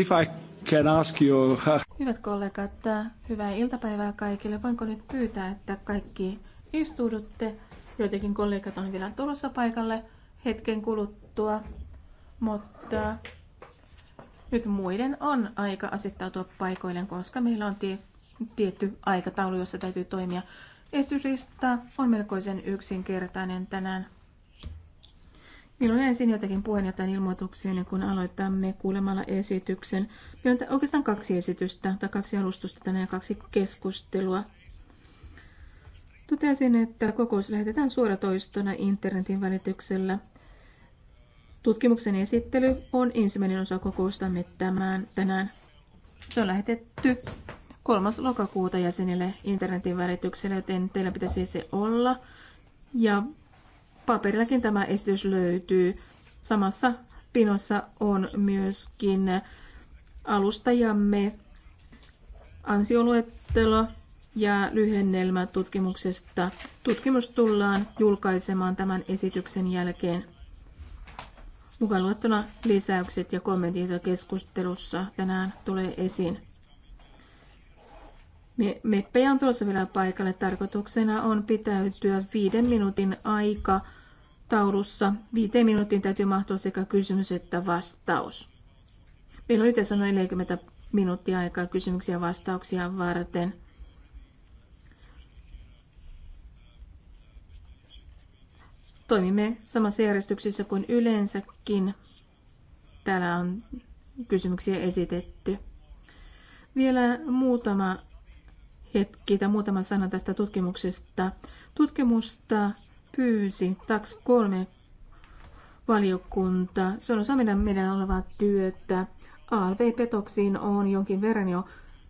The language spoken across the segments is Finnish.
if I can ask you... Uh, Hyvät kollegat, äh, hyvää iltapäivää kaikille. Voinko nyt pyytää, että kaikki istuudutte? Joitakin kollegat on vielä tulossa paikalle hetken kuluttua, mutta nyt muiden on aika asettautua paikoilleen, koska meillä on tie, tietty aikataulu, jossa täytyy toimia. Esityslista on melkoisen yksinkertainen tänään. Minun on ensin jotakin puheenjohtajan ilmoituksia, niin kun aloitamme kuulemalla esityksen. Meillä on oikeastaan kaksi esitystä tai kaksi alustusta tänään ja kaksi keskustelua. Totesin, että kokous lähetetään suoratoistona internetin välityksellä. Tutkimuksen esittely on ensimmäinen osa kokoustamme tämän, tänään. Se on lähetetty 3. lokakuuta jäsenille internetin välityksellä, joten teillä pitäisi se olla. Ja Paperillakin tämä esitys löytyy. Samassa pinossa on myöskin alustajamme ansioluettelo ja lyhennelmä tutkimuksesta. Tutkimus tullaan julkaisemaan tämän esityksen jälkeen mukaan luettuna lisäykset ja kommentit, joita keskustelussa tänään tulee esiin. Meppejä on tulossa vielä paikalle. Tarkoituksena on pitäytyä viiden minuutin aika taulussa viiteen minuuttiin täytyy mahtua sekä kysymys että vastaus. Meillä on yhteensä noin 40 minuuttia aikaa kysymyksiä ja vastauksia varten. Toimimme samassa järjestyksessä kuin yleensäkin. Täällä on kysymyksiä esitetty. Vielä muutama hetki tai muutama sana tästä tutkimuksesta. Tutkimusta pyysi taks kolme valiokunta. Se on osa meidän, meidän olevaa työtä. ALV-petoksiin on jonkin verran jo,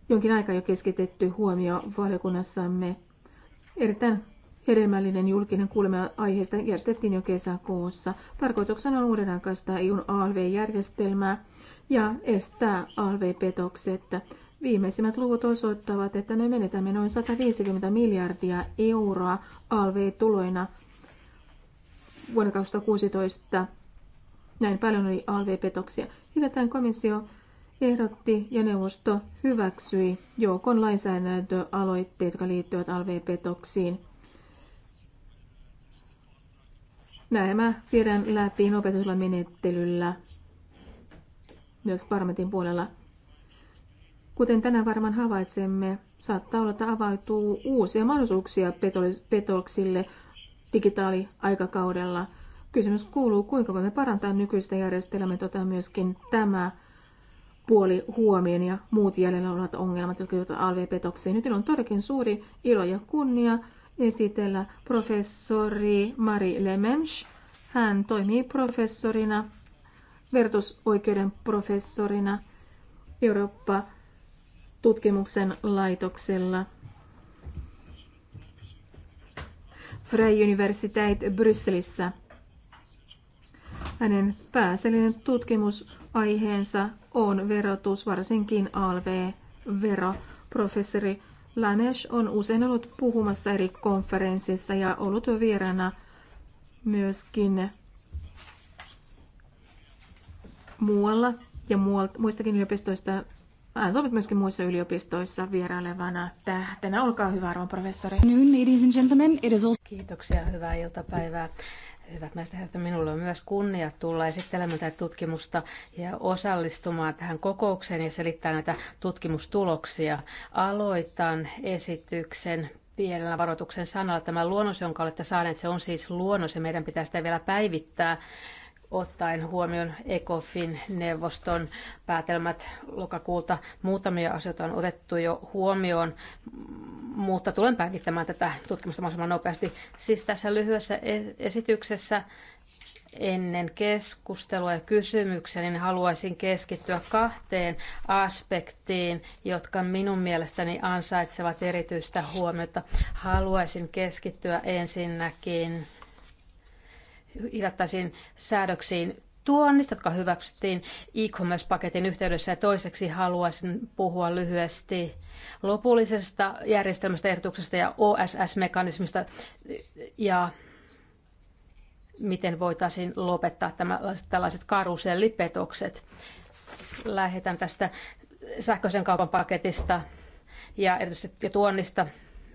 jonkin aikaa jo keskitetty huomio valiokunnassamme. Erittäin hedelmällinen julkinen kuulema aiheesta järjestettiin jo kesäkuussa. Tarkoituksena on uudenaikaistaa EUn ALV-järjestelmää ja estää ALV-petokset. Viimeisimmät luvut osoittavat, että me menetämme noin 150 miljardia euroa ALV-tuloina vuonna 2016 näin paljon oli ALV-petoksia. Hiljattain komissio ehdotti ja neuvosto hyväksyi joukon lainsäädäntöaloitteet, jotka liittyvät ALV-petoksiin. Nämä viedään läpi nopeutetulla menettelyllä myös parlamentin puolella. Kuten tänään varmaan havaitsemme, saattaa olla, että avautuu uusia mahdollisuuksia petoksille digitaaliaikakaudella. Kysymys kuuluu, kuinka voimme parantaa nykyistä järjestelmää, tota myöskin tämä puoli huomioon ja muut jäljellä olevat ongelmat, jotka johtavat alvepetoksiin. Nyt on todellakin suuri ilo ja kunnia esitellä professori Mari Lemensch. Hän toimii professorina, vertusoikeuden professorina Eurooppa-tutkimuksen laitoksella Freie Universiteit Brysselissä. Hänen pääasiallinen tutkimusaiheensa on verotus, varsinkin ALV-vero. Professori Lamesh on usein ollut puhumassa eri konferenssissa ja ollut vieraana myöskin muualla ja muistakin yliopistoista hän myöskin muissa yliopistoissa vierailevana tähtenä. Olkaa hyvä, arvon professori. Noon, ladies and gentlemen, it is also... Kiitoksia, hyvää iltapäivää. Hyvät naiset että minulla on myös kunnia tulla esittelemään tätä tutkimusta ja osallistumaan tähän kokoukseen ja selittää näitä tutkimustuloksia. Aloitan esityksen pienellä varoituksen sanalla. Tämä luonnos, jonka olette saaneet, se on siis luonnos ja meidän pitää sitä vielä päivittää ottaen huomioon ECOFIN-neuvoston päätelmät lokakuulta. Muutamia asioita on otettu jo huomioon, mutta tulen päivittämään tätä tutkimusta mahdollisimman nopeasti. Siis tässä lyhyessä esityksessä ennen keskustelua ja kysymyksiä, niin haluaisin keskittyä kahteen aspektiin, jotka minun mielestäni ansaitsevat erityistä huomiota. Haluaisin keskittyä ensinnäkin hiljattaisiin säädöksiin tuonnista, jotka hyväksyttiin e-commerce-paketin yhteydessä. Ja toiseksi haluaisin puhua lyhyesti lopullisesta järjestelmästä, ehdotuksesta ja OSS-mekanismista ja miten voitaisiin lopettaa tällaiset, tällaiset karusellipetokset. Lähetän tästä sähköisen kaupan paketista ja erityisesti tuonnista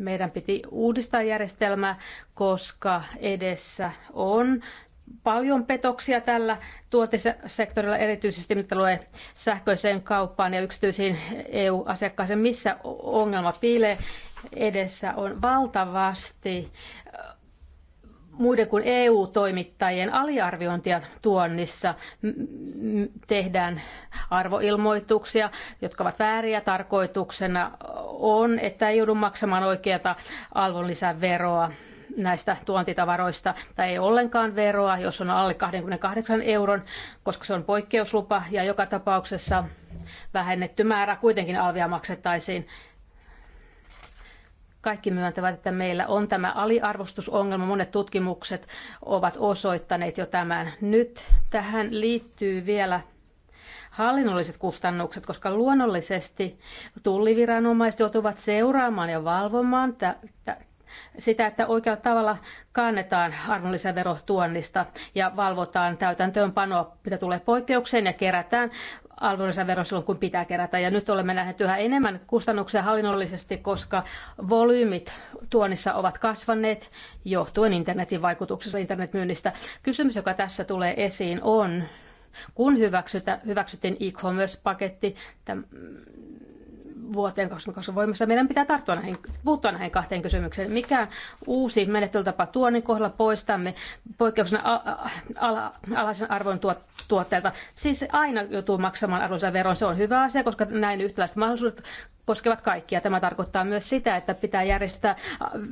meidän piti uudistaa järjestelmää, koska edessä on paljon petoksia tällä tuotesektorilla, erityisesti mitä tulee sähköiseen kauppaan ja yksityisiin EU-asiakkaisiin, missä ongelma piilee. Edessä on valtavasti muiden kuin EU-toimittajien aliarviointia tuonnissa tehdään arvoilmoituksia, jotka ovat vääriä. Tarkoituksena on, että ei joudu maksamaan oikeata arvonlisäveroa näistä tuontitavaroista tai ei ollenkaan veroa, jos on alle 28 euron, koska se on poikkeuslupa ja joka tapauksessa vähennetty määrä kuitenkin alvia maksettaisiin kaikki myöntävät, että meillä on tämä aliarvostusongelma. Monet tutkimukset ovat osoittaneet jo tämän. Nyt tähän liittyy vielä hallinnolliset kustannukset, koska luonnollisesti tulliviranomaiset joutuvat seuraamaan ja valvomaan sitä, että oikealla tavalla kannetaan tuonnista ja valvotaan täytäntöönpanoa, mitä tulee poikkeukseen ja kerätään arvonlisävero silloin, kun pitää kerätä. Ja nyt olemme nähneet yhä enemmän kustannuksia hallinnollisesti, koska volyymit tuonnissa ovat kasvaneet johtuen internetin vaikutuksesta, internetmyynnistä. Kysymys, joka tässä tulee esiin, on, kun hyväksyttiin e-commerce-paketti, vuoteen 2020 voimassa. Meidän pitää tarttua näihin, puuttua näihin kahteen kysymykseen. Mikä uusi menettelytapa tuonnin kohdalla poistamme poikkeuksena alhaisen arvon tuot tuotteelta? Siis aina joutuu maksamaan arvonlisäveron. Se on hyvä asia, koska näin yhtäläiset mahdollisuudet koskevat kaikkia. Tämä tarkoittaa myös sitä, että pitää järjestää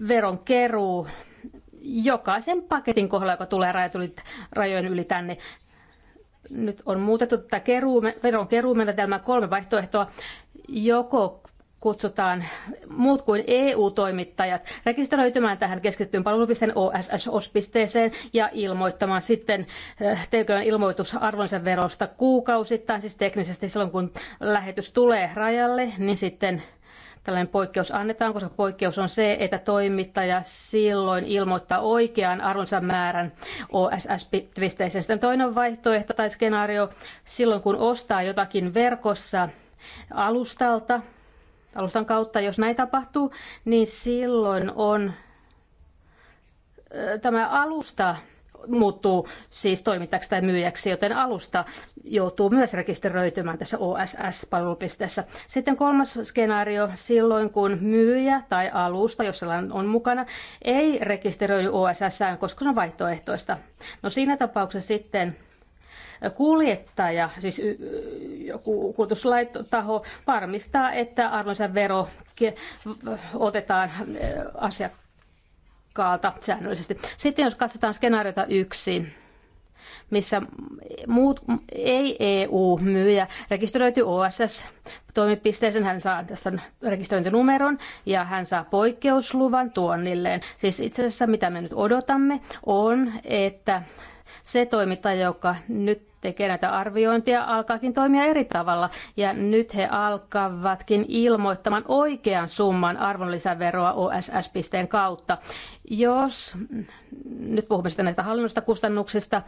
veron keruu jokaisen paketin kohdalla, joka tulee rajojen yli tänne nyt on muutettu tätä keruu, veron keruumenetelmää kolme vaihtoehtoa. Joko kutsutaan muut kuin EU-toimittajat rekisteröitymään tähän keskittyyn palvelupisteen OSS-pisteeseen ja ilmoittamaan sitten eh, tekemään ilmoitus arvonsa verosta kuukausittain, siis teknisesti silloin kun lähetys tulee rajalle, niin sitten tällainen poikkeus annetaan, koska poikkeus on se, että toimittaja silloin ilmoittaa oikean arvonsa määrän OSS-pisteeseen. Sitten toinen vaihtoehto tai skenaario, silloin kun ostaa jotakin verkossa alustalta, alustan kautta, jos näin tapahtuu, niin silloin on tämä alusta muuttuu siis toimittajaksi tai myyjäksi, joten alusta joutuu myös rekisteröitymään tässä OSS-palvelupisteessä. Sitten kolmas skenaario, silloin kun myyjä tai alusta, jos sellainen on mukana, ei rekisteröidy OSSään, koska se on vaihtoehtoista. No siinä tapauksessa sitten kuljettaja, siis joku kulutuslaitaho, varmistaa, että arvonlisävero otetaan asiakkaan kaalta säännöllisesti. Sitten jos katsotaan skenaariota yksi, missä muut ei-EU-myyjä rekisteröity OSS toimipisteeseen, hän saa tässä rekisteröintinumeron ja hän saa poikkeusluvan tuonnilleen. Siis itse asiassa mitä me nyt odotamme on, että se toimittaja, joka nyt tekee näitä arviointia, alkaakin toimia eri tavalla. Ja nyt he alkavatkin ilmoittamaan oikean summan arvonlisäveroa OSS-pisteen kautta. Jos, nyt puhumme sitten näistä hallinnosta kustannuksista,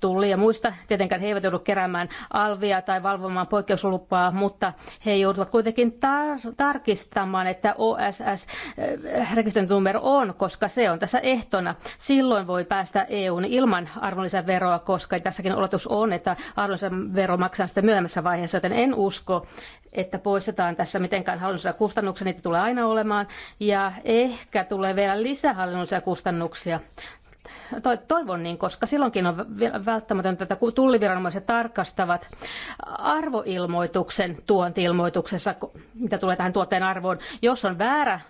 tulli ja muista, tietenkään he eivät joudu keräämään alvia tai valvomaan poikkeuslupaa, mutta he joutuvat kuitenkin tar- tarkistamaan, että OSS-rekisteröintinumero eh, on, koska se on tässä ehtona. Silloin voi päästä EUn ilman arvonlisäveroa, koska tässäkin oletus on on, että arvonlisävero maksaa sitä myöhemmässä vaiheessa, joten en usko, että poistetaan tässä mitenkään hallinnollisia kustannuksia, niitä tulee aina olemaan, ja ehkä tulee vielä hallinnollisia kustannuksia toivon niin, koska silloinkin on välttämätöntä, että kun tulliviranomaiset tarkastavat arvoilmoituksen tuontiilmoituksessa, mitä tulee tähän tuotteen arvoon, jos on väärä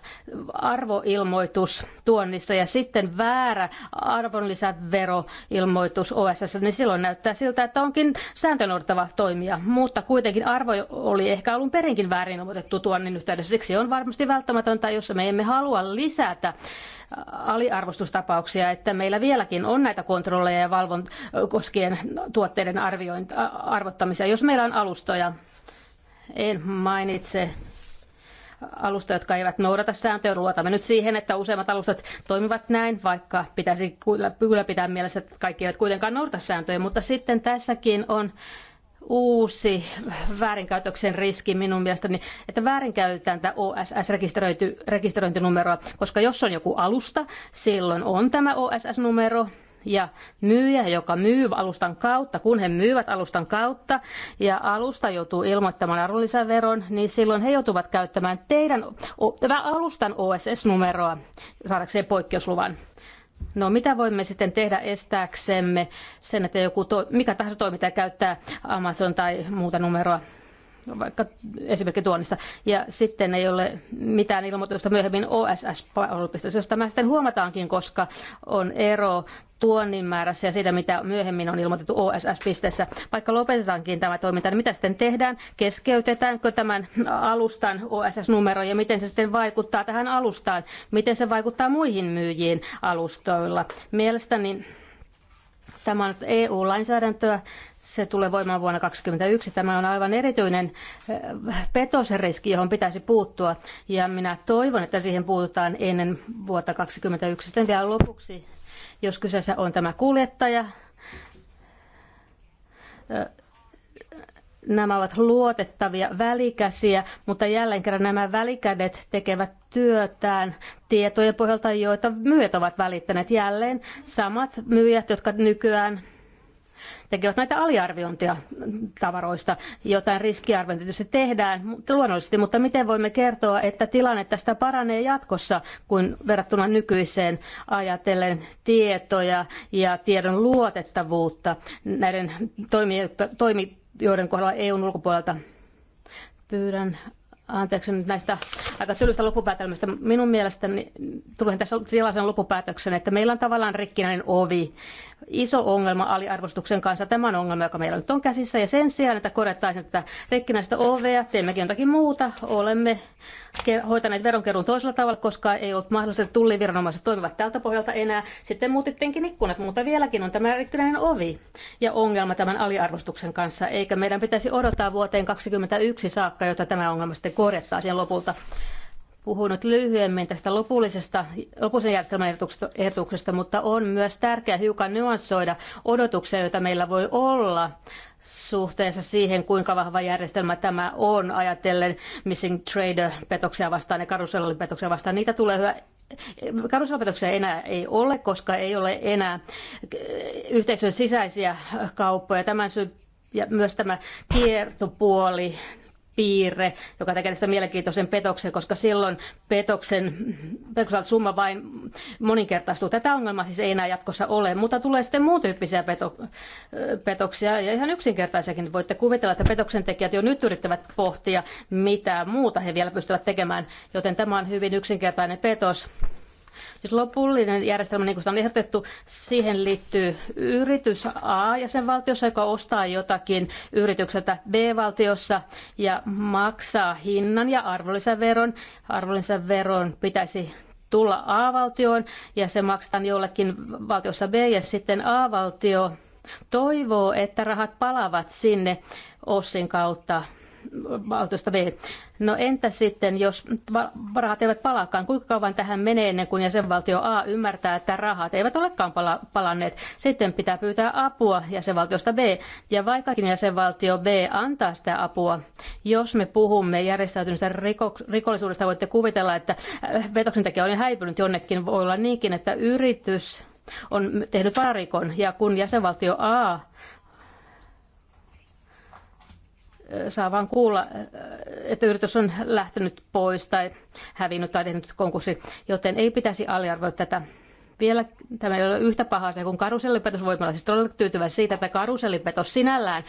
arvoilmoitus tuonnissa ja sitten väärä arvonlisäveroilmoitus OSS, niin silloin näyttää siltä, että onkin sääntönortava toimija, mutta kuitenkin arvo oli ehkä alun perinkin väärin ilmoitettu tuonnin yhteydessä. Siksi on varmasti välttämätöntä, jos me emme halua lisätä aliarvostustapauksia, että meillä vieläkin on näitä kontrolleja ja valvon koskien tuotteiden arvioint, arvottamisia. Jos meillä on alustoja, en mainitse alustoja, jotka eivät noudata sääntöjä. Luotamme nyt siihen, että useimmat alustat toimivat näin, vaikka pitäisi kyllä pitää mielessä, että kaikki eivät kuitenkaan noudata sääntöjä. Mutta sitten tässäkin on uusi väärinkäytöksen riski minun mielestäni, että väärinkäytetään tätä OSS-rekisteröintinumeroa, koska jos on joku alusta, silloin on tämä OSS-numero, ja myyjä, joka myy alustan kautta, kun he myyvät alustan kautta ja alusta joutuu ilmoittamaan arvonlisäveron, niin silloin he joutuvat käyttämään teidän alustan OSS-numeroa saadakseen poikkeusluvan. No mitä voimme sitten tehdä estääksemme sen, että joku to- mikä tahansa toimittaja käyttää Amazon tai muuta numeroa vaikka esimerkki tuonnista, ja sitten ei ole mitään ilmoitusta myöhemmin OSS-palvelupisteessä, jos tämä sitten huomataankin, koska on ero tuonnin määrässä ja siitä, mitä myöhemmin on ilmoitettu OSS-pisteessä. Vaikka lopetetaankin tämä toiminta, niin mitä sitten tehdään? Keskeytetäänkö tämän alustan OSS-numero ja miten se sitten vaikuttaa tähän alustaan? Miten se vaikuttaa muihin myyjiin alustoilla? Mielestäni tämä on EU-lainsäädäntöä se tulee voimaan vuonna 2021. Tämä on aivan erityinen äh, petosriski, johon pitäisi puuttua. Ja minä toivon, että siihen puututaan ennen vuotta 2021. Sitten vielä lopuksi, jos kyseessä on tämä kuljettaja, äh, nämä ovat luotettavia välikäsiä, mutta jälleen kerran nämä välikädet tekevät työtään tietojen pohjalta, joita myyjät ovat välittäneet. Jälleen samat myyjät, jotka nykyään tekevät näitä aliarviointia tavaroista. Jotain riskiarviointia tietysti tehdään luonnollisesti, mutta miten voimme kertoa, että tilanne tästä paranee jatkossa, kun verrattuna nykyiseen ajatellen tietoja ja tiedon luotettavuutta näiden toimijoiden kohdalla EUn ulkopuolelta? Pyydän anteeksi nyt näistä aika tylystä lopupäätelmistä. Minun mielestäni tulen tässä sellaisen lopupäätöksen, että meillä on tavallaan rikkinäinen ovi iso ongelma aliarvostuksen kanssa. Tämä on ongelma, joka meillä nyt on käsissä. Ja sen sijaan, että korjattaisiin tätä rikkinäistä ovea, teemmekin jotakin muuta. Olemme hoitaneet veronkerun toisella tavalla, koska ei ollut mahdollista, että tulliviranomaiset toimivat tältä pohjalta enää. Sitten muutettiinkin ikkunat, mutta vieläkin on tämä rikkinäinen ovi ja ongelma tämän aliarvostuksen kanssa. Eikä meidän pitäisi odottaa vuoteen 2021 saakka, jotta tämä ongelma sitten korjattaisiin lopulta puhunut lyhyemmin tästä lopullisesta, lopullisen järjestelmän ehdotuksesta, mutta on myös tärkeää hiukan nyanssoida odotuksia, joita meillä voi olla suhteessa siihen, kuinka vahva järjestelmä tämä on, ajatellen missing trader-petoksia vastaan ja karusellipetoksia vastaan. Niitä tulee hyvä Karuselopetoksia enää ei ole, koska ei ole enää yhteisön sisäisiä kauppoja. Tämän syy ja myös tämä kiertopuoli piirre, joka tekee tästä mielenkiintoisen petoksen, koska silloin petoksen, petoksen summa vain moninkertaistuu. Tätä ongelmaa siis ei enää jatkossa ole, mutta tulee sitten muun tyyppisiä peto, petoksia ja ihan yksinkertaisiakin. Voitte kuvitella, että petoksen tekijät jo nyt yrittävät pohtia, mitä muuta he vielä pystyvät tekemään, joten tämä on hyvin yksinkertainen petos Siis lopullinen järjestelmä, niin kuin sitä on ehdotettu, siihen liittyy yritys A jäsenvaltiossa, joka ostaa jotakin yritykseltä B-valtiossa ja maksaa hinnan ja arvonlisäveron. Arvonlisäveron pitäisi tulla A-valtioon ja se maksetaan jollekin valtiossa B ja sitten A-valtio toivoo, että rahat palavat sinne Ossin kautta valtoista V. No entä sitten, jos rahat eivät palaakaan, kuinka kauan tähän menee ennen kuin jäsenvaltio A ymmärtää, että rahat eivät olekaan pala- palanneet? Sitten pitää pyytää apua jäsenvaltiosta B. Ja vaikkakin jäsenvaltio B antaa sitä apua, jos me puhumme järjestäytyneestä riko- rikollisuudesta, voitte kuvitella, että äh, petoksentekijä on häipynyt jonnekin. Voi olla niinkin, että yritys on tehnyt varikon ja kun jäsenvaltio A saa vain kuulla, että yritys on lähtenyt pois tai hävinnyt tai tehnyt konkurssi, joten ei pitäisi aliarvoida tätä vielä tämä ei ole yhtä paha asia kuin karusellipetos. Voimme olla siis todella tyytyväisiä siitä, että karusellipetos sinällään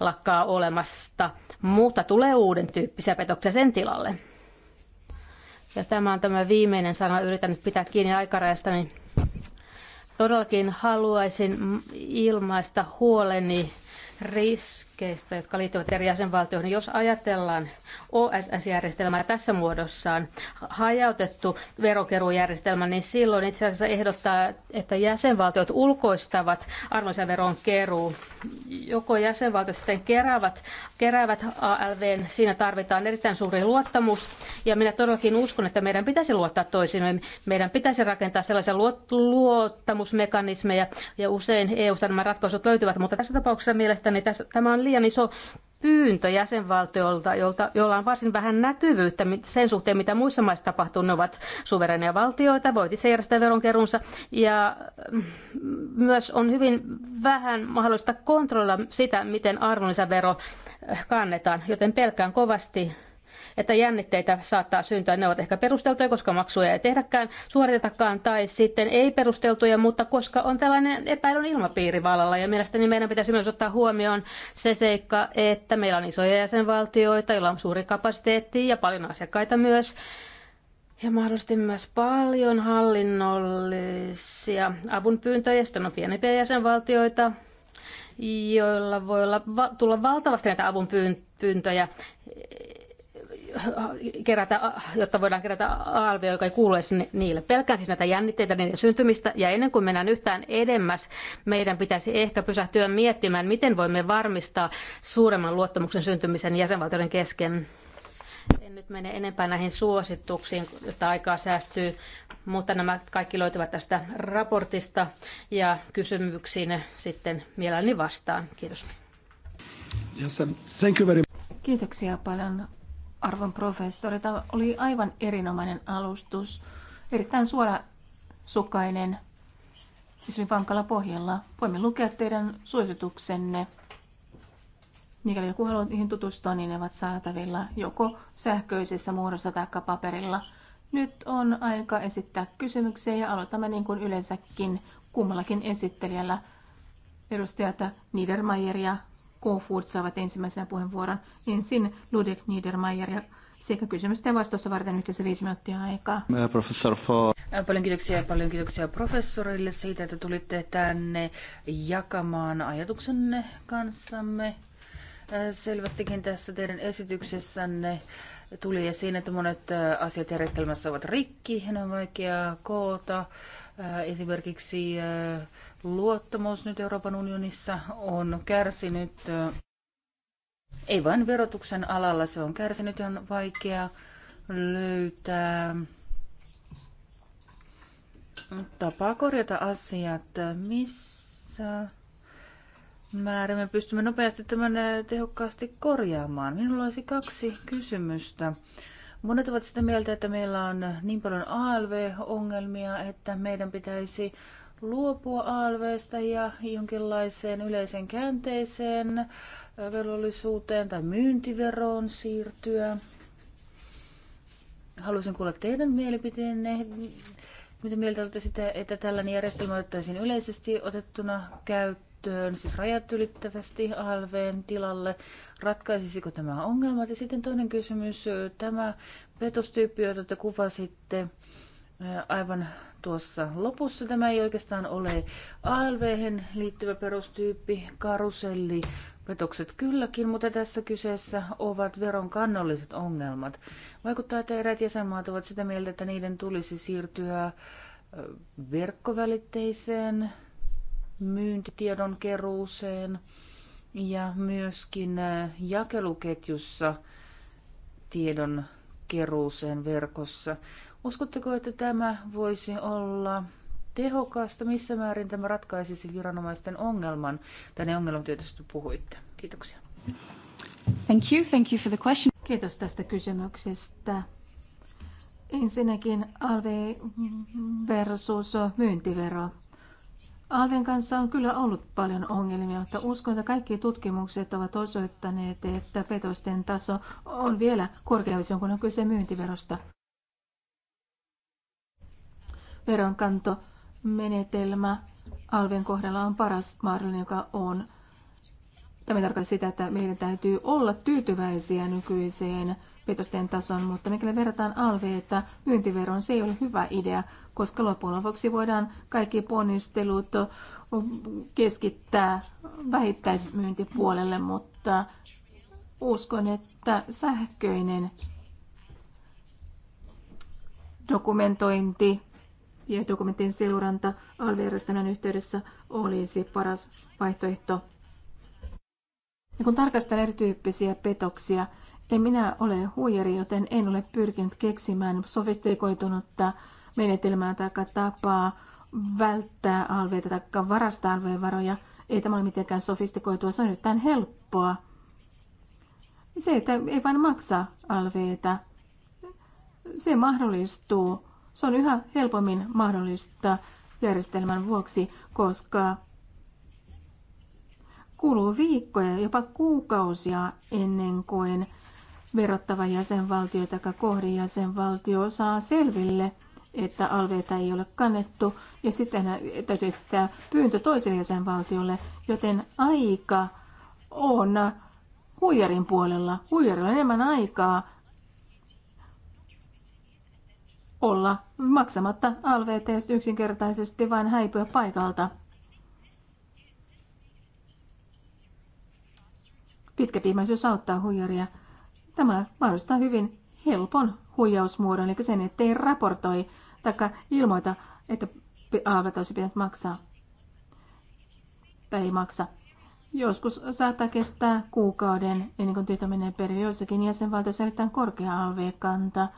lakkaa olemasta, mutta tulee uuden tyyppisiä petoksia sen tilalle. Ja tämä on tämä viimeinen sana, yritän nyt pitää kiinni aikarajasta, niin todellakin haluaisin ilmaista huoleni risk liikkeistä, jotka liittyvät eri jäsenvaltioihin. Jos ajatellaan OSS-järjestelmää tässä muodossaan, hajautettu verokeruujärjestelmä, niin silloin itse asiassa ehdottaa, että jäsenvaltiot ulkoistavat arvonlisäveron keruu. Joko jäsenvaltiot sitten keräävät, keräävät ALVn, siinä tarvitaan erittäin suuri luottamus, ja minä todellakin uskon, että meidän pitäisi luottaa toisiin, meidän pitäisi rakentaa sellaisia luottamusmekanismeja, ja usein EU-sta nämä ratkaisut löytyvät, mutta tässä tapauksessa mielestäni tässä, tämä on liian iso pyyntö jäsenvaltiolta, jolta, jolla on varsin vähän näkyvyyttä sen suhteen, mitä muissa maissa tapahtuu. Ne ovat suvereneja valtioita, voitit se järjestää veronkerunsa ja mm, myös on hyvin vähän mahdollista kontrolloida sitä, miten arvonlisävero kannetaan, joten pelkään kovasti, että jännitteitä saattaa syntyä. Ne ovat ehkä perusteltuja, koska maksuja ei tehdäkään, suoritetakaan, tai sitten ei perusteltuja, mutta koska on tällainen epäilyn ilmapiiri vallalla. Ja mielestäni meidän pitäisi myös ottaa huomioon se seikka, että meillä on isoja jäsenvaltioita, joilla on suuri kapasiteetti ja paljon asiakkaita myös. Ja mahdollisesti myös paljon hallinnollisia avunpyyntöjä. Sitten on pienempiä jäsenvaltioita, joilla voi olla, tulla valtavasti näitä avunpyyntöjä kerätä, jotta voidaan kerätä alvia, joka ei kuulu edes niille. Pelkään siis näitä jännitteitä, niiden syntymistä, ja ennen kuin mennään yhtään edemmäs, meidän pitäisi ehkä pysähtyä miettimään, miten voimme varmistaa suuremman luottamuksen syntymisen jäsenvaltioiden kesken. En nyt mene enempää näihin suosituksiin, jotta aikaa säästyy, mutta nämä kaikki löytyvät tästä raportista ja kysymyksiin sitten mielelläni vastaan. Kiitos. Kiitoksia paljon arvon professori. Tämä oli aivan erinomainen alustus, erittäin suora sukainen, hyvin vankalla pohjalla. Voimme lukea teidän suosituksenne. Mikäli joku haluaa niihin tutustua, niin ne ovat saatavilla joko sähköisessä muodossa tai paperilla. Nyt on aika esittää kysymyksiä ja aloitamme niin kuin yleensäkin kummallakin esittelijällä edustajat Niedermayer ja k saavat ensimmäisenä puheenvuoron. Ensin Ludwig Niedermayer ja sekä kysymysten vastausta varten yhteensä viisi minuuttia aikaa. Professor Paljon kiitoksia paljon kiitoksia professorille siitä, että tulitte tänne jakamaan ajatuksenne kanssamme. Selvästikin tässä teidän esityksessänne tuli esiin, että monet asiat järjestelmässä ovat rikki, ne on vaikea koota. Esimerkiksi luottamus nyt Euroopan unionissa on kärsinyt, ei vain verotuksen alalla, se on kärsinyt ja on vaikea löytää tapaa korjata asiat. Missä määrin me pystymme nopeasti tämän eh, tehokkaasti korjaamaan? Minulla olisi kaksi kysymystä. Monet ovat sitä mieltä, että meillä on niin paljon ALV-ongelmia, että meidän pitäisi luopua alveista ja jonkinlaiseen yleiseen käänteiseen velvollisuuteen tai myyntiveroon siirtyä. Haluaisin kuulla teidän mielipiteenne. Mitä mieltä olette sitä, että tällainen järjestelmä otettaisiin yleisesti otettuna käyttöön, siis rajat ylittävästi ALVn tilalle? Ratkaisisiko tämä ongelma? Ja sitten toinen kysymys, tämä petostyyppi, jota te kuvasitte aivan tuossa lopussa. Tämä ei oikeastaan ole alv liittyvä perustyyppi, karuselli, Petokset kylläkin, mutta tässä kyseessä ovat veron kannolliset ongelmat. Vaikuttaa, että eräät jäsenmaat ovat sitä mieltä, että niiden tulisi siirtyä verkkovälitteiseen myyntitiedon keruuseen ja myöskin jakeluketjussa tiedon keruuseen verkossa. Uskotteko, että tämä voisi olla tehokasta? Missä määrin tämä ratkaisisi viranomaisten ongelman? Tänne ongelman tietysti puhuitte. Kiitoksia. Thank you. Thank you for the question. Kiitos tästä kysymyksestä. Ensinnäkin alve versus myyntivero. Alven kanssa on kyllä ollut paljon ongelmia, mutta uskon, että kaikki tutkimukset ovat osoittaneet, että petosten taso on vielä korkeampi, kuin on kyse myyntiverosta veronkantomenetelmä alvien kohdalla on paras mahdollinen, joka on. Tämä tarkoittaa sitä, että meidän täytyy olla tyytyväisiä nykyiseen petosten tason, mutta mikäli verrataan alveita myyntiveron, se ei ole hyvä idea, koska loppujen lopuksi voidaan kaikki ponnistelut keskittää vähittäismyyntipuolelle, mutta uskon, että sähköinen dokumentointi ja dokumentin seuranta alvijärjestelmän yhteydessä olisi paras vaihtoehto. Ja kun tarkastan erityyppisiä petoksia, en minä ole huijari, joten en ole pyrkinyt keksimään sofistikoitunutta menetelmää tai tapaa välttää alveita tai varastaa alveen varoja. Ei tämä ole mitenkään sofistikoitua, se on erittäin helppoa. Se, että ei vain maksa alveita, se mahdollistuu se on yhä helpommin mahdollista järjestelmän vuoksi, koska kuluu viikkoja, jopa kuukausia ennen kuin verottava jäsenvaltio tai jäsenvaltio saa selville, että alveita ei ole kannettu, ja sitten täytyy esittää pyyntö toiselle jäsenvaltiolle, joten aika on huijarin puolella. Huijarilla on enemmän aikaa olla maksamatta alvt yksinkertaisesti vain häipyä paikalta. Pitkäpiimäisyys auttaa huijaria. Tämä mahdollistaa hyvin helpon huijausmuodon, eli sen, ettei raportoi tai ilmoita, että alvet olisi pitänyt maksaa tai ei maksa. Joskus saattaa kestää kuukauden ennen kuin tieto menee perille. Joissakin jäsenvaltioissa erittäin korkea alv-kanta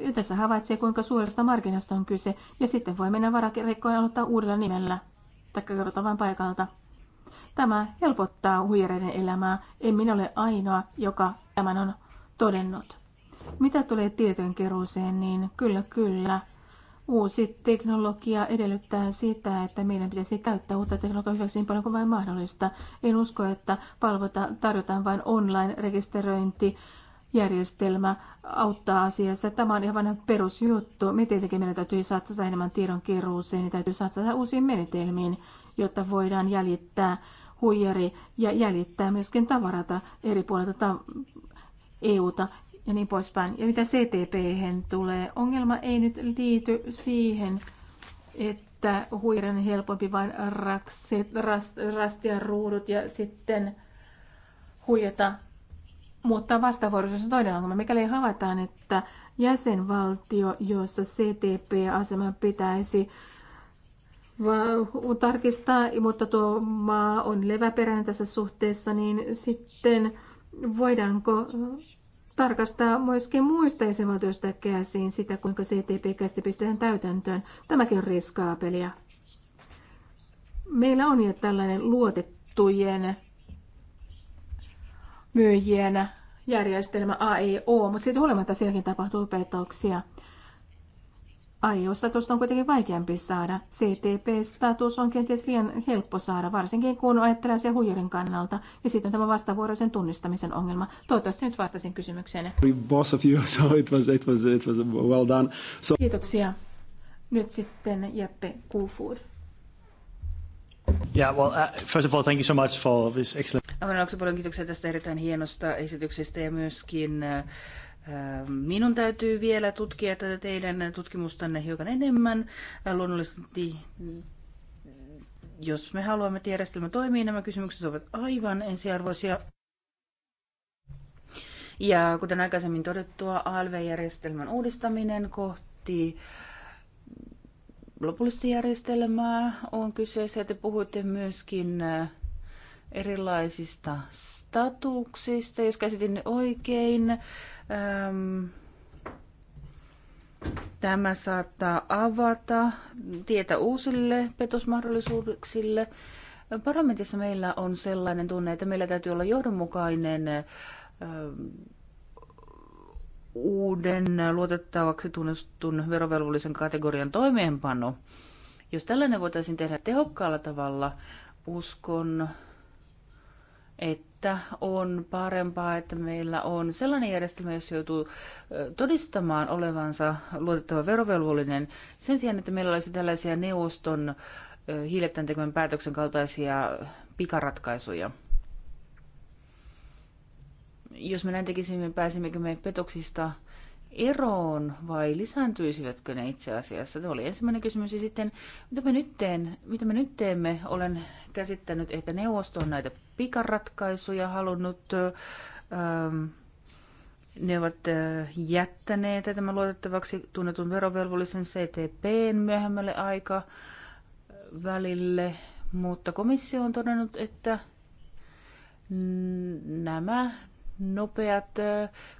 ja tässä havaitsee, kuinka suuresta markkinasta on kyse, ja sitten voi mennä varakirikkoon aloittaa uudella nimellä, taikka kerrota vain paikalta. Tämä helpottaa huijareiden elämää. En minä ole ainoa, joka tämän on todennut. Mitä tulee tietojen keruuseen, niin kyllä, kyllä. Uusi teknologia edellyttää sitä, että meidän pitäisi käyttää uutta teknologiaa hyväksi niin paljon kuin vain mahdollista. En usko, että palvota tarjotaan vain online-rekisteröinti järjestelmä auttaa asiassa. Tämä on ihan perusjuttu. Me tietenkin meidän täytyy satsata enemmän tiedon keruuseen, niin täytyy satsata uusiin menetelmiin, jotta voidaan jäljittää huijari ja jäljittää myöskin tavarata eri puolilta ta- EUta ja niin poispäin. Ja mitä ctp tulee, ongelma ei nyt liity siihen, että huijarin helpompi vain rast, rastia ruudut ja sitten huijata mutta vastavuoroisuus on toinen ongelma. Mikäli havaitaan, että jäsenvaltio, jossa CTP-asema pitäisi tarkistaa, mutta tuo maa on leväperäinen tässä suhteessa, niin sitten voidaanko tarkastaa myöskin muista jäsenvaltioista käsiin sitä, kuinka CTP-käsite pistetään täytäntöön. Tämäkin on riskaapelia. Meillä on jo tällainen luotettujen myyjienä järjestelmä AIO, e mutta siitä huolimatta sielläkin tapahtuu petoksia. AIO-status e on kuitenkin vaikeampi saada. CTP-status on kenties liian helppo saada, varsinkin kun ajattelee se huijarin kannalta. Ja sitten on tämä vastavuoroisen tunnistamisen ongelma. Toivottavasti nyt vastasin kysymykseen. Kiitoksia. Nyt sitten Jeppe Kufur. Yeah, well, uh, first of all, thank you so much for this excellent... aluksi paljon kiitoksia tästä erittäin hienosta esityksestä ja myöskin äh, äh, Minun täytyy vielä tutkia tätä teidän tutkimustanne hiukan enemmän. Äh, luonnollisesti, mm, jos me haluamme, että järjestelmä toimii, nämä kysymykset ovat aivan ensiarvoisia. Ja kuten aikaisemmin todettua, ALV-järjestelmän uudistaminen kohti äh, lopullista järjestelmää on kyseessä, että puhuitte myöskin äh, erilaisista statuksista, jos käsitin oikein. Ähm, tämä saattaa avata tietä uusille petosmahdollisuuksille. Parlamentissa meillä on sellainen tunne, että meillä täytyy olla johdonmukainen ähm, uuden luotettavaksi tunnustun verovelvollisen kategorian toimeenpano. Jos tällainen voitaisiin tehdä tehokkaalla tavalla, uskon, että on parempaa, että meillä on sellainen järjestelmä, jos joutuu todistamaan olevansa luotettava verovelvollinen, sen sijaan, että meillä olisi tällaisia neuvoston hiilettäntekemän päätöksen kaltaisia pikaratkaisuja. Jos me näin tekisimme, pääsimmekö me petoksista eroon vai lisääntyisivätkö ne itse asiassa? Tämä oli ensimmäinen kysymys. Ja sitten, mitä me nyt, teen? mitä me nyt teemme? Olen käsittänyt, että neuvosto on näitä pikaratkaisuja halunnut. Ähm, ne ovat äh, jättäneet tämän luotettavaksi tunnetun verovelvollisen CTPn myöhemmälle aika äh, välille, mutta komissio on todennut, että nämä nopeat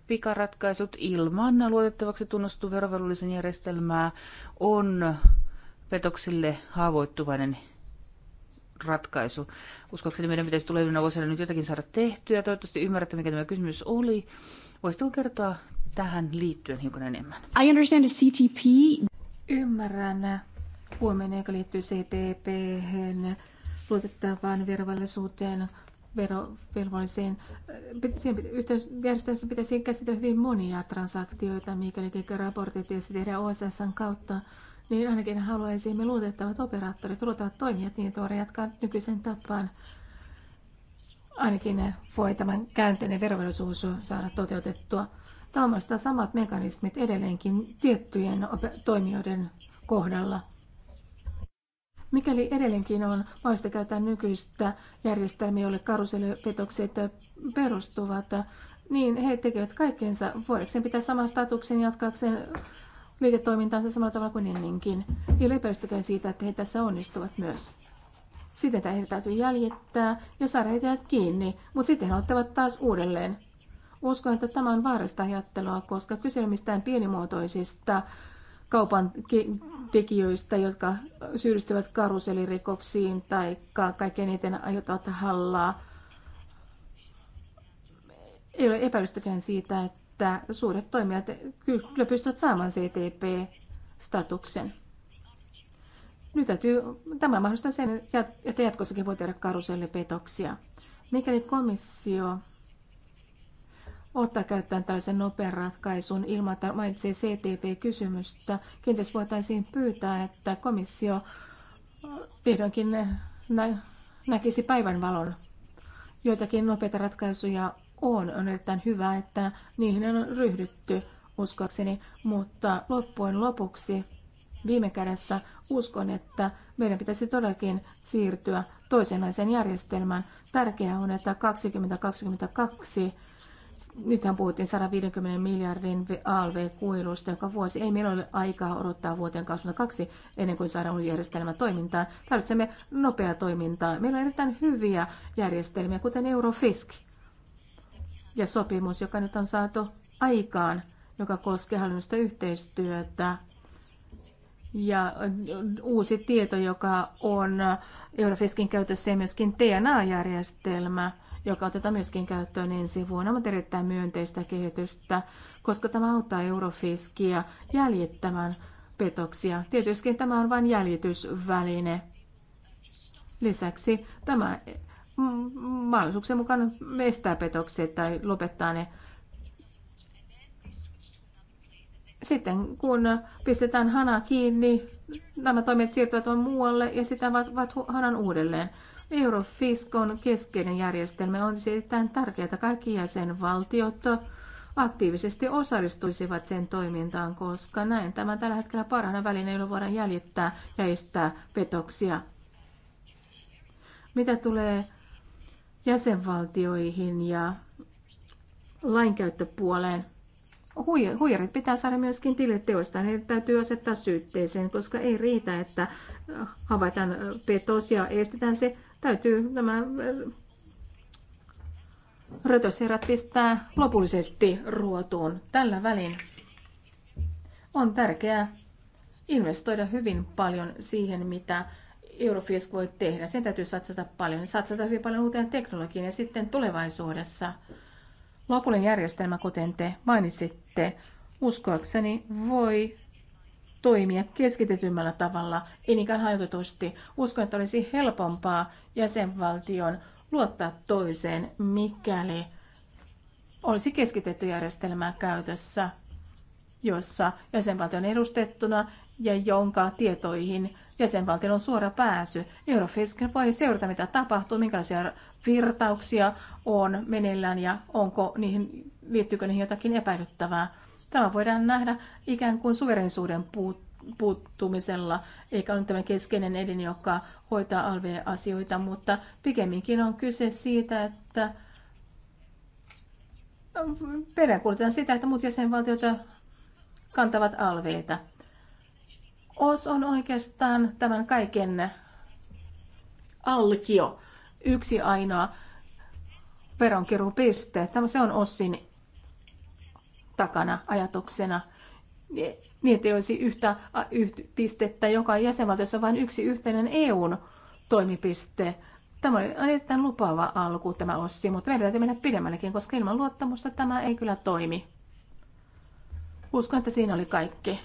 pikaratkaisut ilman luotettavaksi tunnustetun verovelvollisen järjestelmää on petoksille haavoittuvainen ratkaisu. Uskoakseni meidän pitäisi tulevina vuosina nyt jotakin saada tehtyä. Toivottavasti ymmärrätte, mikä tämä kysymys oli. Voisitko kertoa tähän liittyen hiukan enemmän? I understand the CTP. Ymmärrän huomenna, joka liittyy CTP, luotettavaan verovallisuuteen verovelvolliseen. Äh, siinä yhteysjärjestelmässä pitäisi käsitellä hyvin monia transaktioita, mikäli raportit se tehdään OSSn kautta, niin ainakin haluaisimme luotettavat operaattorit, luotettavat toimijat, niin tuoda jatkaa nykyisen tapaan. Ainakin voi tämän käänteinen verovelvollisuus saada toteutettua. Tämä on samat mekanismit edelleenkin tiettyjen toimijoiden kohdalla. Mikäli edelleenkin on mahdollista käyttää nykyistä järjestelmiä, jolle karuselipetokset perustuvat, niin he tekevät kaikkensa. Vuodeksi pitää saman statuksen jatkaakseen liiketoimintaansa samalla tavalla kuin ennenkin. Ei ole siitä, että he tässä onnistuvat myös. Sitten heitä täytyy jäljittää ja saada heidät kiinni, mutta sitten he ottavat taas uudelleen. Uskon, että tämä on vaarasta ajattelua, koska kyse on mistään pienimuotoisista kaupan tekijöistä, jotka syyllistyvät karuselirikoksiin tai kaikkein eniten aiheuttavat hallaa. Ei ole epäilystäkään siitä, että suuret toimijat kyllä pystyvät saamaan CTP-statuksen. Nyt täytyy, tämä mahdollistaa sen, että jatkossakin voi tehdä karusellipetoksia. Mikäli komissio ottaa käyttöön tällaisen nopean ratkaisun ilman, että mainitsee CTP-kysymystä. Kenties voitaisiin pyytää, että komissio äh, vihdoinkin nä- näkisi päivänvalon. Joitakin nopeita ratkaisuja on. On erittäin hyvä, että niihin on ryhdytty uskoakseni, mutta loppujen lopuksi viime kädessä uskon, että meidän pitäisi todellakin siirtyä toisenlaiseen järjestelmään. Tärkeää on, että 2022 Nythän puhuttiin 150 miljardin ALV-kuilusta joka vuosi. Ei meillä ole aikaa odottaa vuoteen 2002 ennen kuin saadaan järjestelmä toimintaan. Tarvitsemme nopeaa toimintaa. Meillä on erittäin hyviä järjestelmiä, kuten Eurofisk ja sopimus, joka nyt on saatu aikaan, joka koskee hallinnollista yhteistyötä ja uusi tieto, joka on Eurofiskin käytössä ja myöskin TNA-järjestelmä – joka otetaan myöskin käyttöön ensi vuonna, ovat erittäin myönteistä kehitystä, koska tämä auttaa Eurofiskia jäljittämään petoksia. Tietysti tämä on vain jäljitysväline. Lisäksi tämä mm, mm, mahdollisuuksien mukaan estää petokset tai lopettaa ne. Sitten kun pistetään hana kiinni, nämä toimet siirtyvät muualle ja sitä ovat hanan uudelleen. Eurofiskon keskeinen järjestelmä on erittäin tärkeää, että kaikki jäsenvaltiot aktiivisesti osallistuisivat sen toimintaan, koska näin tämä tällä hetkellä parhaana välineenä, jolla voidaan jäljittää ja estää petoksia. Mitä tulee jäsenvaltioihin ja lainkäyttöpuoleen, huijarit pitää saada myöskin tilille teoista. Ne niin täytyy asettaa syytteeseen, koska ei riitä, että havaitaan petos ja estetään se, Täytyy nämä eh, rötösirat pistää lopullisesti ruotuun. Tällä välin on tärkeää investoida hyvin paljon siihen, mitä Eurofisk voi tehdä. Sen täytyy satsata paljon. Niin satsata hyvin paljon uuteen teknologiaan ja sitten tulevaisuudessa lopullinen järjestelmä, kuten te mainitsitte, uskoakseni voi toimia keskitetymmällä tavalla, enikään hajotetusti. Uskon, että olisi helpompaa jäsenvaltion luottaa toiseen, mikäli olisi keskitetty järjestelmä käytössä, jossa jäsenvaltio on edustettuna ja jonka tietoihin jäsenvaltio on suora pääsy. Eurofisk voi seurata, mitä tapahtuu, minkälaisia virtauksia on meneillään ja onko niihin, liittyykö niihin jotakin epäilyttävää Tämä voidaan nähdä ikään kuin suverensuuden puuttumisella, eikä ole tämmöinen keskeinen elin, joka hoitaa alve asioita mutta pikemminkin on kyse siitä, että peräänkuulutetaan sitä, että muut jäsenvaltiot kantavat alveita. OS on oikeastaan tämän kaiken alkio, yksi ainoa veronkirupiste. Tämä se on OSin takana ajatuksena, niin ei olisi yhtä pistettä joka jäsenvaltiossa, vain yksi yhteinen EUn toimipiste. Tämä oli erittäin lupaava alku tämä Ossi, mutta meidän täytyy mennä pidemmällekin, koska ilman luottamusta tämä ei kyllä toimi. Uskon, että siinä oli kaikki.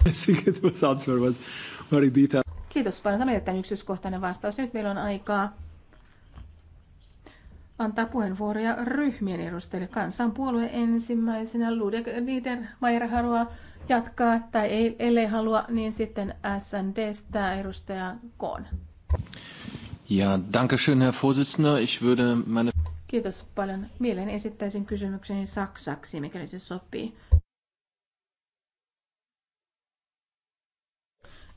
Kiitos paljon. Tämä oli erittäin yksityiskohtainen vastaus. Nyt meillä on aikaa antaa puheenvuoroja ryhmien edustajille. Kansanpuolue ensimmäisenä Ludek Niedermayer haluaa jatkaa, tai ei, ellei halua, niin sitten SNDstä edustaja Kohn. Ja, danke schön, Herr Vorsitzender. Ich würde meine... Kiitos paljon. Mielen esittäisin kysymykseni saksaksi, mikäli se sopii.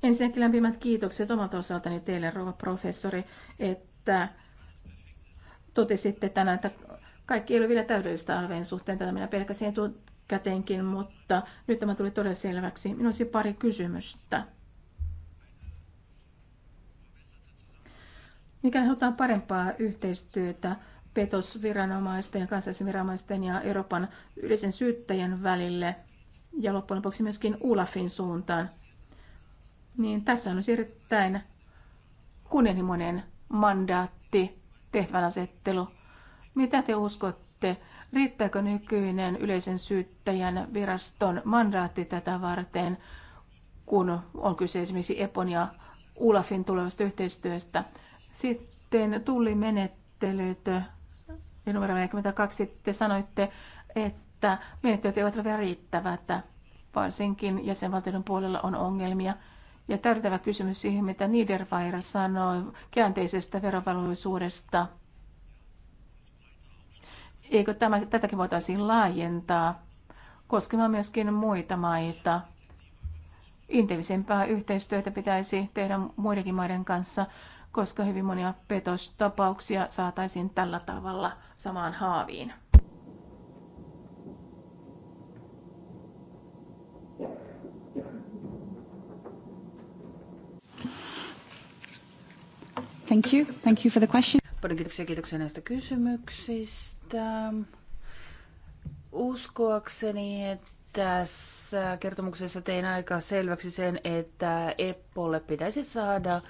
Ensinnäkin lämpimät kiitokset omalta osaltani teille, rouva professori, että Totesitte tänään, että kaikki ei ole vielä täydellistä alveen suhteen. Tätä minä pelkäsin etukäteenkin, mutta nyt tämä tuli todella selväksi. Minulla olisi pari kysymystä. Mikä halutaan parempaa yhteistyötä petosviranomaisten, kansallisen viranomaisten ja Euroopan yleisen syyttäjän välille ja loppujen lopuksi myöskin ULAFin suuntaan, niin tässä on erittäin kunnianhimoinen mandaatti tehtävän asettelu. Mitä te uskotte? Riittääkö nykyinen yleisen syyttäjän viraston mandaatti tätä varten, kun on kyse esimerkiksi Epon ja Ulafin tulevasta yhteistyöstä? Sitten tullimenettelyt. Numero 42 te sanoitte, että menettelyt eivät ole vielä riittävät. Varsinkin jäsenvaltioiden puolella on ongelmia – ja täydentävä kysymys siihen, mitä Niederweyer sanoi käänteisestä verovelvollisuudesta. Eikö tämä, tätäkin voitaisiin laajentaa koskemaan myöskin muita maita? Intensiivisempää yhteistyötä pitäisi tehdä muidenkin maiden kanssa, koska hyvin monia petostapauksia saataisiin tällä tavalla samaan haaviin. Thank you. Thank you for the question. Paljon kiitoksia, kiitoksia näistä kysymyksistä. Uskoakseni tässä kertomuksessa tein aika selväksi sen, että Eppolle pitäisi saada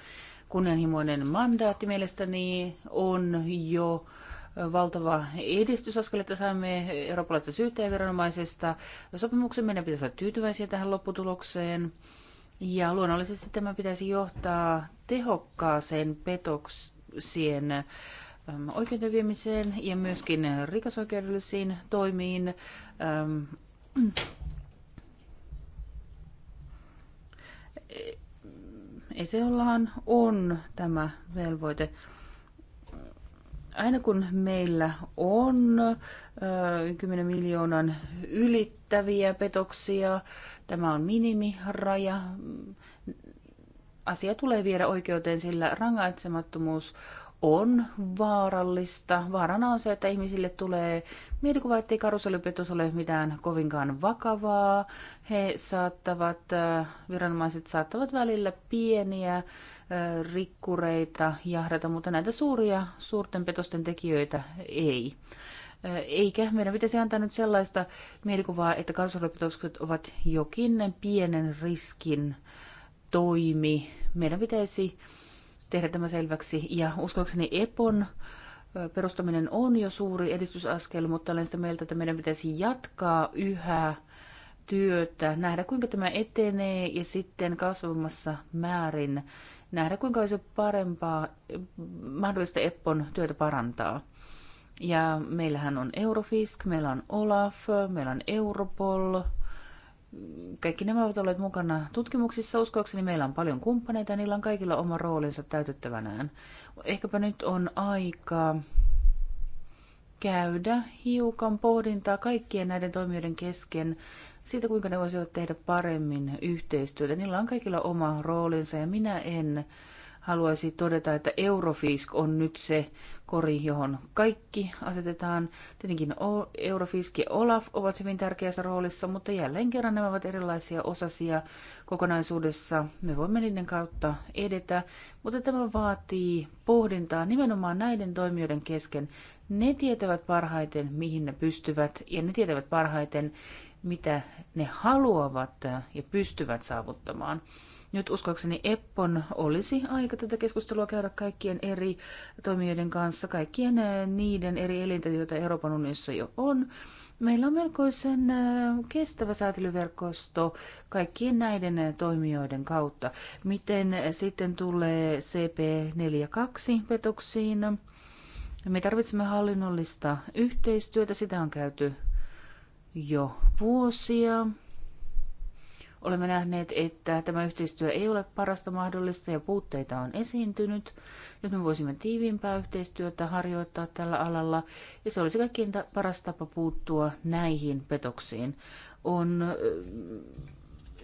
kunnianhimoinen mandaatti. Mielestäni on jo valtava edistysaskel, että saimme eurooppalaisesta syyttäjäviranomaisesta sopimuksen. Meidän pitäisi olla tyytyväisiä tähän lopputulokseen. Ja luonnollisesti tämä pitäisi johtaa tehokkaaseen petoksien oikeudenviemiseen ja myöskin rikosoikeudellisiin toimiin. E, ollaan on tämä velvoite. Aina kun meillä on äh, 10 miljoonan ylittäviä petoksia. Tämä on minimiraja. Asia tulee viedä oikeuteen, sillä rangaitsemattomuus on vaarallista. Vaarana on se, että ihmisille tulee mielikuva, ettei karusellipetos ole mitään kovinkaan vakavaa. He saattavat, viranomaiset saattavat välillä pieniä rikkureita jahdata, mutta näitä suuria suurten petosten tekijöitä ei. Eikä meidän pitäisi antaa nyt sellaista mielikuvaa, että kansanlopetokset ovat jokin pienen riskin toimi. Meidän pitäisi tehdä tämä selväksi. Ja uskoakseni EPON perustaminen on jo suuri edistysaskel, mutta olen sitä mieltä, että meidän pitäisi jatkaa yhä työtä, nähdä kuinka tämä etenee ja sitten kasvavassa määrin nähdä kuinka olisi parempaa, mahdollista EPPON työtä parantaa. Ja meillähän on Eurofisk, meillä on Olaf, meillä on Europol. Kaikki nämä ovat olleet mukana tutkimuksissa. Uskoakseni meillä on paljon kumppaneita ja niillä on kaikilla oma roolinsa täytettävänään. Ehkäpä nyt on aika käydä hiukan pohdintaa kaikkien näiden toimijoiden kesken siitä, kuinka ne voisivat tehdä paremmin yhteistyötä. Niillä on kaikilla oma roolinsa ja minä en haluaisi todeta, että Eurofisk on nyt se kori, johon kaikki asetetaan. Tietenkin Eurofisk ja Olaf ovat hyvin tärkeässä roolissa, mutta jälleen kerran nämä ovat erilaisia osasia kokonaisuudessa. Me voimme niiden kautta edetä, mutta tämä vaatii pohdintaa nimenomaan näiden toimijoiden kesken. Ne tietävät parhaiten, mihin ne pystyvät, ja ne tietävät parhaiten, mitä ne haluavat ja pystyvät saavuttamaan. Nyt uskoakseni Eppon olisi aika tätä keskustelua käydä kaikkien eri toimijoiden kanssa, kaikkien eh, niiden eri elinten, joita Euroopan unionissa jo on. Meillä on melkoisen eh, kestävä säätelyverkosto kaikkien näiden eh, toimijoiden kautta. Miten sitten tulee CP42-petoksiin? Me tarvitsemme hallinnollista yhteistyötä, sitä on käyty jo vuosia. Olemme nähneet, että tämä yhteistyö ei ole parasta mahdollista ja puutteita on esiintynyt. Nyt me voisimme tiiviimpää yhteistyötä harjoittaa tällä alalla ja se olisi kaikkein paras tapa puuttua näihin petoksiin. On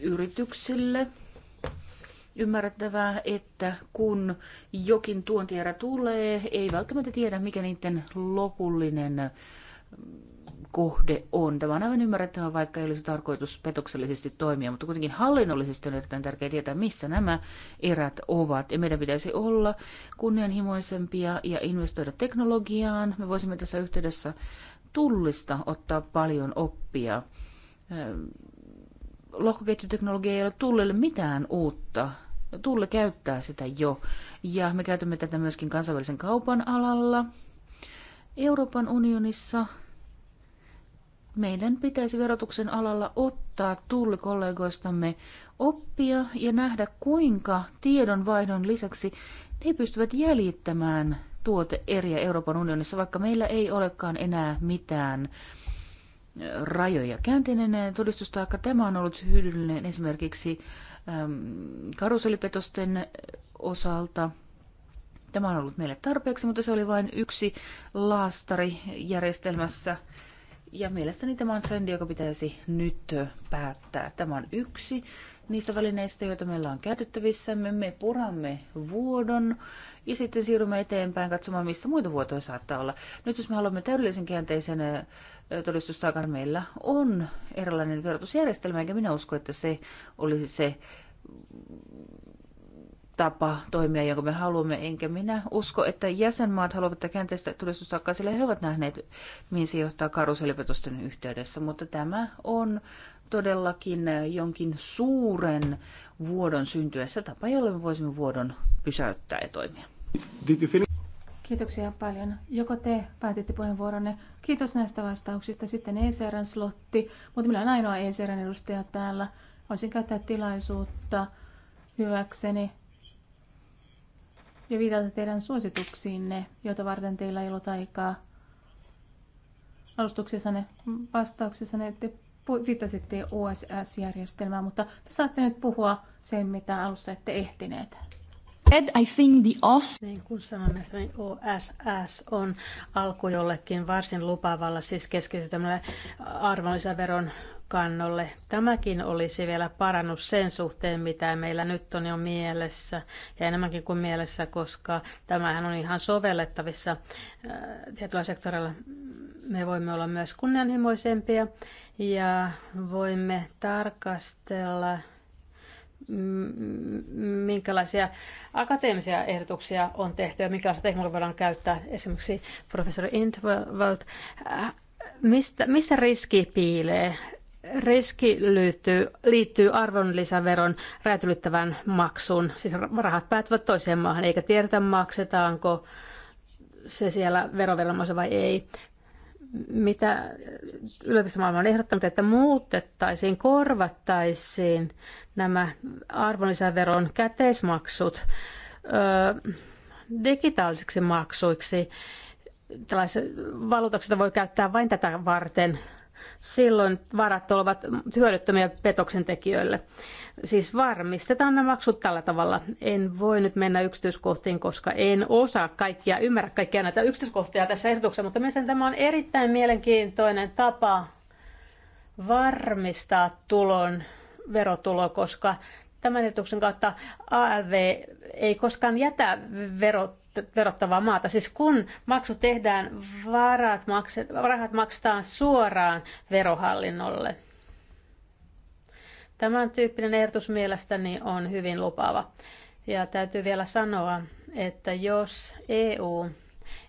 yrityksille ymmärrettävää, että kun jokin tuontierä tulee, ei välttämättä tiedä, mikä niiden lopullinen kohde on. Tämä on aivan ymmärrettävä, vaikka ei olisi tarkoitus petoksellisesti toimia, mutta kuitenkin hallinnollisesti on erittäin tärkeää tietää, missä nämä erät ovat. Ja meidän pitäisi olla kunnianhimoisempia ja investoida teknologiaan. Me voisimme tässä yhteydessä tullista ottaa paljon oppia. Öö, lohkoketjuteknologia ei ole tullille mitään uutta. Tulle käyttää sitä jo. Ja me käytämme tätä myöskin kansainvälisen kaupan alalla. Euroopan unionissa meidän pitäisi verotuksen alalla ottaa tullikollegoistamme oppia ja nähdä, kuinka tiedonvaihdon lisäksi he pystyvät jäljittämään eriä Euroopan unionissa, vaikka meillä ei olekaan enää mitään rajoja. Käänteinen todistustaakka tämä on ollut hyödyllinen esimerkiksi karuselipetosten osalta. Tämä on ollut meille tarpeeksi, mutta se oli vain yksi laastari järjestelmässä – ja mielestäni tämä on trendi, joka pitäisi nyt päättää. Tämä on yksi niistä välineistä, joita meillä on käytettävissämme. Me puramme vuodon ja sitten siirrymme eteenpäin katsomaan, missä muita vuotoja saattaa olla. Nyt jos me haluamme täydellisen käänteisen todistustaakan, meillä on erilainen verotusjärjestelmä, enkä minä usko, että se olisi se tapa toimia, jonka me haluamme, enkä minä usko, että jäsenmaat haluavat käänteistä todistustaakkaa, sillä he ovat nähneet, mihin se johtaa karuselipetusten yhteydessä, mutta tämä on todellakin jonkin suuren vuodon syntyessä tapa, jolle me voisimme vuodon pysäyttää ja toimia. Kiitoksia paljon. Joko te päätitte puheenvuoronne? Kiitos näistä vastauksista. Sitten ECRn slotti, mutta minä olen ainoa ECRn edustaja täällä. Voisin käyttää tilaisuutta hyväkseni ja viitata teidän suosituksiinne, joita varten teillä ei ollut aikaa alustuksessanne, vastauksessanne, että viittasitte OSS-järjestelmään, mutta te saatte nyt puhua sen, mitä alussa ette ehtineet. Ed, I think the OSS... Niin kuin sanoin, niin OSS on alku jollekin varsin lupavalla, siis keskitytämällä arvonlisäveron kannolle. Tämäkin olisi vielä parannus sen suhteen, mitä meillä nyt on jo mielessä ja enemmänkin kuin mielessä, koska tämähän on ihan sovellettavissa äh, tietyllä sektorilla. Me voimme olla myös kunnianhimoisempia ja voimme tarkastella minkälaisia akateemisia ehdotuksia on tehty ja minkälaista teknologiaa voidaan käyttää. Esimerkiksi professori Intervalt, äh, mistä, missä riski piilee riski liittyy, liittyy arvonlisäveron räätylyttävään maksuun. Siis rahat päätyvät toiseen maahan, eikä tiedetä maksetaanko se siellä veroviranomaisen vai ei. Mitä yliopistomaailma on ehdottanut, että muutettaisiin, korvattaisiin nämä arvonlisäveron käteismaksut ö, digitaalisiksi maksuiksi. Tällaiset valuutakset voi käyttää vain tätä varten silloin varat olivat hyödyttömiä petoksen tekijöille. Siis varmistetaan nämä maksut tällä tavalla. En voi nyt mennä yksityiskohtiin, koska en osaa kaikkia, ymmärrä kaikkia näitä yksityiskohtia tässä ehdotuksessa, mutta mielestäni tämä on erittäin mielenkiintoinen tapa varmistaa tulon verotulo, koska tämän ehdotuksen kautta ALV ei koskaan jätä verot verottavaa maata. Siis kun maksu tehdään, varat makset, rahat maksetaan suoraan verohallinnolle. Tämän tyyppinen ehdotus mielestäni on hyvin lupaava. Ja täytyy vielä sanoa, että jos EU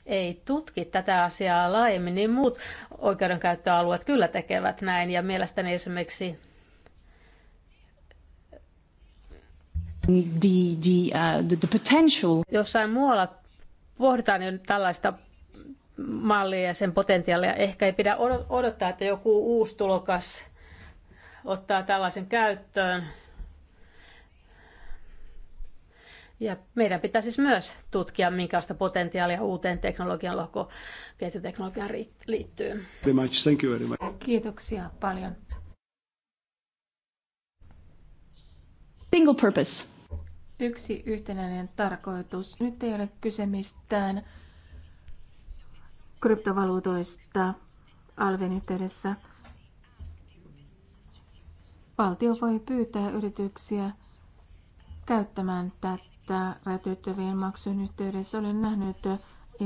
ei tutki tätä asiaa laajemmin, niin muut oikeudenkäyttöalueet kyllä tekevät näin. Ja mielestäni esimerkiksi the, the, uh, the, the potential. Jossain muualla pohditaan jo tällaista mallia ja sen potentiaalia. Ehkä ei pidä odottaa, että joku uusi tulokas ottaa tällaisen käyttöön. Ja meidän pitää siis myös tutkia, minkälaista potentiaalia uuteen teknologian lohko ketjuteknologiaan liittyy. Thank you very much. Kiitoksia paljon. Single purpose yksi yhtenäinen tarkoitus. Nyt ei ole kyse mistään kryptovaluutoista alven yhteydessä. Valtio voi pyytää yrityksiä käyttämään tätä rajoitettavien maksun yhteydessä. Olen nähnyt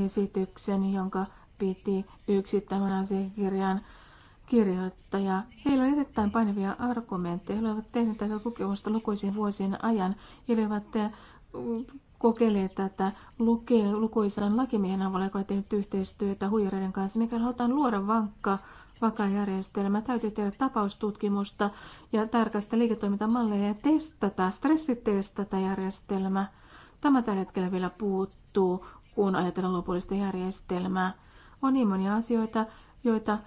esityksen, jonka piti tämän asiakirjan kirjoittaja. Heillä on erittäin painavia argumentteja. He olivat tehneet tätä tutkimusta lukuisien vuosien ajan He olivat eh, kokeilleet tätä lukuisan lakimiehen avulla, joka on tehnyt yhteistyötä huijareiden kanssa, mikä halutaan luoda vankka vakaa järjestelmä. Täytyy tehdä tapaustutkimusta ja tarkastaa liiketoimintamalleja ja testata, stressitestata järjestelmä. Tämä tällä hetkellä vielä puuttuu, kun ajatellaan lopullista järjestelmää. On niin monia asioita, joita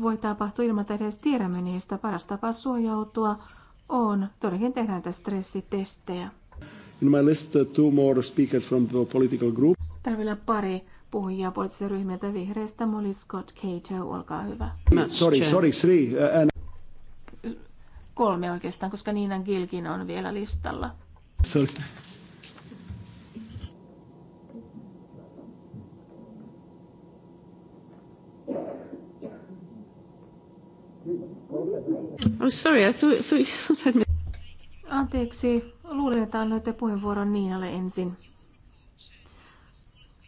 voi tapahtua ilman, että edes tiedämme niistä. Paras tapa suojautua on todellakin tehdä näitä stressitestejä. In my list, uh, two more speakers from the political group. Täällä vielä pari puhujaa poliittisesta ryhmiltä vihreistä. Molly Scott Cato, olkaa hyvä. Sorry, sorry, three. Uh, and... Kolme oikeastaan, koska Niina Gilkin on vielä listalla. Sorry. I'm sorry, I thought, thought you... Anteeksi, luulin, että annoitte puheenvuoron Niinalle ensin.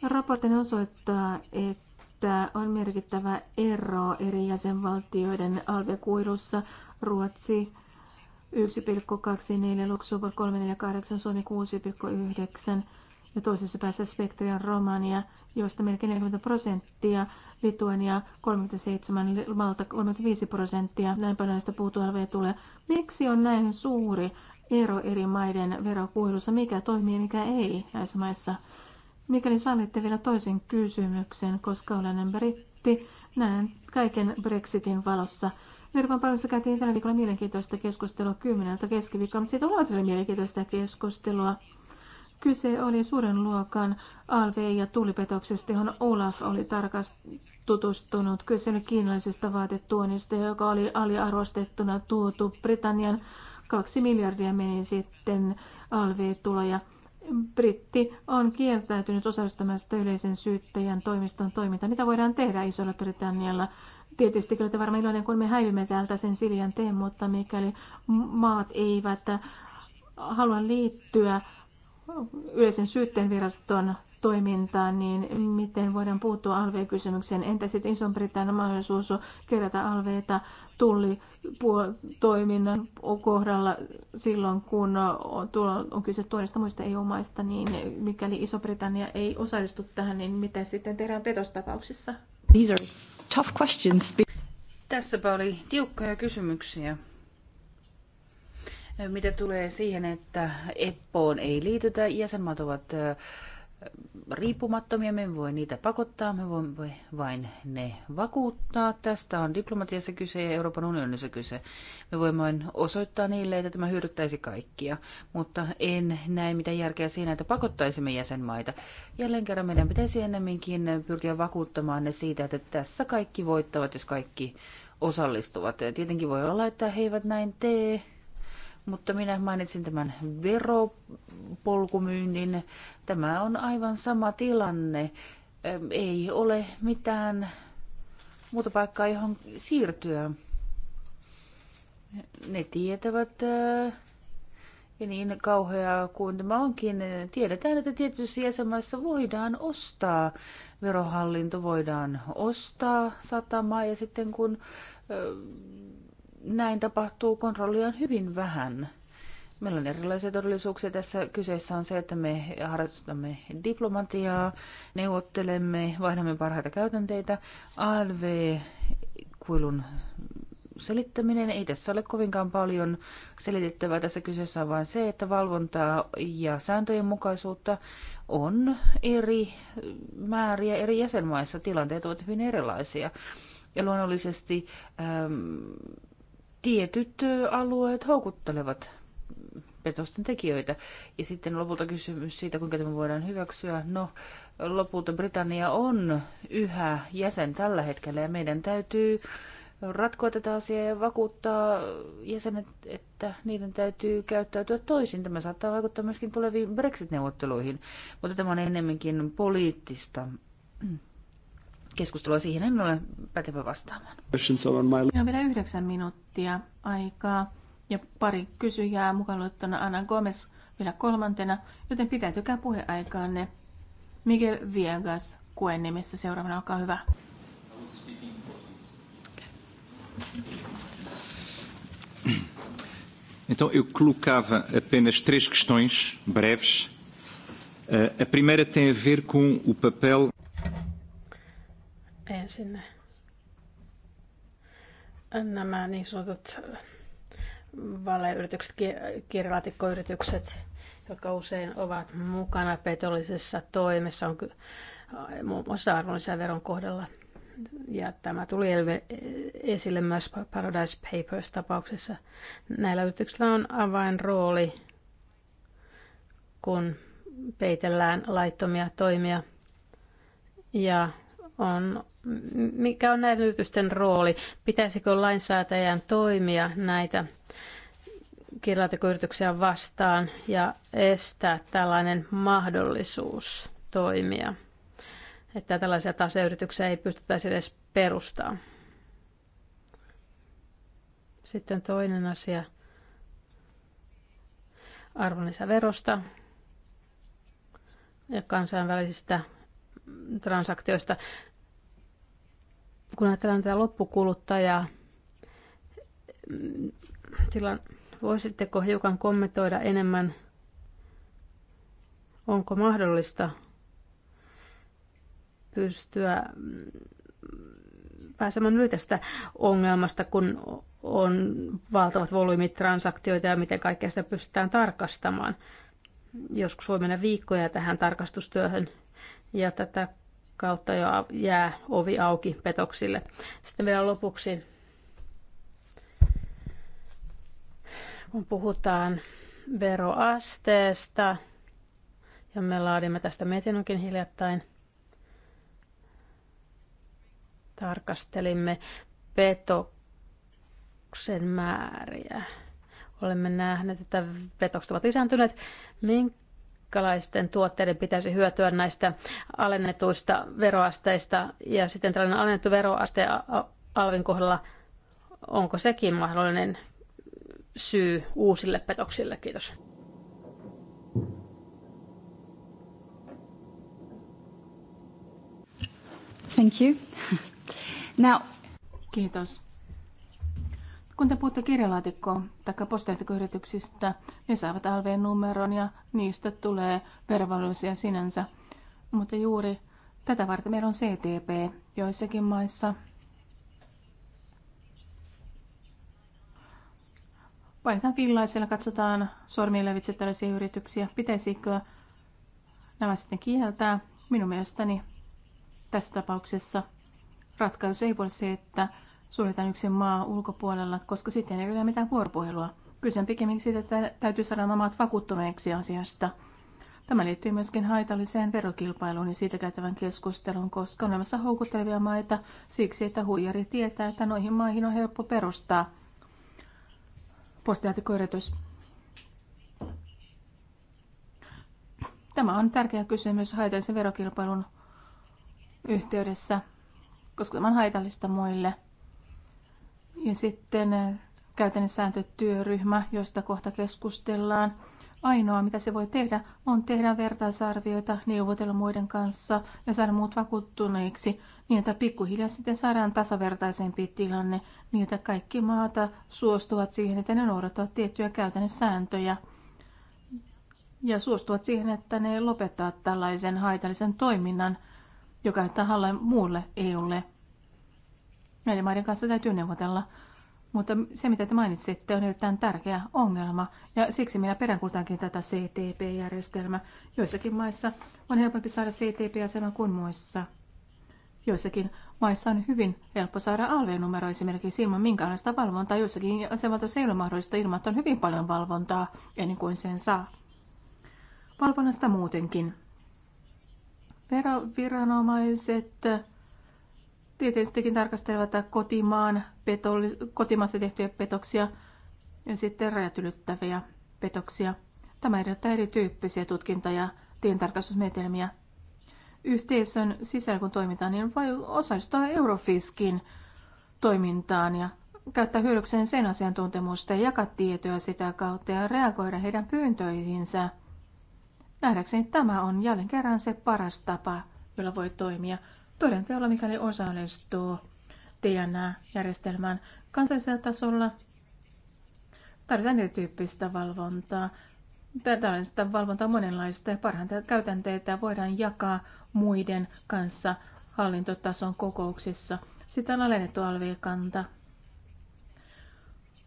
Raportin osoittaa, että on merkittävä ero eri jäsenvaltioiden alvekuilussa. Ruotsi 1,24, Luxemburg 3,48, Suomi 6,9 ja toisessa päässä Spektrian Romania, joista melkein 40 prosenttia, Lituania 37, Malta 35 prosenttia, näin paljon näistä puutualveja tulee. Miksi on näin suuri ero eri maiden verokuilussa, mikä toimii ja mikä ei näissä maissa? Mikäli sallitte vielä toisen kysymyksen, koska olen britti, näen kaiken Brexitin valossa. Euroopan parissa käytiin tällä viikolla mielenkiintoista keskustelua kymmeneltä keskiviikkoa, mutta siitä oli mielenkiintoista keskustelua. Kyse oli suuren luokan alv- ja tulipetoksesta, johon Olaf oli tarkast- tutustunut. Kyse oli kiinalaisesta vaatetuonnista, joka oli aliarvostettuna tuotu Britannian. Kaksi miljardia meni sitten alv-tuloja. Britti on kieltäytynyt osallistumasta yleisen syyttäjän toimiston toimintaan. Mitä voidaan tehdä Isolla Britannialla? Tietysti te varmaan iloinen, kun me häivimme täältä sen Siljan teen, mutta mikäli maat eivät halua liittyä yleisen syytteen viraston toimintaan, niin miten voidaan puuttua alveen-kysymykseen? Entä sitten Iso-Britannian mahdollisuus kerätä alveita tullitoiminnan kohdalla silloin, kun on kyse tuonnista muista EU-maista, niin mikäli Iso-Britannia ei osallistu tähän, niin mitä sitten tehdään petostapauksissa? These are tough questions. Tässäpä oli tiukkoja kysymyksiä. Mitä tulee siihen, että EPPOon ei liitytä, jäsenmaat ovat riippumattomia, me voi niitä pakottaa, me voimme vain ne vakuuttaa. Tästä on diplomatiassa kyse ja Euroopan unionissa kyse. Me voimme vain osoittaa niille, että tämä hyödyttäisi kaikkia, mutta en näe mitään järkeä siinä, että pakottaisimme jäsenmaita. Jälleen kerran meidän pitäisi ennemminkin pyrkiä vakuuttamaan ne siitä, että tässä kaikki voittavat, jos kaikki osallistuvat. Tietenkin voi olla, että he eivät näin tee, mutta minä mainitsin tämän veropolkumyynnin. Tämä on aivan sama tilanne. Ei ole mitään muuta paikkaa, johon siirtyä. Ne tietävät, ja niin kauheaa kuin tämä onkin, tiedetään, että tietyissä jäsenmaissa voidaan ostaa. Verohallinto voidaan ostaa satamaa ja sitten kun näin tapahtuu, kontrollia on hyvin vähän. Meillä on erilaisia todellisuuksia. Tässä kyseessä on se, että me harrastamme diplomatiaa, neuvottelemme, vaihdamme parhaita käytänteitä. ALV-kuilun selittäminen ei tässä ole kovinkaan paljon selitettävää. Tässä kyseessä on vain se, että valvontaa ja sääntöjen mukaisuutta on eri määriä eri jäsenmaissa. Tilanteet ovat hyvin erilaisia. Ja luonnollisesti ähm, tietyt alueet houkuttelevat petosten tekijöitä. Ja sitten lopulta kysymys siitä, kuinka tämä voidaan hyväksyä. No, lopulta Britannia on yhä jäsen tällä hetkellä ja meidän täytyy ratkoa tätä asiaa ja vakuuttaa jäsenet, että niiden täytyy käyttäytyä toisin. Tämä saattaa vaikuttaa myöskin tuleviin Brexit-neuvotteluihin, mutta tämä on enemmänkin poliittista keskustelua. Siihen en ole pätevä vastaamaan. Meillä on vielä yhdeksän minuuttia aikaa ja pari kysyjää mukaan luettuna Anna Gomez vielä kolmantena, joten pitäytykää puheaikaanne. Miguel Viegas Kuen nimessä seuraavana, olkaa hyvä. Então, eu colocava apenas três questões breves. Eh, a primeira tem a ver com o papel ensin nämä niin sanotut äh, valeyritykset, kirjalaatikkoyritykset, jotka usein ovat mukana petollisessa toimessa, on äh, muun muassa arvonlisäveron kohdalla. Ja tämä tuli esille myös Paradise Papers-tapauksessa. Näillä yrityksillä on avainrooli, kun peitellään laittomia toimia ja on, mikä on näiden yritysten rooli? Pitäisikö lainsäätäjän toimia näitä kirjoitekoyrityksiä vastaan ja estää tällainen mahdollisuus toimia? Että tällaisia taseyrityksiä ei pystyttäisi edes perustamaan? Sitten toinen asia arvonlisäverosta ja kansainvälisistä transaktioista kun ajatellaan tätä loppukuluttajaa, mm, tilan, voisitteko hiukan kommentoida enemmän, onko mahdollista pystyä mm, pääsemään yli tästä ongelmasta, kun on valtavat volyymit transaktioita ja miten kaikkea sitä pystytään tarkastamaan. Joskus voi mennä viikkoja tähän tarkastustyöhön ja tätä kautta jo jää ovi auki petoksille. Sitten vielä lopuksi, kun puhutaan veroasteesta, ja me laadimme tästä mietinnönkin hiljattain, tarkastelimme petoksen määriä. Olemme nähneet, että petokset ovat lisääntyneet. Minkä amerikkalaisten tuotteiden pitäisi hyötyä näistä alennetuista veroasteista ja sitten tällainen alennettu veroaste alvin kohdalla, onko sekin mahdollinen syy uusille petoksille? Kiitos. Thank you. Now, Kiitos. Kun te puhutte kirjalaatikkoon tai postilaatikkoyrityksistä, ne saavat LV-numeron ja niistä tulee verovelvollisia sinänsä. Mutta juuri tätä varten meillä on CTP joissakin maissa. Painetaan villaisella, katsotaan sormien lävitse tällaisia yrityksiä. Pitäisikö nämä sitten kieltää? Minun mielestäni tässä tapauksessa ratkaisu ei voi se, että suljetaan yksi maa ulkopuolella, koska sitten ei ole mitään vuoropuhelua. Kyse on pikemminkin siitä, että täytyy saada maat vakuuttuneeksi asiasta. Tämä liittyy myöskin haitalliseen verokilpailuun ja siitä käytävän keskusteluun, koska on olemassa houkuttelevia maita siksi, että huijari tietää, että noihin maihin on helppo perustaa Postiaatikoiritys. Tämä on tärkeä kysymys haitallisen verokilpailun yhteydessä, koska tämä on haitallista muille. Ja sitten äh, sääntötyöryhmä, josta kohta keskustellaan. Ainoa, mitä se voi tehdä, on tehdä vertaisarvioita, neuvotella muiden kanssa ja saada muut vakuuttuneiksi, niin että pikkuhiljaa sitten saadaan tasavertaisempi tilanne, niin että kaikki maata suostuvat siihen, että ne noudattavat tiettyjä käytännön sääntöjä ja suostuvat siihen, että ne lopettavat tällaisen haitallisen toiminnan, joka aiheuttaa halla muulle EUlle Näiden maiden kanssa täytyy neuvotella. Mutta se, mitä te mainitsitte, on erittäin tärkeä ongelma, ja siksi minä peräänkultaankin tätä CTP-järjestelmää. Joissakin maissa on helpompi saada CTP-asema kuin muissa. Joissakin maissa on hyvin helppo saada alv-numero esimerkiksi ilman minkäänlaista valvontaa. Joissakin asemalta se ei ole mahdollista ilman, että on hyvin paljon valvontaa ennen kuin sen saa. Valvonnasta muutenkin. Veroviranomaiset tieteellisestikin tarkastelevat kotimaan petolli, kotimaassa tehtyjä petoksia ja sitten rajat ylittäviä petoksia. Tämä edellyttää erityyppisiä tutkinta- ja tientarkastusmenetelmiä. Yhteisön sisällä kun toimitaan, niin voi osallistua Eurofiskin toimintaan ja käyttää hyödykseen sen asiantuntemusta ja jakaa tietoa sitä kautta ja reagoida heidän pyyntöihinsä. Nähdäkseni tämä on jälleen kerran se paras tapa, jolla voi toimia todenteolla, mikäli osallistuu DNA-järjestelmään kansallisella tasolla. Tarvitaan erityyppistä valvontaa. Tällaista valvontaa monenlaista ja parhaita käytänteitä voidaan jakaa muiden kanssa hallintotason kokouksissa. Sitä on alennettu alvikanta.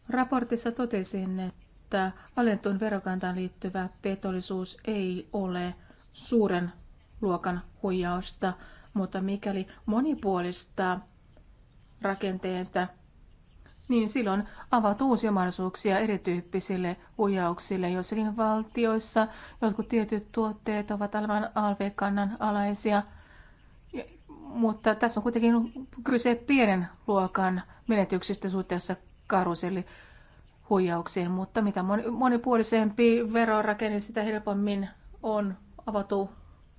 Raportissa totesin, että alentun verokantaan liittyvä petollisuus ei ole suuren luokan huijausta, mutta mikäli monipuolistaa rakenteita, niin silloin avautuu uusia mahdollisuuksia erityyppisille huijauksille. Joissakin valtioissa jotkut tietyt tuotteet ovat aivan alv-kannan alaisia, mutta tässä on kuitenkin kyse pienen luokan menetyksistä suhteessa karuselli huijauksiin, mutta mitä monipuolisempi verorakenne, sitä helpommin on avautuu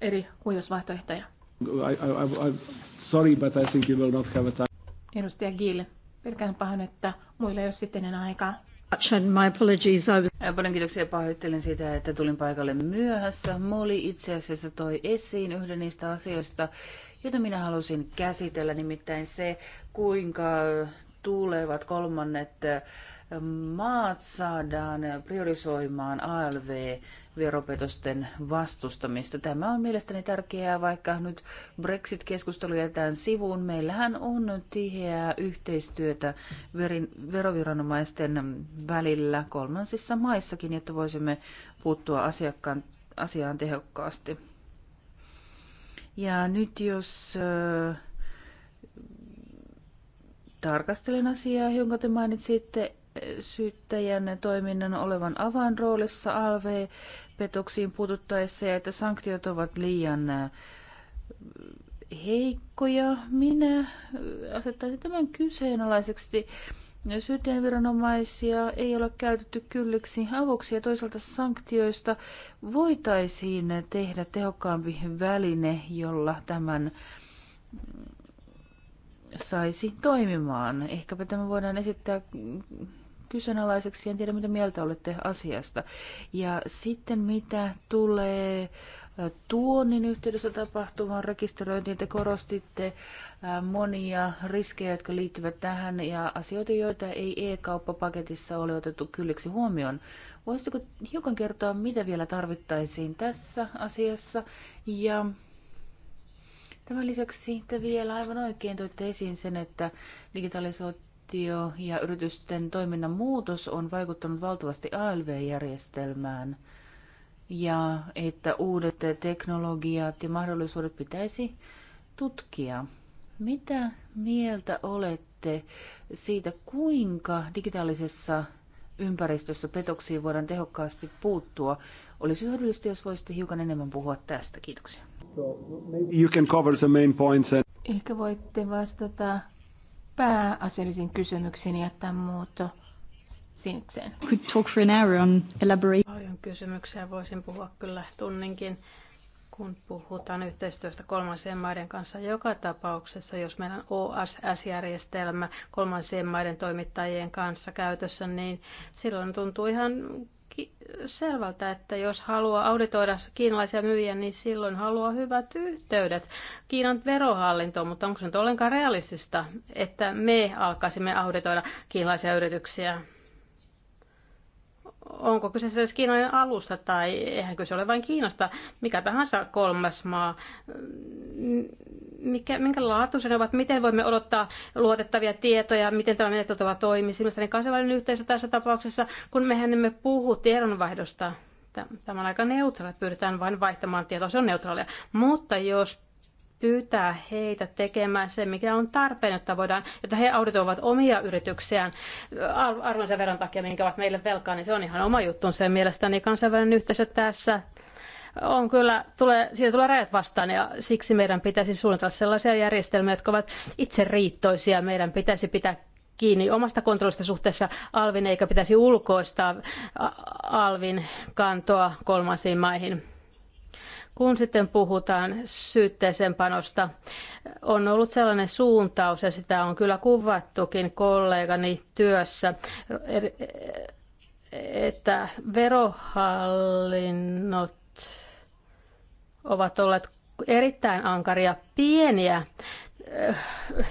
eri huijausvaihtoehtoja sorry, but I think you will not have a time. Edustaja Gill, pelkään pahan, että muilla ei ole sitten enää aikaa. My apologies. I was... Paljon kiitoksia pahoittelen sitä, että tulin paikalle myöhässä. Moli itse asiassa toi esiin yhden niistä asioista, joita minä halusin käsitellä, nimittäin se, kuinka tulevat kolmannet maat saadaan priorisoimaan ALV veropetosten vastustamista. Tämä on mielestäni tärkeää, vaikka nyt Brexit-keskustelu jätetään sivuun. Meillähän on tiheää yhteistyötä verin, veroviranomaisten välillä kolmansissa maissakin, jotta voisimme puuttua asiakkaan, asiaan tehokkaasti. Ja nyt jos äh, tarkastelen asiaa, jonka te mainitsitte, syyttäjän toiminnan olevan avainroolissa Alve, petoksiin puututtaessa ja että sanktiot ovat liian äh, heikkoja. Minä asettaisin tämän kyseenalaiseksi. viranomaisia ei ole käytetty kylliksi avuksi ja toisaalta sanktioista voitaisiin tehdä tehokkaampi väline, jolla tämän mm, saisi toimimaan. Ehkäpä tämä voidaan esittää kyseenalaiseksi. En tiedä, mitä mieltä olette asiasta. Ja sitten mitä tulee tuonnin yhteydessä tapahtuvan rekisteröintiin. Te korostitte monia riskejä, jotka liittyvät tähän ja asioita, joita ei e-kauppapaketissa ole otettu kylliksi huomioon. Voisitko hiukan kertoa, mitä vielä tarvittaisiin tässä asiassa? Ja tämän lisäksi te vielä aivan oikein toitte esiin sen, että digitalisoitu digitalisaatio ja yritysten toiminnan muutos on vaikuttanut valtavasti ALV-järjestelmään ja että uudet teknologiat ja mahdollisuudet pitäisi tutkia. Mitä mieltä olette siitä, kuinka digitaalisessa ympäristössä petoksiin voidaan tehokkaasti puuttua? Olisi hyödyllistä, jos voisitte hiukan enemmän puhua tästä. Kiitoksia. You can cover the main points and... Ehkä voitte vastata pääasiallisiin kysymyksiin tämän muoto sinikseen. Could talk for an hour on elaborate. Paljon kysymyksiä voisin puhua kyllä tunninkin, kun puhutaan yhteistyöstä kolmansien maiden kanssa. Joka tapauksessa, jos meidän OSS-järjestelmä kolmansien maiden toimittajien kanssa käytössä, niin silloin tuntuu ihan selvältä, että jos haluaa auditoida kiinalaisia myyjiä, niin silloin haluaa hyvät yhteydet Kiinan verohallintoon, mutta onko se nyt ollenkaan realistista, että me alkaisimme auditoida kiinalaisia yrityksiä? onko kyse edes kiinalainen alusta tai eihän kyse ole vain Kiinasta, mikä tahansa kolmas maa. Mikä, minkä laatuisen ovat, miten voimme odottaa luotettavia tietoja, miten tämä menetelmä toimisi, niin kansainvälinen yhteisö tässä tapauksessa, kun mehän emme puhu tiedonvaihdosta. Tämä on aika neutraali, pyritään vain vaihtamaan tietoa, se on neutraalia. Mutta jos pyytää heitä tekemään se, mikä on tarpeen, jotta, voidaan, jotta he auditoivat omia yrityksiään arvonsa verran takia, minkä ovat meille velkaa, niin se on ihan oma juttu. sen mielestäni kansainvälinen yhteisö tässä on kyllä, tulee, siitä tulee rajat vastaan ja siksi meidän pitäisi suunnitella sellaisia järjestelmiä, jotka ovat itse riittoisia. Meidän pitäisi pitää kiinni omasta kontrollista suhteessa Alvin, eikä pitäisi ulkoistaa Alvin kantoa kolmansiin maihin kun sitten puhutaan syytteeseen panosta, on ollut sellainen suuntaus, ja sitä on kyllä kuvattukin kollegani työssä, että verohallinnot ovat olleet erittäin ankaria pieniä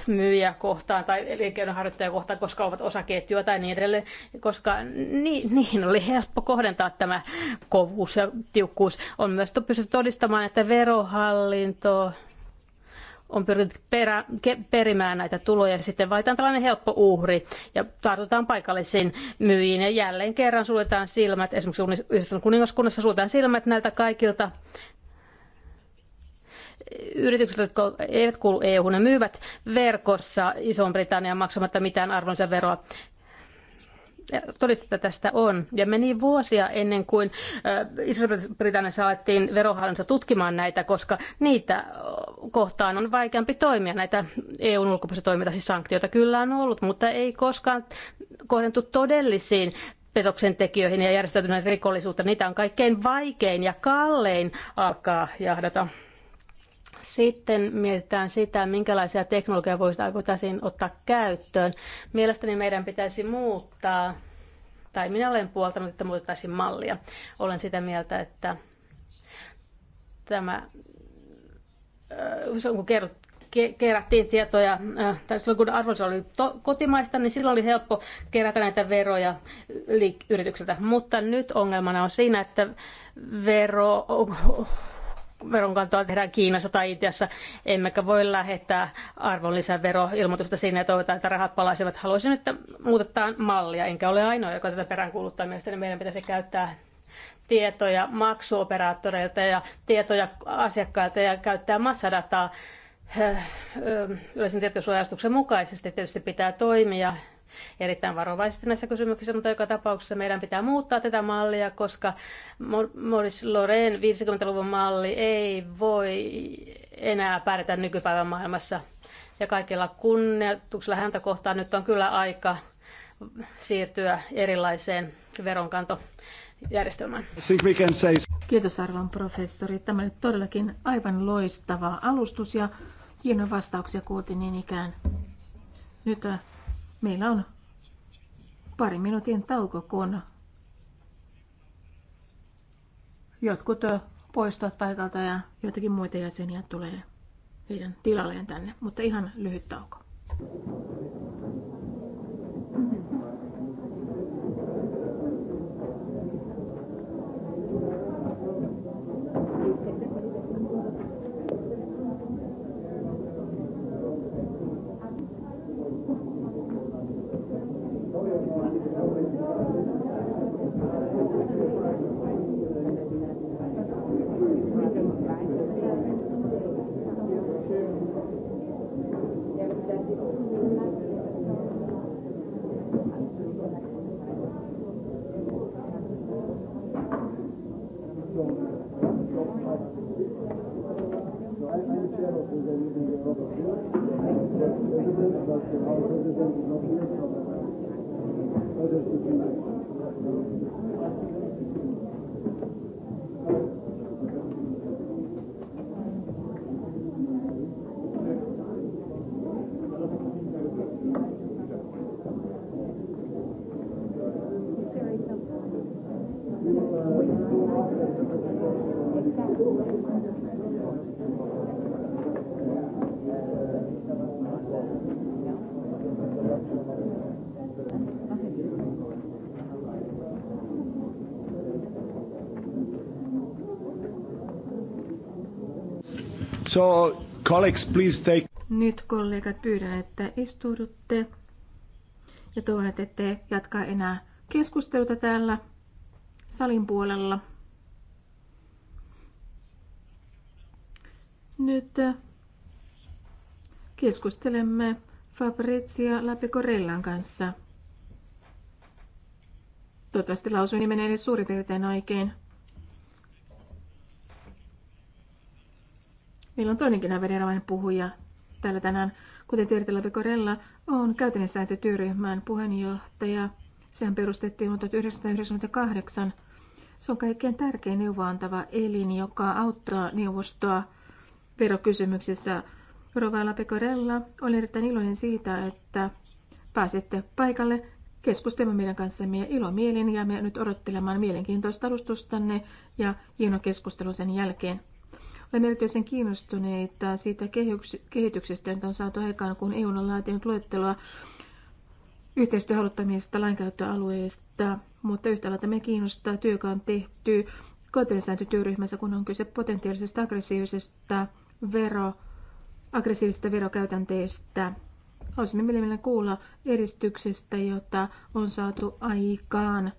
myyjä kohtaan tai elinkeinonharjoittaja kohtaan, koska ovat osaketjua tai niin edelleen, koska ni, niihin oli helppo kohdentaa tämä kovuus ja tiukkuus. On myös pystytty todistamaan, että verohallinto on pyrkinyt perä, ke, perimään näitä tuloja ja sitten valitaan tällainen helppo uhri ja tartutaan paikallisiin myyjiin ja jälleen kerran suljetaan silmät, esimerkiksi kuningaskunnassa suljetaan silmät näiltä kaikilta yritykset, jotka eivät kuulu eu ne myyvät verkossa Ison britannian maksamatta mitään arvonlisäveroa. Todistetta tästä on. Ja meni vuosia ennen kuin äh, iso britannia saatiin verohallinnossa tutkimaan näitä, koska niitä kohtaan on vaikeampi toimia. Näitä EUn ulkopuolisia toimintaa, siis sanktioita kyllä on ollut, mutta ei koskaan kohdentu todellisiin petoksen tekijöihin ja järjestäytyneen rikollisuutta. Niitä on kaikkein vaikein ja kallein alkaa jahdata. Sitten mietitään sitä, minkälaisia teknologioita voitaisiin ottaa käyttöön. Mielestäni meidän pitäisi muuttaa, tai minä olen puoltanut, että muutettaisiin mallia. Olen sitä mieltä, että tämä, kun kerrot, kerättiin tietoja, tai silloin kun arvonsa oli kotimaista, niin silloin oli helppo kerätä näitä veroja yritykseltä. Mutta nyt ongelmana on siinä, että vero veronkantoa tehdään Kiinassa tai Intiassa, emmekä voi lähettää arvonlisäveroilmoitusta sinne ja toivotaan, että rahat palaisivat. Haluaisin, että muutetaan mallia, enkä ole ainoa, joka tätä peräänkuuluttaa. Mielestäni meidän pitäisi käyttää tietoja maksuoperaattoreilta ja tietoja asiakkailta ja käyttää massadataa öö, öö, yleisen tietosuojastuksen mukaisesti. Tietysti pitää toimia erittäin varovaisesti näissä kysymyksissä, mutta joka tapauksessa meidän pitää muuttaa tätä mallia, koska Maurice Lorraine 50-luvun malli ei voi enää pärjätä nykypäivän maailmassa. Ja kaikilla kunnioituksella häntä kohtaan nyt on kyllä aika siirtyä erilaiseen veronkanto Kiitos arvon professori. Tämä oli todellakin aivan loistava alustus ja hienoja vastauksia kuultiin niin ikään. Nyt äh, Meillä on pari minuutin tauko, kun jotkut poistuvat paikalta ja joitakin muita jäseniä tulee heidän tilalleen tänne, mutta ihan lyhyt tauko. So, colleagues, please take... Nyt kollegat pyydän, että istuudutte ja toivon, että ette jatkaa enää keskusteluta täällä salin puolella. Nyt äh, keskustelemme Fabrizia Lapicorellan kanssa. Toivottavasti lausuin nimen edes suurin piirtein oikein. Meillä on toinenkin aivan erilainen puhuja täällä tänään. Kuten tiedetään, Lavi Korella on käytännössääntötyöryhmän puheenjohtaja. Sehän perustettiin vuonna 1998. Se on kaikkein tärkein neuvoantava elin, joka auttaa neuvostoa verokysymyksissä. Rovaila Pekorella, olen erittäin iloinen siitä, että pääsitte paikalle keskustelemaan meidän kanssamme ilomielin ja me nyt odottelemaan mielenkiintoista alustustanne ja hieno keskustelu sen jälkeen. Olen erityisen kiinnostuneita siitä kehityksestä, jota on saatu aikaan, kun EU on laatinut luetteloa yhteistyöhaluttamista lainkäyttöalueista, mutta yhtä lailla me kiinnostaa työ, joka on tehty koettelisääntötyöryhmässä, kun on kyse potentiaalisesta aggressiivisesta vero, aggressiivisesta verokäytänteistä. Haluaisimme mielellään kuulla edistyksestä, jota on saatu aikaan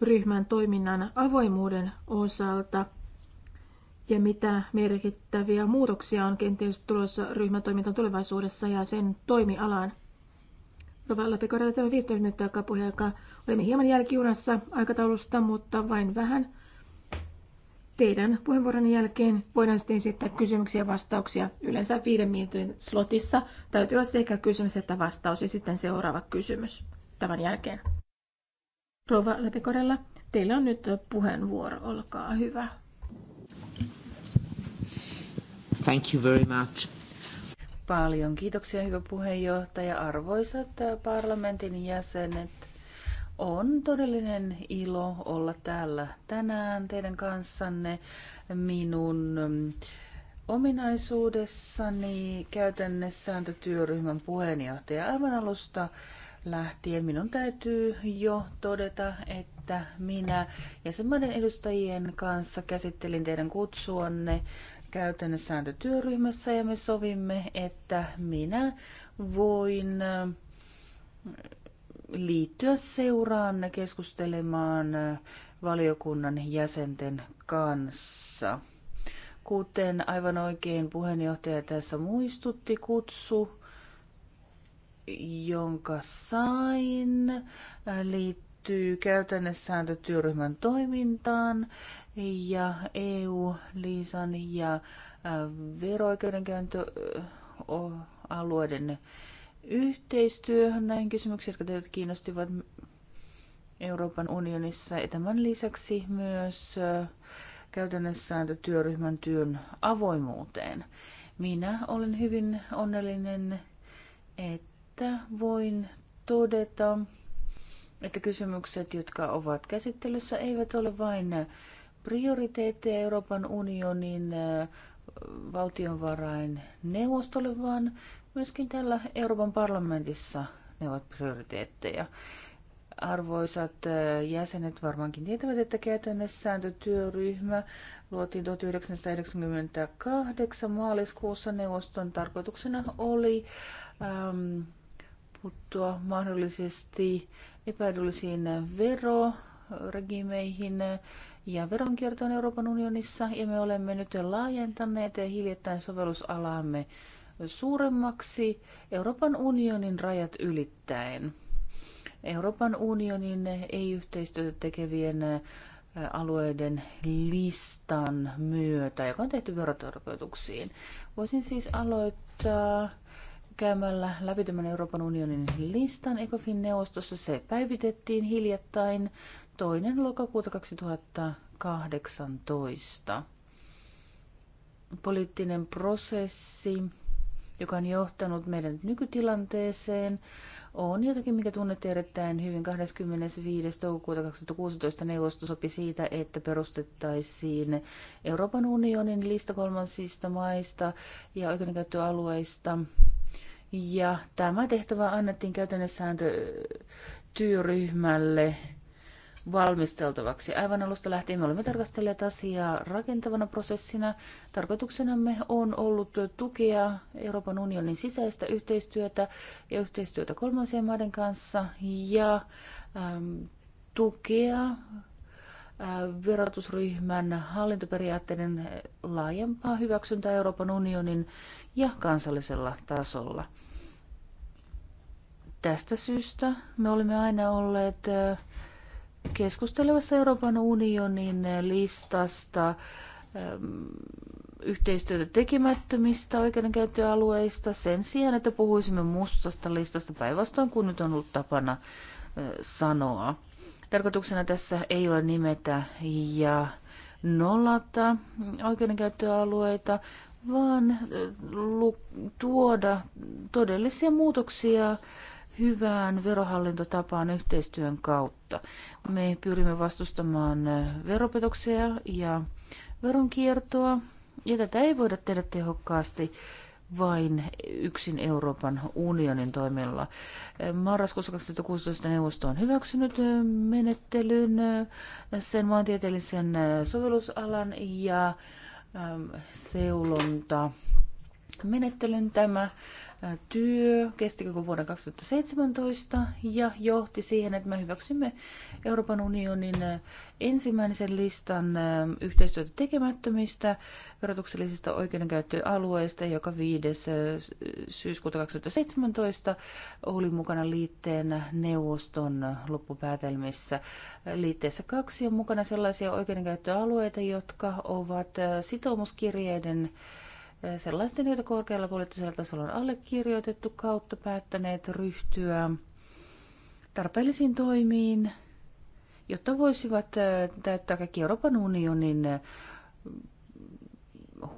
ryhmän toiminnan avoimuuden osalta – ja mitä merkittäviä muutoksia on kenties tulossa ryhmätoimintaan tulevaisuudessa ja sen toimialaan. Rova Lapikorjalle tämä 15 minuuttia kapuheakaa. Olemme hieman jälkijunassa aikataulusta, mutta vain vähän. Teidän puheenvuoron jälkeen voidaan sitten esittää kysymyksiä ja vastauksia. Yleensä viiden minuutin slotissa täytyy olla sekä kysymys että vastaus ja sitten seuraava kysymys tämän jälkeen. Rova Lepikorella, teillä on nyt puheenvuoro, olkaa hyvä. Thank you very much. Paljon kiitoksia, hyvä puheenjohtaja. Arvoisat parlamentin jäsenet, on todellinen ilo olla täällä tänään teidän kanssanne minun ominaisuudessani sääntötyöryhmän puheenjohtaja. Aivan alusta lähtien minun täytyy jo todeta, että minä jäsenmaiden edustajien kanssa käsittelin teidän kutsuanne sääntötyöryhmässä ja me sovimme, että minä voin äh, liittyä seuraan keskustelemaan äh, valiokunnan jäsenten kanssa. Kuten aivan oikein puheenjohtaja tässä muistutti, kutsu, jonka sain, äh, liittyy käytännössä sääntötyöryhmän toimintaan ja EU-liisan ja vero-oikeudenkäyntialueiden yhteistyöhön näihin kysymyksiin, jotka teidät kiinnostivat Euroopan unionissa. Ja tämän lisäksi myös käytännössä työryhmän työn avoimuuteen. Minä olen hyvin onnellinen, että voin todeta, että kysymykset, jotka ovat käsittelyssä, eivät ole vain prioriteetteja Euroopan unionin valtionvarain vaan myöskin täällä Euroopan parlamentissa ne ovat prioriteetteja. Arvoisat jäsenet varmaankin tietävät, että käytännössä sääntötyöryhmä luotiin 1998 maaliskuussa. Neuvoston tarkoituksena oli ähm, puuttua mahdollisesti epäedullisiin veroregimeihin, ja veronkiertoon Euroopan unionissa ja me olemme nyt laajentaneet hiljattain sovellusalaamme suuremmaksi Euroopan unionin rajat ylittäen. Euroopan unionin ei-yhteistyötä tekevien alueiden listan myötä, joka on tehty verotarkoituksiin. Voisin siis aloittaa käymällä läpi tämän Euroopan unionin listan. ECOFIN-neuvostossa se päivitettiin hiljattain toinen lokakuuta 2018. Poliittinen prosessi, joka on johtanut meidän nykytilanteeseen, on jotakin, mikä tunnette erittäin hyvin. 25. toukokuuta 2016 neuvosto sopi siitä, että perustettaisiin Euroopan unionin lista kolmansista maista ja oikeudenkäyttöalueista. Ja tämä tehtävä annettiin käytännössä työryhmälle valmisteltavaksi. Aivan alusta lähtien me olemme tarkastelleet asiaa rakentavana prosessina. Tarkoituksenamme on ollut tukea Euroopan unionin sisäistä yhteistyötä ja yhteistyötä kolmansien maiden kanssa ja ähm, tukea äh, verotusryhmän hallintoperiaatteiden laajempaa hyväksyntää Euroopan unionin ja kansallisella tasolla. Tästä syystä me olemme aina olleet äh, keskustelevassa Euroopan unionin listasta ähm, yhteistyötä tekemättömistä oikeudenkäyttöalueista sen sijaan, että puhuisimme mustasta listasta päinvastoin kuin nyt on ollut tapana äh, sanoa. Tarkoituksena tässä ei ole nimetä ja nollata oikeudenkäyttöalueita, vaan äh, tuoda todellisia muutoksia hyvään verohallintotapaan yhteistyön kautta. Me pyrimme vastustamaan veropetoksia ja veronkiertoa, ja tätä ei voida tehdä tehokkaasti vain yksin Euroopan unionin toimilla. Marraskuussa 2016 neuvosto on hyväksynyt menettelyn, sen maantieteellisen sovellusalan ja seulonta menettelyn tämä työ kesti koko vuoden 2017 ja johti siihen, että me hyväksymme Euroopan unionin äh, ensimmäisen listan äh, yhteistyötä tekemättömistä verotuksellisista oikeudenkäyttöalueista, joka 5. Äh, syyskuuta 2017 oli mukana liitteen neuvoston loppupäätelmissä. Liitteessä kaksi on mukana sellaisia oikeudenkäyttöalueita, jotka ovat sitoumuskirjeiden sellaisten, joita korkealla poliittisella tasolla on allekirjoitettu kautta päättäneet ryhtyä tarpeellisiin toimiin, jotta voisivat äh, täyttää kaikki Euroopan unionin äh,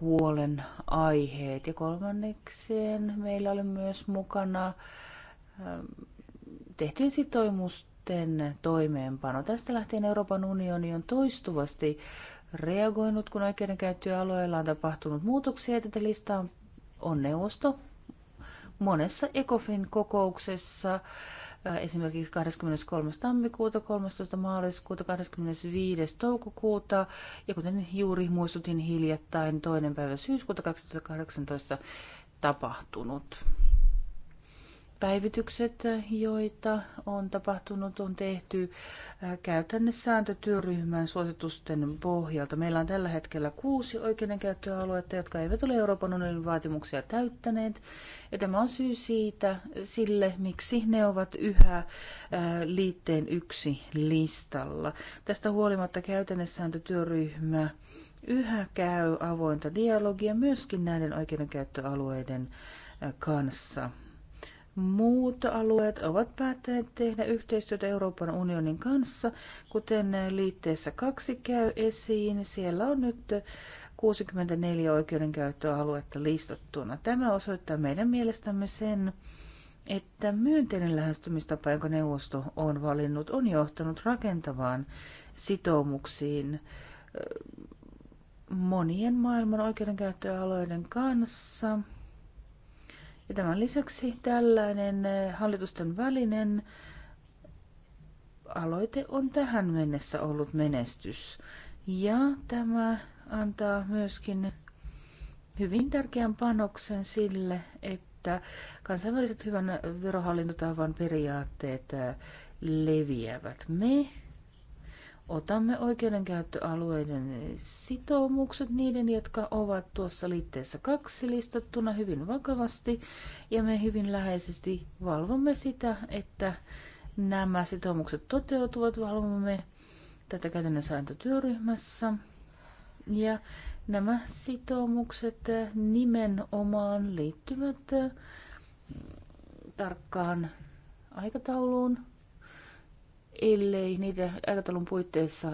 huolen aiheet. Ja kolmannekseen meillä oli myös mukana ähm, tehtyjen sitoimusten toimeenpano. Tästä lähtien Euroopan unioni on toistuvasti reagoinut, kun oikeudenkäyttöalueella on tapahtunut muutoksia. Tätä listaa on neuvosto monessa ECOFIN kokouksessa, äh, esimerkiksi 23. tammikuuta, 13. maaliskuuta, 25. toukokuuta ja kuten juuri muistutin hiljattain toinen päivä syyskuuta 2018 tapahtunut päivitykset, joita on tapahtunut, on tehty käytännesääntötyöryhmän suositusten pohjalta. Meillä on tällä hetkellä kuusi oikeudenkäyttöaluetta, jotka eivät ole Euroopan unionin vaatimuksia täyttäneet. Ja tämä on syy siitä, sille, miksi ne ovat yhä liitteen yksi listalla. Tästä huolimatta käytännesääntötyöryhmä yhä käy avointa dialogia myöskin näiden oikeudenkäyttöalueiden kanssa. Muut alueet ovat päättäneet tehdä yhteistyötä Euroopan unionin kanssa, kuten liitteessä kaksi käy esiin. Siellä on nyt 64 oikeudenkäyttöaluetta listattuna. Tämä osoittaa meidän mielestämme sen, että myönteinen lähestymistapa, jonka neuvosto on valinnut, on johtanut rakentavaan sitoumuksiin monien maailman oikeudenkäyttöalueiden kanssa – ja tämän lisäksi tällainen eh, hallitusten välinen aloite on tähän mennessä ollut menestys. Ja tämä antaa myöskin hyvin tärkeän panoksen sille, että kansainväliset hyvän verohallintotavan periaatteet eh, leviävät. Me otamme oikeudenkäyttöalueiden sitoumukset, niiden, jotka ovat tuossa liitteessä kaksi listattuna hyvin vakavasti, ja me hyvin läheisesti valvomme sitä, että nämä sitoumukset toteutuvat, valvomme tätä käytännön sääntötyöryhmässä, ja nämä sitoumukset nimenomaan liittyvät tarkkaan aikatauluun, ellei niitä aikataulun puitteissa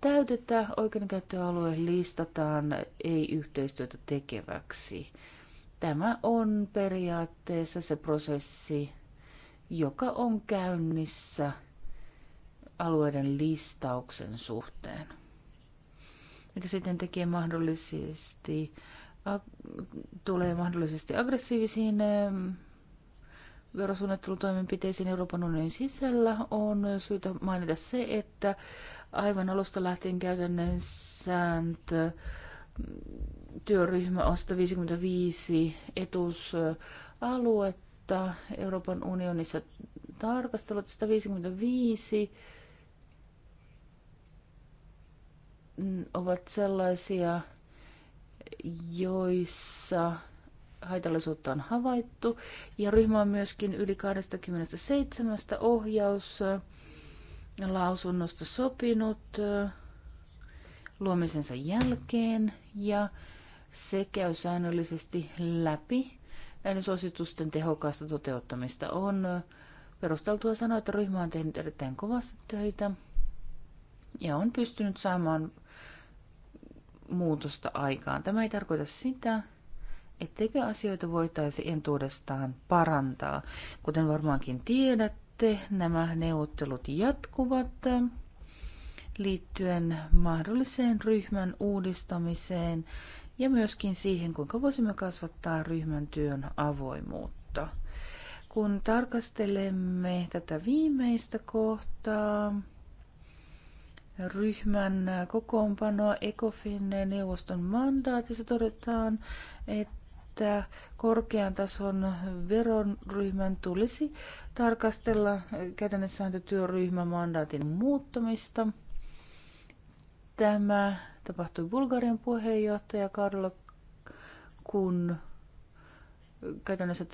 täytetä, oikeudenkäyttöalue listataan ei-yhteistyötä tekeväksi. Tämä on periaatteessa se prosessi, joka on käynnissä alueiden listauksen suhteen. Mitä sitten tekee mahdollisesti, tulee mahdollisesti aggressiivisiin verosuunnittelutoimenpiteisiin Euroopan unionin sisällä, on syytä mainita se, että aivan alusta lähtien käytännön sääntö työryhmä on 155 etusaluetta Euroopan unionissa tarkastelut 155 ovat sellaisia, joissa haitallisuutta on havaittu. Ja ryhmä on myöskin yli 27 ohjauslausunnosta äh, sopinut äh, luomisensa jälkeen ja se käy säännöllisesti läpi. Näiden suositusten tehokasta toteuttamista on äh, perusteltua sanoa, että ryhmä on tehnyt erittäin kovasti töitä ja on pystynyt saamaan muutosta aikaan. Tämä ei tarkoita sitä, etteikö asioita voitaisi entuudestaan parantaa. Kuten varmaankin tiedätte, nämä neuvottelut jatkuvat liittyen mahdolliseen ryhmän uudistamiseen ja myöskin siihen, kuinka voisimme kasvattaa ryhmän työn avoimuutta. Kun tarkastelemme tätä viimeistä kohtaa, ryhmän kokoonpanoa ECOFIN-neuvoston mandaatissa todetaan, että että korkean tason veronryhmän tulisi tarkastella käytännössääntötyöryhmän mandaatin muuttamista. Tämä tapahtui Bulgarian puheenjohtajakaudella, kun käytännössä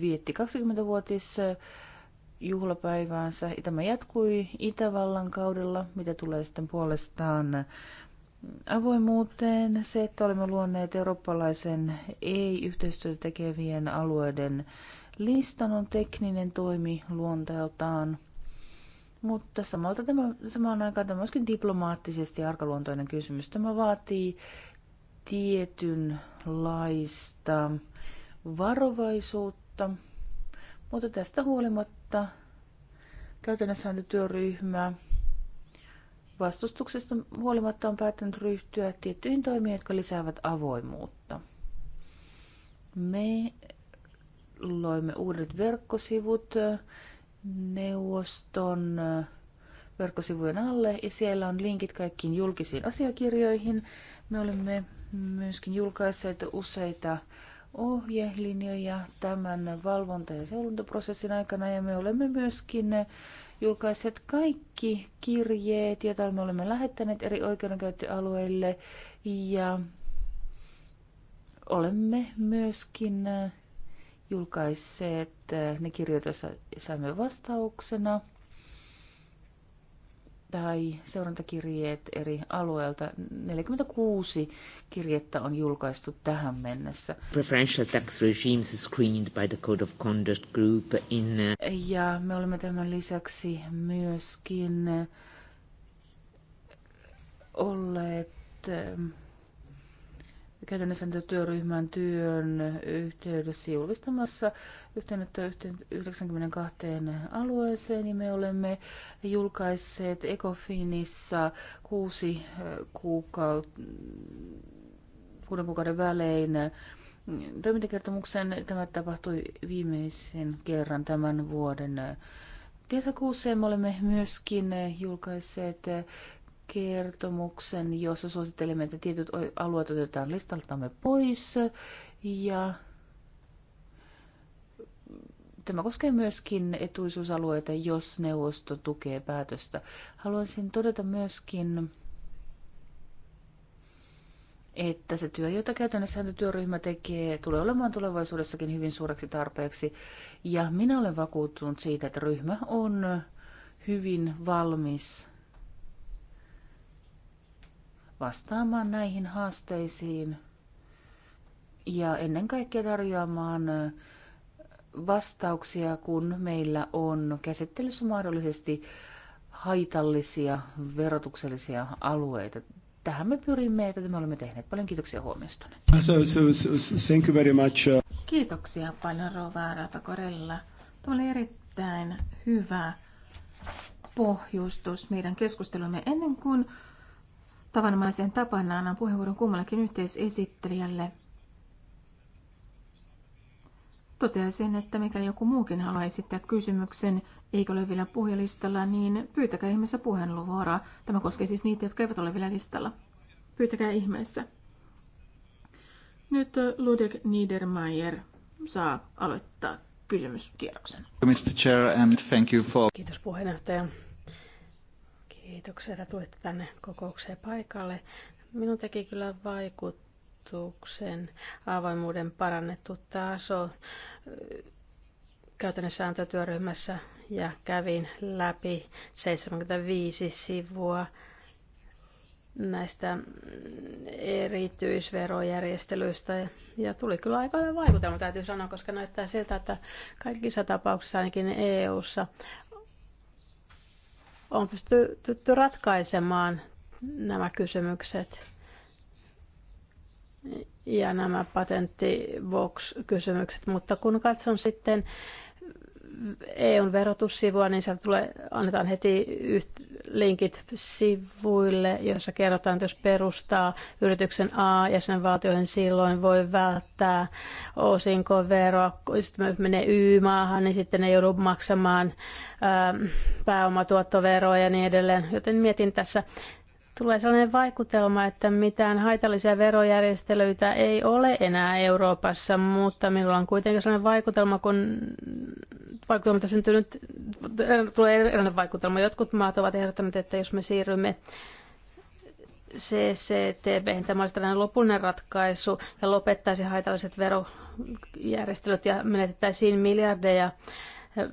vietti 20-vuotis juhlapäiväänsä. Tämä jatkui Itävallan kaudella, mitä tulee sitten puolestaan avoimuuteen. Se, että olemme luonneet eurooppalaisen ei-yhteistyötä tekevien alueiden listan, on tekninen toimi luonteeltaan. Mutta samalta tämä, samaan aikaan tämä on myöskin diplomaattisesti arkaluontoinen kysymys. Tämä vaatii tietynlaista varovaisuutta, mutta tästä huolimatta käytännössä työryhmä vastustuksesta huolimatta on päättänyt ryhtyä tiettyihin toimiin, jotka lisäävät avoimuutta. Me loimme uudet verkkosivut neuvoston verkkosivujen alle ja siellä on linkit kaikkiin julkisiin asiakirjoihin. Me olemme myöskin julkaisseet useita ohjelinjoja tämän valvonta- ja seulontaprosessin aikana ja me olemme myöskin julkaiset kaikki kirjeet, joita me olemme lähettäneet eri oikeudenkäyttöalueille ja olemme myöskin julkaisseet ne kirjoita saimme vastauksena tai seurantakirjeet eri alueelta. 46 kirjettä on julkaistu tähän mennessä. Preferential tax regimes screened by the Code of Conduct Group in... Uh, ja me olemme tämän lisäksi myöskin uh, olleet um, käytännössä työryhmän työn yhteydessä julkistamassa yhteenottoa 92 alueeseen ja niin me olemme julkaisseet Ecofinissa kuusi kuukautta, kuuden kuukauden välein toimintakertomuksen. Tämä tapahtui viimeisen kerran tämän vuoden kesäkuussa ja me olemme myöskin julkaisseet kertomuksen, jossa suosittelemme, että tietyt alueet otetaan listaltamme pois. Ja tämä koskee myöskin etuisuusalueita, jos neuvosto tukee päätöstä. Haluaisin todeta myöskin, että se työ, jota käytännössä työryhmä tekee, tulee olemaan tulevaisuudessakin hyvin suureksi tarpeeksi. Ja minä olen vakuuttunut siitä, että ryhmä on hyvin valmis vastaamaan näihin haasteisiin ja ennen kaikkea tarjoamaan vastauksia, kun meillä on käsittelyssä mahdollisesti haitallisia verotuksellisia alueita. Tähän me pyrimme että me olemme tehneet. Paljon kiitoksia huomiostanne. So, so, so, thank you very much. Uh, kiitoksia paljon Rova Rapakorella. Tämä oli erittäin hyvä pohjustus meidän keskustelumme ennen kuin Tavanomaisen tapana annan puheenvuoron kummallakin yhteisesittelijälle. Toteaisin, että mikäli joku muukin haluaa esittää kysymyksen, eikä ole vielä puhelistalla, niin pyytäkää ihmeessä puheenluvuoroa. Tämä koskee siis niitä, jotka eivät ole vielä listalla. Pyytäkää ihmeessä. Nyt Ludek Niedermayer saa aloittaa kysymyskierroksen. Mr. Chair, and thank you for... Kiitos puheenjohtaja. Kiitoksia, että tulitte tänne kokoukseen paikalle. Minun teki kyllä vaikutuksen avoimuuden parannettu taso käytännön sääntötyöryhmässä ja kävin läpi 75 sivua näistä erityisverojärjestelyistä. Ja tuli kyllä aika hyvä vaikutelma, täytyy sanoa, koska näyttää siltä, että kaikissa tapauksissa ainakin EU-ssa on pystytty ratkaisemaan nämä kysymykset. Ja nämä patenttivox-kysymykset, mutta kun katson sitten eu verotussivua, niin sieltä tulee, annetaan heti yht, linkit sivuille, jossa kerrotaan, että jos perustaa yrityksen A jäsenvaltioihin, silloin voi välttää osinkoveroa. Sitten menee Y-maahan, niin sitten ei joudu maksamaan ää, ähm, pääomatuottoveroa ja niin edelleen. Joten mietin tässä, tulee sellainen vaikutelma, että mitään haitallisia verojärjestelyitä ei ole enää Euroopassa, mutta minulla on kuitenkin sellainen vaikutelma, kun vaikutelmalta syntynyt, tulee erilainen vaikutelma. Jotkut maat ovat ehdottaneet, että jos me siirrymme CCTB, niin tämä olisi tällainen lopullinen ratkaisu ja lopettaisi haitalliset verojärjestelyt ja menetettäisiin miljardeja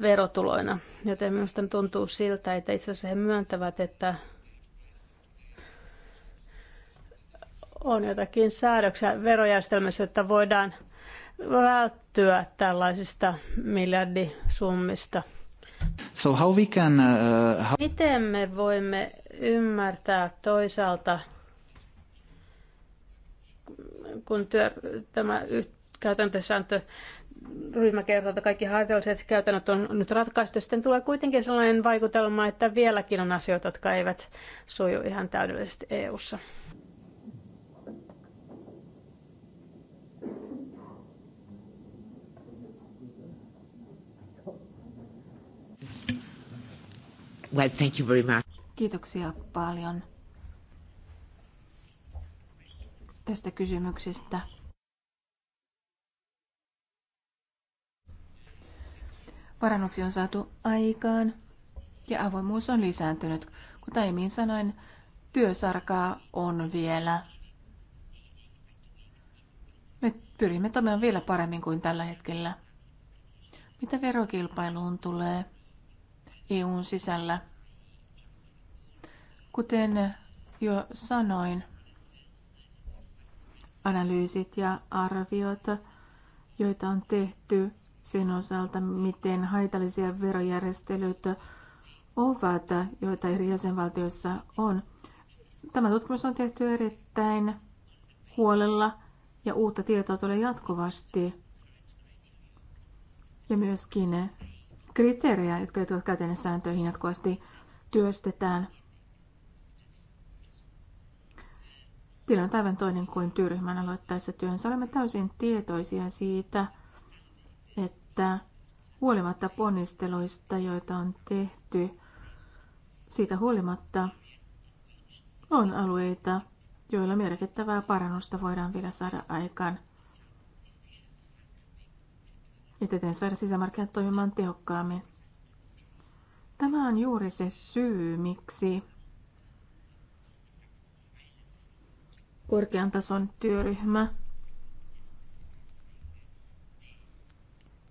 verotuloina. Joten minusta tuntuu siltä, että itse asiassa he myöntävät, että on jotakin säädöksiä verojärjestelmässä, että voidaan välttyä tällaisista miljardisummista. So how we can, uh, how... Miten me voimme ymmärtää toisaalta, kun työ, tämä käytäntösääntö ryhmä kertoo, että kaikki haitalliset käytännöt on nyt ratkaistu. Sitten tulee kuitenkin sellainen vaikutelma, että vieläkin on asioita, jotka eivät suju ihan täydellisesti EU-ssa. Well, thank you very much. Kiitoksia paljon tästä kysymyksestä. Parannuksia on saatu aikaan ja avoimuus on lisääntynyt. Kuten aiemmin sanoin, työsarkaa on vielä. Me pyrimme toimimaan vielä paremmin kuin tällä hetkellä. Mitä verokilpailuun tulee – EUn sisällä. Kuten jo sanoin, analyysit ja arviot, joita on tehty sen osalta, miten haitallisia verojärjestelyt ovat, joita eri jäsenvaltioissa on. Tämä tutkimus on tehty erittäin huolella ja uutta tietoa tulee jatkuvasti. Ja myöskin kriteerejä, jotka liittyvät käytännön sääntöihin jatkuvasti työstetään. Tilanne on aivan toinen kuin työryhmän aloittaessa työnsä. Olemme täysin tietoisia siitä, että huolimatta ponnisteluista, joita on tehty, siitä huolimatta on alueita, joilla merkittävää parannusta voidaan vielä saada aikaan ja täten saada sisämarkkinat toimimaan tehokkaammin. Tämä on juuri se syy, miksi korkean tason työryhmä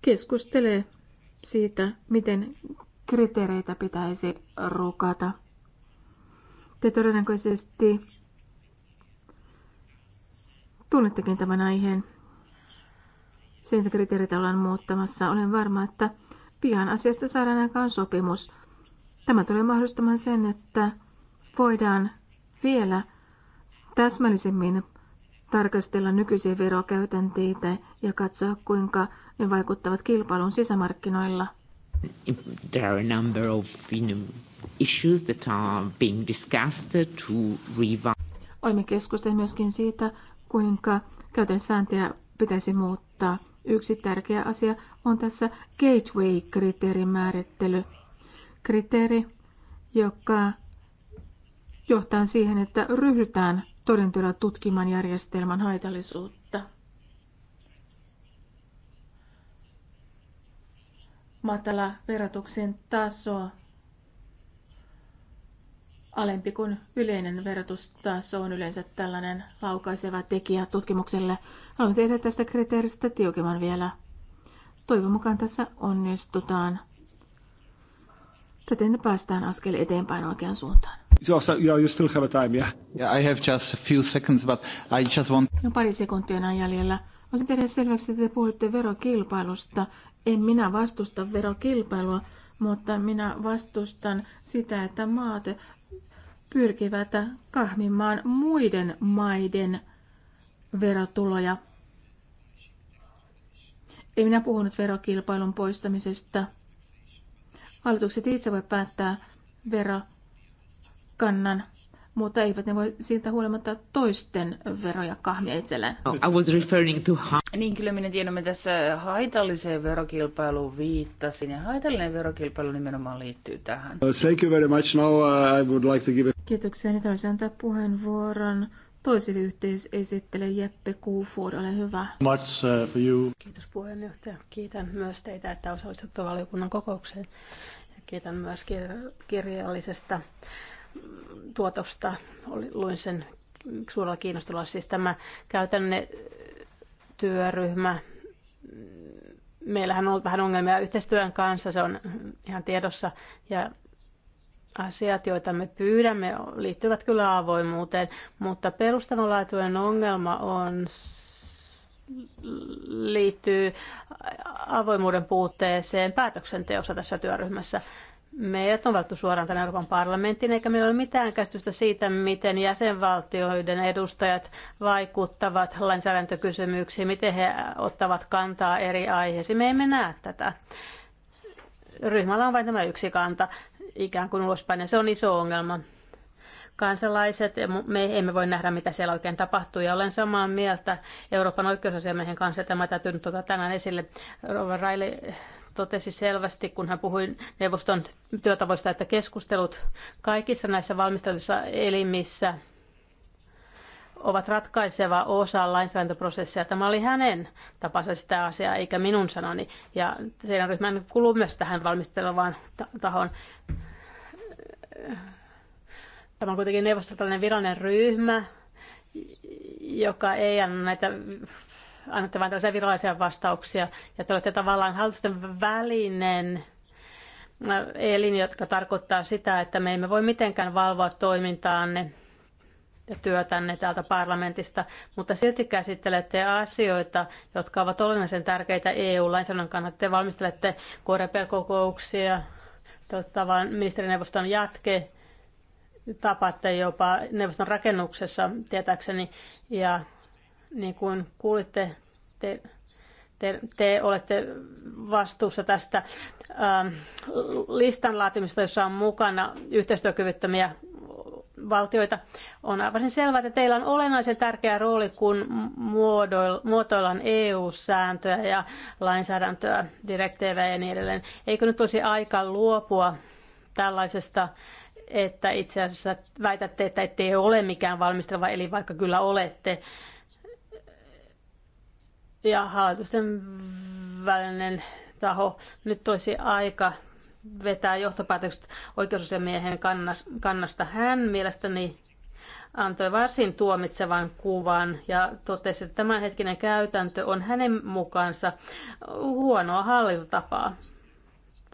keskustelee siitä, miten kriteereitä pitäisi rukata. Te todennäköisesti tunnettekin tämän aiheen sen että kriteereitä ollaan muuttamassa. Olen varma, että pian asiasta saadaan aikaan sopimus. Tämä tulee mahdollistamaan sen, että voidaan vielä täsmällisemmin tarkastella nykyisiä verokäytänteitä ja katsoa, kuinka ne vaikuttavat kilpailun sisämarkkinoilla. There are a number of issues that are being discussed to revise. Olemme keskustelleet myöskin siitä, kuinka käytön sääntöjä pitäisi muuttaa. Yksi tärkeä asia on tässä gateway-kriteerin määrittely. Kriteeri, joka johtaa siihen, että ryhdytään todenteolla tutkimaan järjestelmän haitallisuutta. Matala verotuksen taso alempi kuin yleinen verotustaso on yleensä tällainen laukaiseva tekijä tutkimukselle. Haluan tehdä tästä kriteeristä tiukemman vielä. Toivon mukaan tässä onnistutaan. Täten päästään askel eteenpäin oikeaan suuntaan. Also, yeah, you still have time, yeah. Yeah, I have just a few seconds, but I just want... No pari sekuntia enää jäljellä. Olisin tehdä selväksi, että te puhutte verokilpailusta. En minä vastusta verokilpailua, mutta minä vastustan sitä, että maat pyrkivät kahmimaan muiden maiden verotuloja. Ei minä puhunut verokilpailun poistamisesta. Hallitukset itse voi päättää verokannan mutta eivät ne voi siitä huolimatta toisten veroja kahmia itselleen. No, I was referring to niin kyllä minä tiedän, että tässä haitalliseen verokilpailuun viittasin ja haitallinen verokilpailu nimenomaan liittyy tähän. Uh, thank you very much. Now uh, I would like to give... Kiitoksia. Nyt haluaisin antaa puheenvuoron toiselle esittelee Jeppe Kuufuor, ole hyvä. Much uh, for you. Kiitos puheenjohtaja. Kiitän myös teitä, että osallistutte valiokunnan kokoukseen. ja Kiitän myös kir- kirjallisesta tuotosta. Luin sen suurella kiinnostulla. Siis tämä käytännön työryhmä, meillähän on ollut vähän ongelmia yhteistyön kanssa, se on ihan tiedossa. Ja asiat, joita me pyydämme, liittyvät kyllä avoimuuteen, mutta perustavanlaatuinen ongelma on liittyy avoimuuden puutteeseen päätöksenteossa tässä työryhmässä. Meidät on valittu suoraan tänne Euroopan parlamenttiin, eikä meillä ole mitään käsitystä siitä, miten jäsenvaltioiden edustajat vaikuttavat lainsäädäntökysymyksiin, miten he ottavat kantaa eri aiheisiin. Me emme näe tätä. Ryhmällä on vain tämä yksi kanta ikään kuin ulospäin, ja se on iso ongelma. Kansalaiset, me emme voi nähdä, mitä siellä oikein tapahtuu, ja olen samaa mieltä Euroopan oikeusasiamiehen kanssa, tämä täytyy nyt tänään esille. Rova Raili totesi selvästi, kun hän puhui neuvoston työtavoista, että keskustelut kaikissa näissä valmistelussa elimissä ovat ratkaiseva osa lainsäädäntöprosessia. Tämä oli hänen tapansa sitä asiaa, eikä minun sanoni. Ja teidän ryhmän kuluu myös tähän valmistelevaan tahon. Tämä on kuitenkin neuvosto virallinen ryhmä, joka ei anna näitä annatte vain tällaisia virallisia vastauksia ja te olette tavallaan hallitusten välinen äh, elin, jotka tarkoittaa sitä, että me emme voi mitenkään valvoa toimintaanne ja työtänne täältä parlamentista, mutta silti käsittelette asioita, jotka ovat olennaisen tärkeitä EU-lainsäädännön kannalta. Te valmistelette Koreper-kokouksia, ministerineuvoston jatke, tapatte jopa neuvoston rakennuksessa, tietääkseni, ja niin kuin kuulitte, te, te, te olette vastuussa tästä ä, ähm, listan laatimista, jossa on mukana yhteistyökyvyttömiä valtioita. On aivan selvää, että teillä on olennaisen tärkeä rooli, kun muotoillaan EU-sääntöä ja lainsäädäntöä, direktiivejä ja niin edelleen. Eikö nyt olisi aika luopua tällaisesta, että itse asiassa väitätte, että ette ole mikään valmisteleva, eli vaikka kyllä olette, ja hallitusten välinen taho. Nyt toisi aika vetää johtopäätökset oikeusasiamiehen kannasta. Hän mielestäni antoi varsin tuomitsevan kuvan ja totesi, että tämänhetkinen käytäntö on hänen mukaansa huonoa hallintotapaa.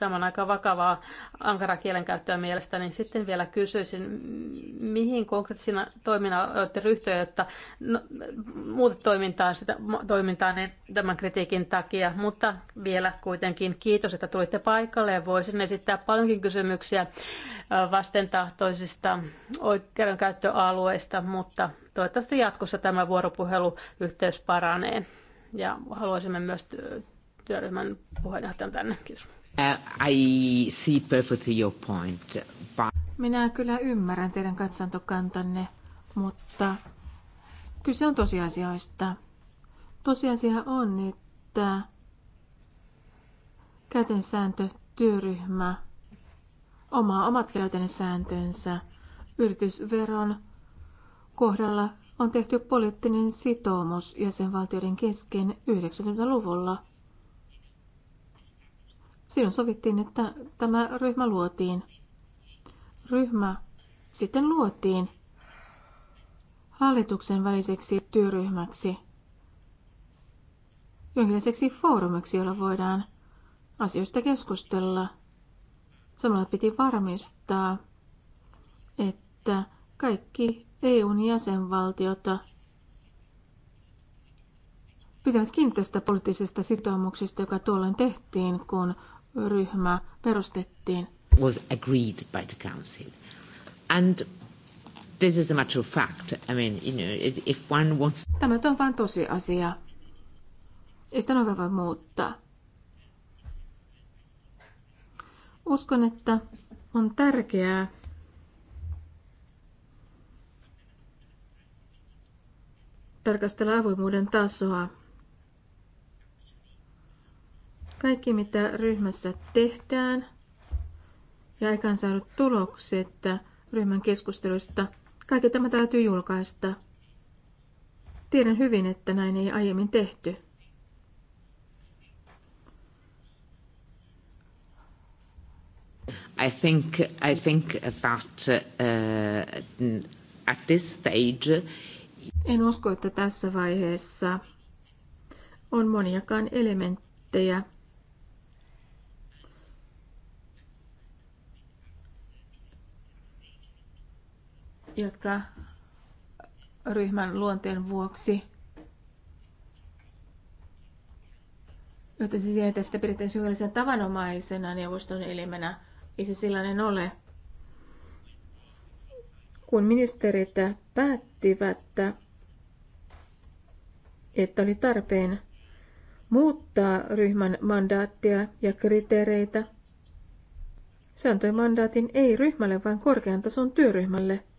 Tämä on aika vakavaa ankara kielenkäyttöä mielestäni. Niin sitten vielä kysyisin, mihin konkreettisina toimina olette ryhtyä, jotta no, muuta toimintaa, sitä, toimintaa niin tämän kritiikin takia. Mutta vielä kuitenkin kiitos, että tulitte paikalle ja voisin esittää paljonkin kysymyksiä vastentahtoisista oikeudenkäyttöalueista, mutta toivottavasti jatkossa tämä vuoropuheluyhteys paranee. Ja haluaisimme myös työryhmän puheenjohtajan tänne. Kiitos. Uh, I see perfectly your point. Minä kyllä ymmärrän teidän katsantokantanne, mutta kyse on tosiasioista. Tosiasia on, että käytännössääntötyöryhmä omaa omat käytännössääntönsä. Yritysveron kohdalla on tehty poliittinen sitoumus jäsenvaltioiden kesken 90-luvulla – Silloin sovittiin, että tämä ryhmä luotiin. Ryhmä sitten luotiin hallituksen väliseksi työryhmäksi, jonkinlaiseksi foorumiksi, jolla voidaan asioista keskustella. Samalla piti varmistaa, että kaikki EUn jäsenvaltiota pitävät kiinni tästä poliittisesta sitoumuksesta, joka tuolloin tehtiin, kun ryhmä perustettiin. Was agreed by the council. And this is a matter of fact. I mean, you know, if one wants... Tämä on vain asia. Ei sitä noin voi muuttaa. Uskon, että on tärkeää, tarkastella avoimuuden tasoa kaikki, mitä ryhmässä tehdään ja aikaansaadut tulokset ryhmän keskusteluista, kaikki tämä täytyy julkaista. Tiedän hyvin, että näin ei aiemmin tehty. I think, I think that uh, at this stage... En usko, että tässä vaiheessa on moniakaan elementtejä, jotka ryhmän luonteen vuoksi, joten se siinä tästä pidetään syrjällisen tavanomaisena neuvoston elimenä, ei se sellainen ole. Kun ministerit päättivät, että oli tarpeen muuttaa ryhmän mandaattia ja kriteereitä, se antoi mandaatin ei ryhmälle, vaan korkean tason työryhmälle –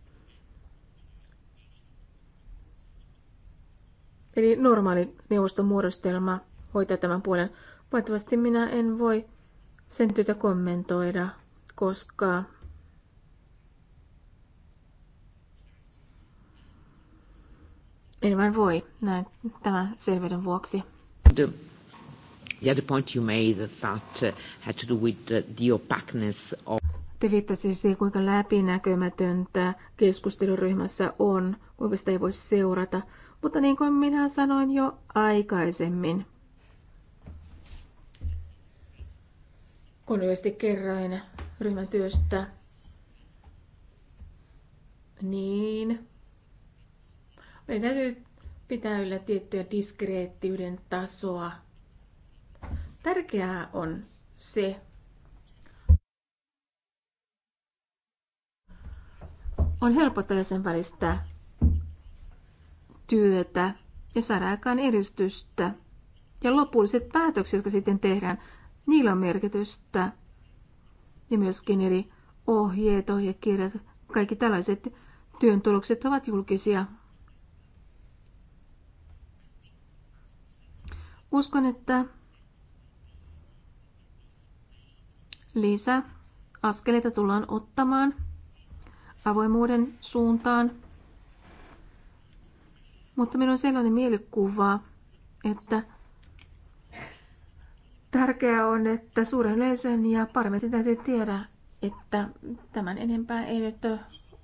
Eli normaali neuvoston muodostelma hoitaa tämän puolen. Valitettavasti minä en voi sen työtä kommentoida, koska en vain voi näin tämän selveyden vuoksi. The other point you made that uh, had to do with uh, the opaqueness of te viittasitte siihen, kuinka läpinäkymätöntä keskusteluryhmässä on, kuinka sitä ei voi seurata. Mutta niin kuin minä sanoin jo aikaisemmin, kun yleisesti kerroin ryhmän työstä, niin meidän täytyy pitää yllä tiettyä diskreettiyden tasoa. Tärkeää on se, on helpottaa sen välistä työtä ja saada aikaan edistystä. Ja lopulliset päätökset, jotka sitten tehdään, niillä on merkitystä. Ja myöskin eri ohjeet, ohjekirjat, kaikki tällaiset työn tulokset ovat julkisia. Uskon, että lisää askeleita tullaan ottamaan avoimuuden suuntaan – mutta minulla on sellainen mielikuva, että tärkeää on, että suuren yleisön ja parlamentin täytyy tiedä, että tämän enempää ei nyt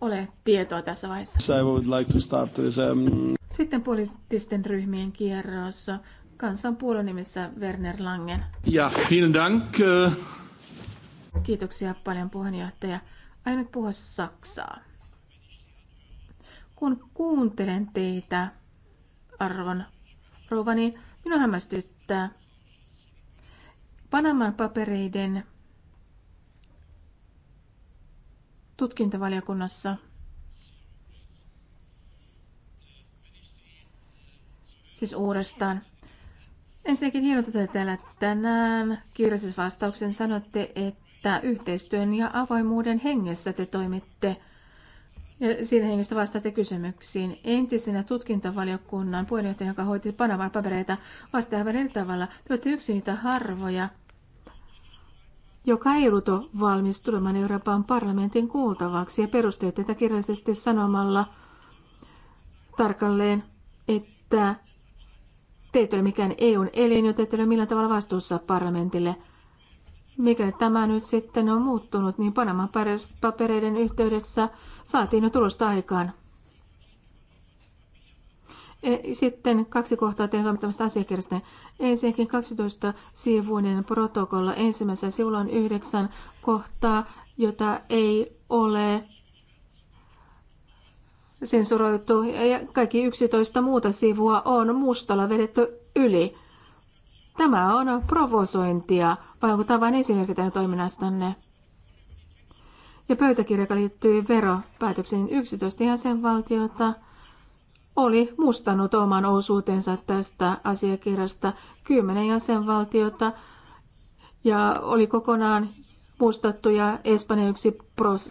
ole tietoa tässä vaiheessa. Um, Sitten poliittisten ryhmien kierros. Kansanpuolen nimissä Werner Langen. Ja, vielen dank. Äh. Kiitoksia paljon puheenjohtaja. Aion nyt puhua Saksaa. Kun kuuntelen teitä, arvon Rouvani, niin minua hämmästyttää Panaman papereiden tutkintavaliokunnassa siis uudestaan. Ensinnäkin hienoa, täällä tänään kirjallisessa vastauksen sanotte, että yhteistyön ja avoimuuden hengessä te toimitte – ja siinä hengessä vastaatte kysymyksiin. Entisenä tutkintavaliokunnan puheenjohtajana, joka hoiti Panaman papereita, vastaa aivan eri tavalla. Te olette yksi niitä harvoja, joka ei ollut valmis tulemaan Euroopan parlamentin kuultavaksi ja perusteet tätä kirjallisesti sanomalla tarkalleen, että te ette ole mikään EUn elin, joten ette ole millään tavalla vastuussa parlamentille – mikä tämä nyt sitten on muuttunut, niin Panaman papereiden yhteydessä saatiin jo tulosta aikaan. E, sitten kaksi kohtaa teidän toimittamasta asiakirjasta. Ensinnäkin 12-sivuinen protokolla. Ensimmäisessä sivulla on yhdeksän kohtaa, jota ei ole sensuroitu. Ja kaikki 11 muuta sivua on mustalla vedetty yli. Tämä on provosointia, vai onko tämä vain esimerkki teidän toiminnastanne? Ja pöytäkirja, joka liittyy veropäätöksiin 11 jäsenvaltiota, oli mustanut oman osuutensa tästä asiakirjasta 10 jäsenvaltiota ja oli kokonaan mustattu ja Espanja yksi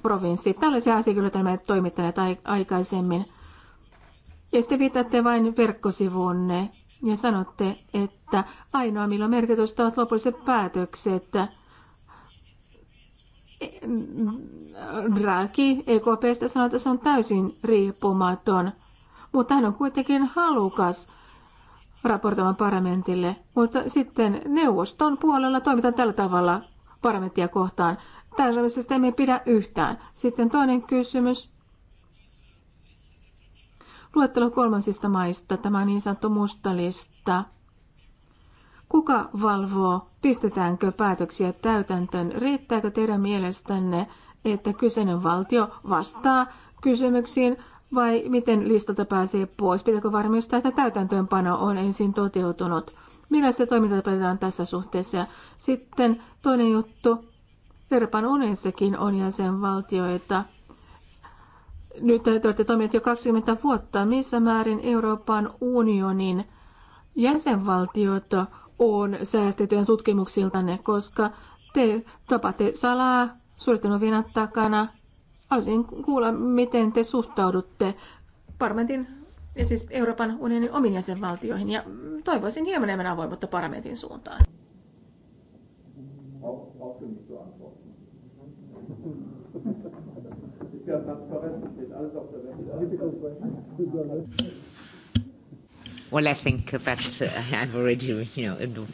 provinssi. Tällaisia asiakirjoja me toimittaneet aikaisemmin. Ja sitten viitatte vain verkkosivuunne ja sanotte, että ainoa milloin merkitystä ovat lopulliset päätökset. Raki EKPstä sanoo, että se on täysin riippumaton, mutta hän on kuitenkin halukas raportoimaan parlamentille. Mutta sitten neuvoston puolella toimitaan tällä tavalla parlamenttia kohtaan. Tällaisesta emme pidä yhtään. Sitten toinen kysymys luettelo kolmansista maista, tämä niin sanottu musta lista. Kuka valvoo? Pistetäänkö päätöksiä täytäntöön? Riittääkö teidän mielestänne, että kyseinen valtio vastaa kysymyksiin vai miten listalta pääsee pois? Pitääkö varmistaa, että täytäntöönpano on ensin toteutunut? se toiminta tarvitaan tässä suhteessa? Sitten toinen juttu. Euroopan unionissakin on jäsenvaltioita, nyt te olette toimineet jo 20 vuotta. Missä määrin Euroopan unionin jäsenvaltiot on säästetyön tutkimuksiltanne, koska te tapatte salaa suurten vinan takana. Haluaisin kuulla, miten te suhtaudutte parlamentin ja siis Euroopan unionin omiin jäsenvaltioihin ja toivoisin hieman enemmän avoimuutta parlamentin suuntaan. Auch, auch für Well, I think that uh, I've already, you know,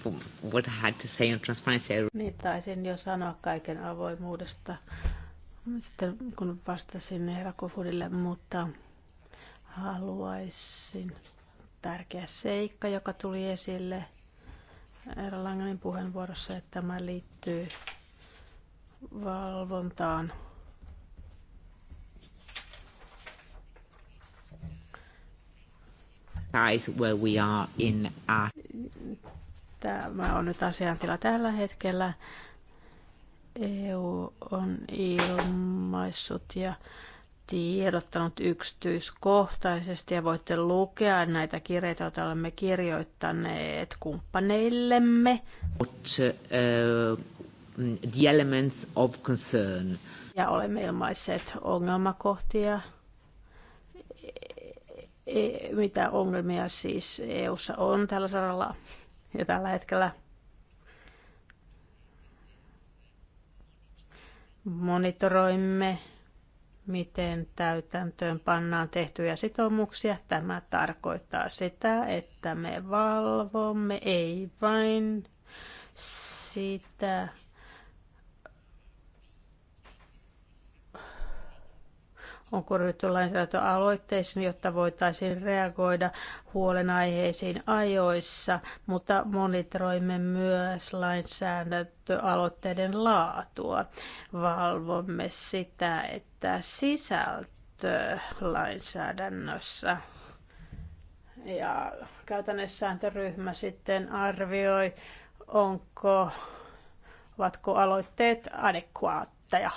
what I had to say on transparency. Niin, taisin jo sanoa kaiken avoimuudesta, sitten kun vastasin herra Kofurille, mutta haluaisin tärkeä seikka, joka tuli esille herra Langanin puheenvuorossa, että tämä liittyy valvontaan where we are in our... Tämä on nyt asiantila tällä hetkellä. EU on ilmaissut ja tiedottanut yksityiskohtaisesti ja voitte lukea näitä kirjeitä, joita olemme kirjoittaneet kumppaneillemme. But, uh, the elements of concern. Ja olemme ilmaisseet ongelmakohtia E, mitä ongelmia siis EU:ssa on tällä saralla ja tällä hetkellä. Monitoroimme, miten täytäntöön pannaan tehtyjä sitoumuksia. Tämä tarkoittaa sitä, että me valvomme ei vain sitä, Onko ryhdytty lainsäädäntöaloitteisiin, jotta voitaisiin reagoida huolenaiheisiin ajoissa, mutta monitoroimme myös lainsäädäntöaloitteiden laatua. Valvomme sitä, että sisältö lainsäädännössä ja käytännössä sääntöryhmä sitten arvioi, onko, ovatko aloitteet adekvaatteja.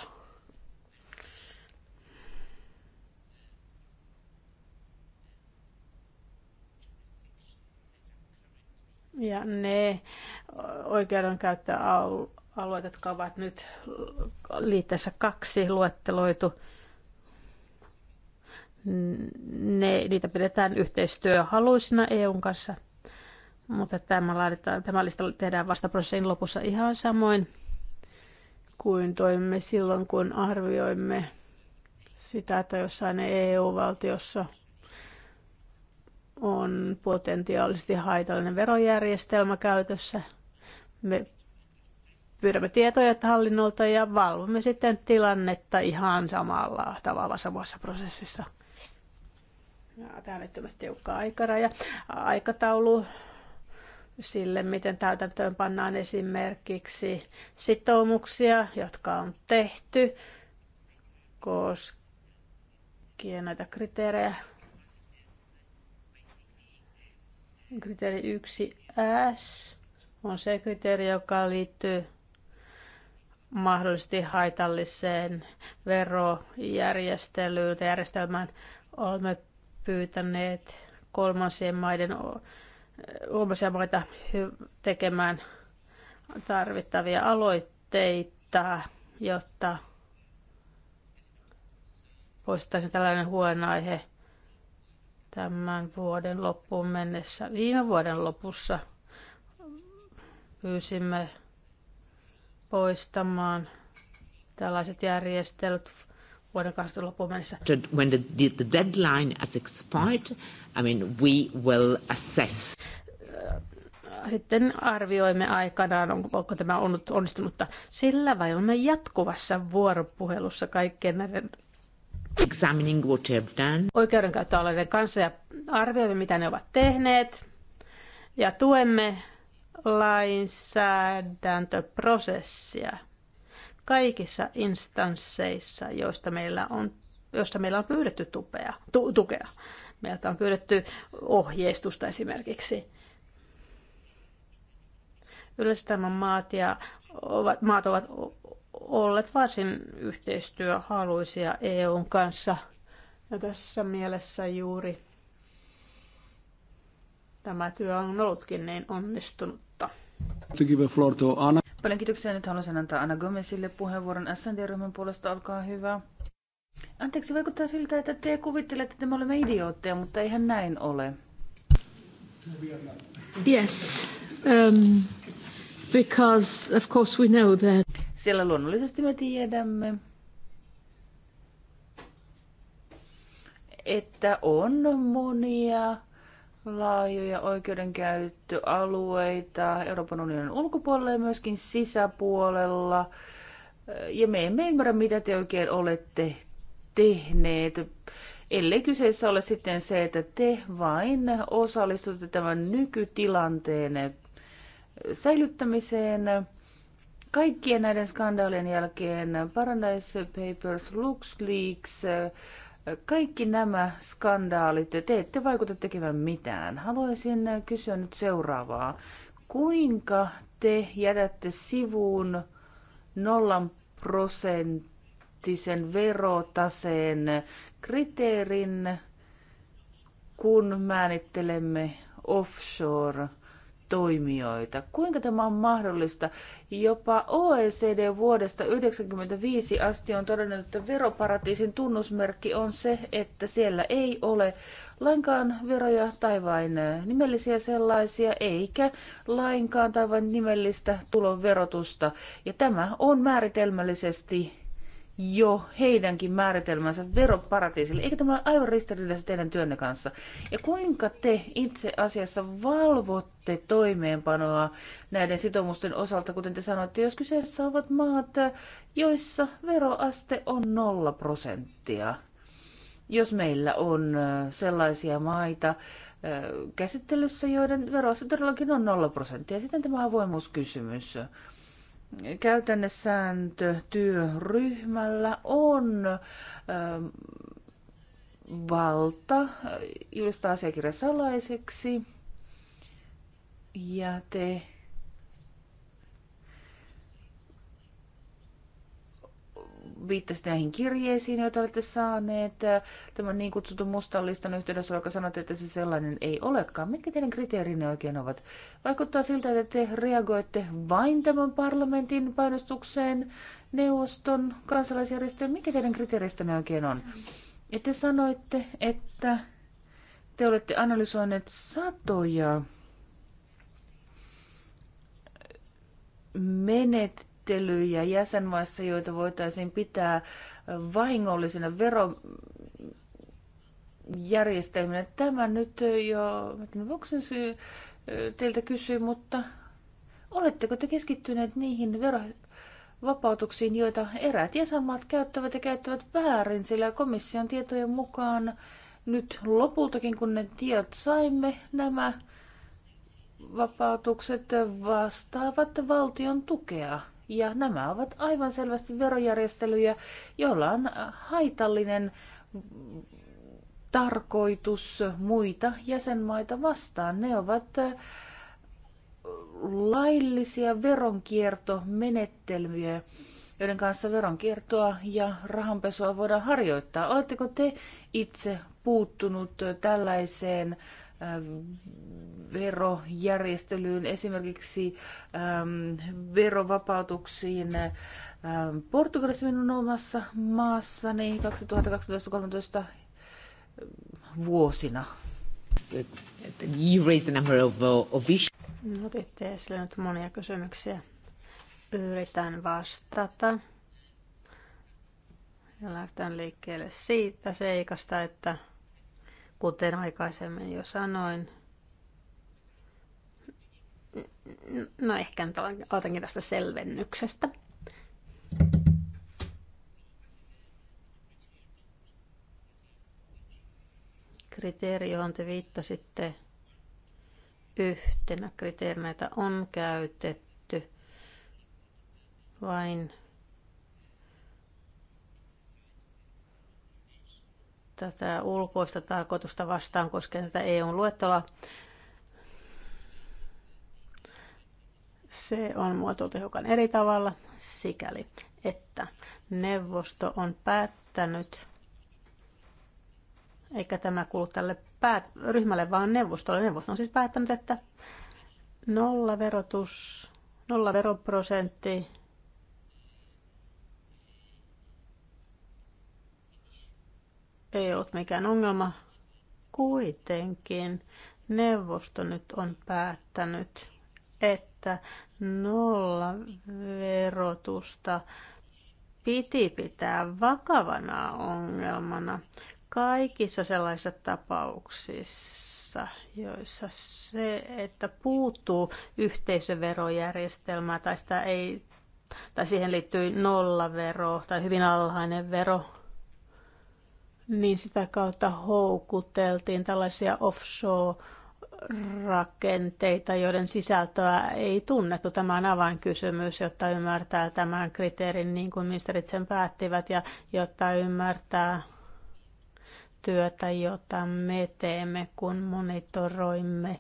Ja ne oikeudenkäyttöalueet, jotka ovat nyt liitteessä kaksi luetteloitu, ne, niitä pidetään yhteistyöhaluisina EUn kanssa, mutta tämä, laaditaan, tämä lista tehdään vasta prosessin lopussa ihan samoin kuin toimme silloin, kun arvioimme sitä, että jossain EU-valtiossa – on potentiaalisesti haitallinen verojärjestelmä käytössä. Me pyydämme tietoja hallinnolta ja valvomme sitten tilannetta ihan samalla tavalla samassa prosessissa. Tähdettömästi tiukka aikaraja. Aikataulu sille, miten täytäntöön pannaan esimerkiksi sitoumuksia, jotka on tehty koskien näitä kriteerejä Kriteeri 1S on se kriteeri, joka liittyy mahdollisesti haitalliseen verojärjestelyyn tai järjestelmään. Olemme pyytäneet kolmansien maiden kolmansia maita tekemään tarvittavia aloitteita, jotta poistettaisiin tällainen huolenaihe – tämän vuoden loppuun mennessä. Viime vuoden lopussa pyysimme poistamaan tällaiset järjestelyt vuoden 20 loppuun mennessä. When the, the deadline has expired, I mean, we will assess. Sitten arvioimme aikanaan, onko, onko tämä onnistunut, onnistunutta. Sillä vai olemme jatkuvassa vuoropuhelussa kaikkien näiden Examining what they've done. Oikeudenkäyttöalueiden kanssa ja arvioimme, mitä ne ovat tehneet. Ja tuemme lainsäädäntöprosessia kaikissa instansseissa, joista meillä on, joista meillä on pyydetty tupea, tu, tukea. Meiltä on pyydetty ohjeistusta esimerkiksi. Yleensä maat, ja ovat, maat ovat olleet varsin yhteistyöhaluisia EUn kanssa. Ja tässä mielessä juuri tämä työ on ollutkin niin onnistunutta. Paljon kiitoksia. Nyt haluaisin antaa Anna Gomezille puheenvuoron SND-ryhmän puolesta. Olkaa hyvä. Anteeksi, vaikuttaa siltä, että te kuvittelette, että me olemme idiootteja, mutta eihän näin ole. Yes. Um, Because of course we know that. Siellä luonnollisesti me tiedämme, että on monia laajoja oikeudenkäyttöalueita Euroopan unionin ulkopuolella ja myöskin sisäpuolella. Ja me emme ymmärrä, mitä te oikein olette tehneet, ellei kyseessä ole sitten se, että te vain osallistutte tämän nykytilanteen säilyttämiseen kaikkien näiden skandaalien jälkeen, Paradise Papers, Lux Leaks, kaikki nämä skandaalit, te ette vaikuta tekevän mitään. Haluaisin kysyä nyt seuraavaa. Kuinka te jätätte sivuun nollan prosenttisen verotaseen kriteerin, kun määrittelemme offshore- toimijoita. Kuinka tämä on mahdollista? Jopa OECD vuodesta 1995 asti on todennut, että veroparatiisin tunnusmerkki on se, että siellä ei ole lainkaan veroja tai vain äh, nimellisiä sellaisia, eikä lainkaan tai vain nimellistä tulon verotusta. Ja tämä on määritelmällisesti jo heidänkin määritelmänsä veroparatiisille. Eikö tämä ole aivan ristiriidassa teidän työnne kanssa? Ja kuinka te itse asiassa valvotte toimeenpanoa näiden sitoumusten osalta, kuten te sanoitte, jos kyseessä ovat maat, joissa veroaste on nolla prosenttia? Jos meillä on sellaisia maita käsittelyssä, joiden veroaste todellakin on nolla prosenttia, sitten tämä avoimuuskysymys. kysymys käytännössääntötyöryhmällä on ähm, valta äh, julistaa asiakirja salaiseksi ja te viittasit näihin kirjeisiin, joita olette saaneet tämän niin kutsutun mustan listan yhteydessä, vaikka sanotte, että se sellainen ei olekaan. Mitkä teidän kriteerinne oikein ovat? Vaikuttaa siltä, että te reagoitte vain tämän parlamentin painostukseen, neuvoston, kansalaisjärjestöön. Mikä teidän kriteeristönne oikein on? Ja te sanoitte, että te olette analysoineet satoja menet menettelyjä jäsenmaissa, joita voitaisiin pitää vahingollisena verojärjestelmänä. Tämä nyt jo voiko teiltä kysyä, mutta oletteko te keskittyneet niihin verovapautuksiin, joita eräät jäsenmaat käyttävät ja käyttävät väärin, sillä komission tietojen mukaan nyt lopultakin, kun ne tiedot saimme, nämä vapautukset vastaavat valtion tukea. Ja nämä ovat aivan selvästi verojärjestelyjä, joilla on haitallinen tarkoitus muita jäsenmaita vastaan. Ne ovat laillisia veronkiertomenettelyjä, joiden kanssa veronkiertoa ja rahanpesua voidaan harjoittaa. Oletteko te itse puuttunut tällaiseen verojärjestelyyn, esimerkiksi verovapautuksiin. Portugalissa minun omassa maassani 2012-2013 vuosina. No, raised the number of, uh, of issues. No, esille nyt monia kysymyksiä. Yritän vastata. Ja lähdetään liikkeelle siitä seikasta, että Kuten aikaisemmin jo sanoin, no ehkä nyt aloitankin tästä selvennyksestä. Kriteeri, johon te viittasitte yhtenä kriteerinä, on käytetty vain tätä ulkoista tarkoitusta vastaan koskien tätä eu luettelua. Se on muotoiltu hiukan eri tavalla sikäli, että neuvosto on päättänyt, eikä tämä kuulu tälle päät- ryhmälle, vaan neuvostolle. Neuvosto on siis päättänyt, että nollaverotus, nollaveroprosentti ei ollut mikään ongelma. Kuitenkin neuvosto nyt on päättänyt, että nollaverotusta piti pitää vakavana ongelmana kaikissa sellaisissa tapauksissa, joissa se, että puuttuu yhteisöverojärjestelmää tai sitä ei tai siihen liittyy nollavero tai hyvin alhainen vero, niin sitä kautta houkuteltiin tällaisia offshore-rakenteita, joiden sisältöä ei tunnettu. Tämä on avainkysymys, jotta ymmärtää tämän kriteerin niin kuin ministerit sen päättivät ja jotta ymmärtää työtä, jota me teemme, kun monitoroimme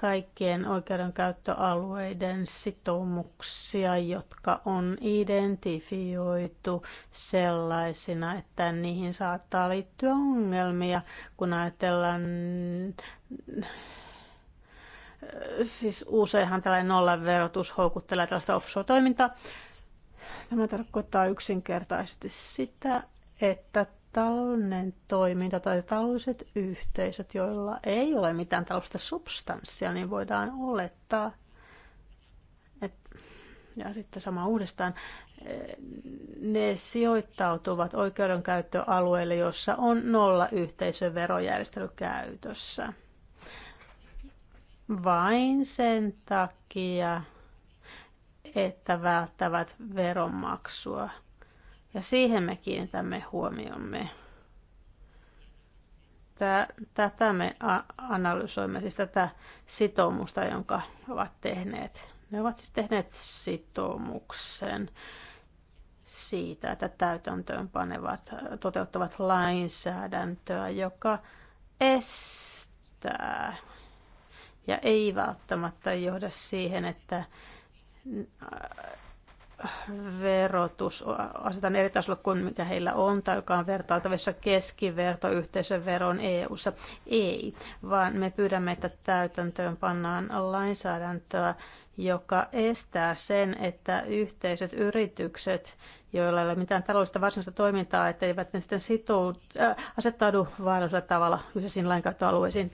kaikkien oikeudenkäyttöalueiden sitoumuksia, jotka on identifioitu sellaisina, että niihin saattaa liittyä ongelmia, kun ajatellaan siis useinhan tällainen nollaverotus houkuttelee tällaista offshore-toimintaa. Tämä tarkoittaa yksinkertaisesti sitä, että taloudellinen toiminta tai taloudelliset yhteisöt, joilla ei ole mitään tällaista substanssia, niin voidaan olettaa, että, ja sitten sama uudestaan, ne sijoittautuvat oikeudenkäyttöalueille, jossa on nolla yhteisöverojärjestely käytössä. Vain sen takia, että välttävät veronmaksua – ja siihen me kiinnitämme huomiomme. Tätä me analysoimme, siis tätä sitoumusta, jonka ovat tehneet. Ne ovat siis tehneet sitoumuksen siitä, että täytäntöön panevat, toteuttavat lainsäädäntöä, joka estää ja ei välttämättä johda siihen, että verotus asetan eri tasolla kuin mikä heillä on tai joka on vertailtavissa keskivertoyhteisön veron EU-ssa. Ei, vaan me pyydämme, että täytäntöön pannaan lainsäädäntöä, joka estää sen, että yhteiset yritykset, joilla ei ole mitään taloudellista varsinaista toimintaa, etteivät ne sitten sitou- äh, asettaudu vaarallisella tavalla kyseisiin lainkäyttöalueisiin.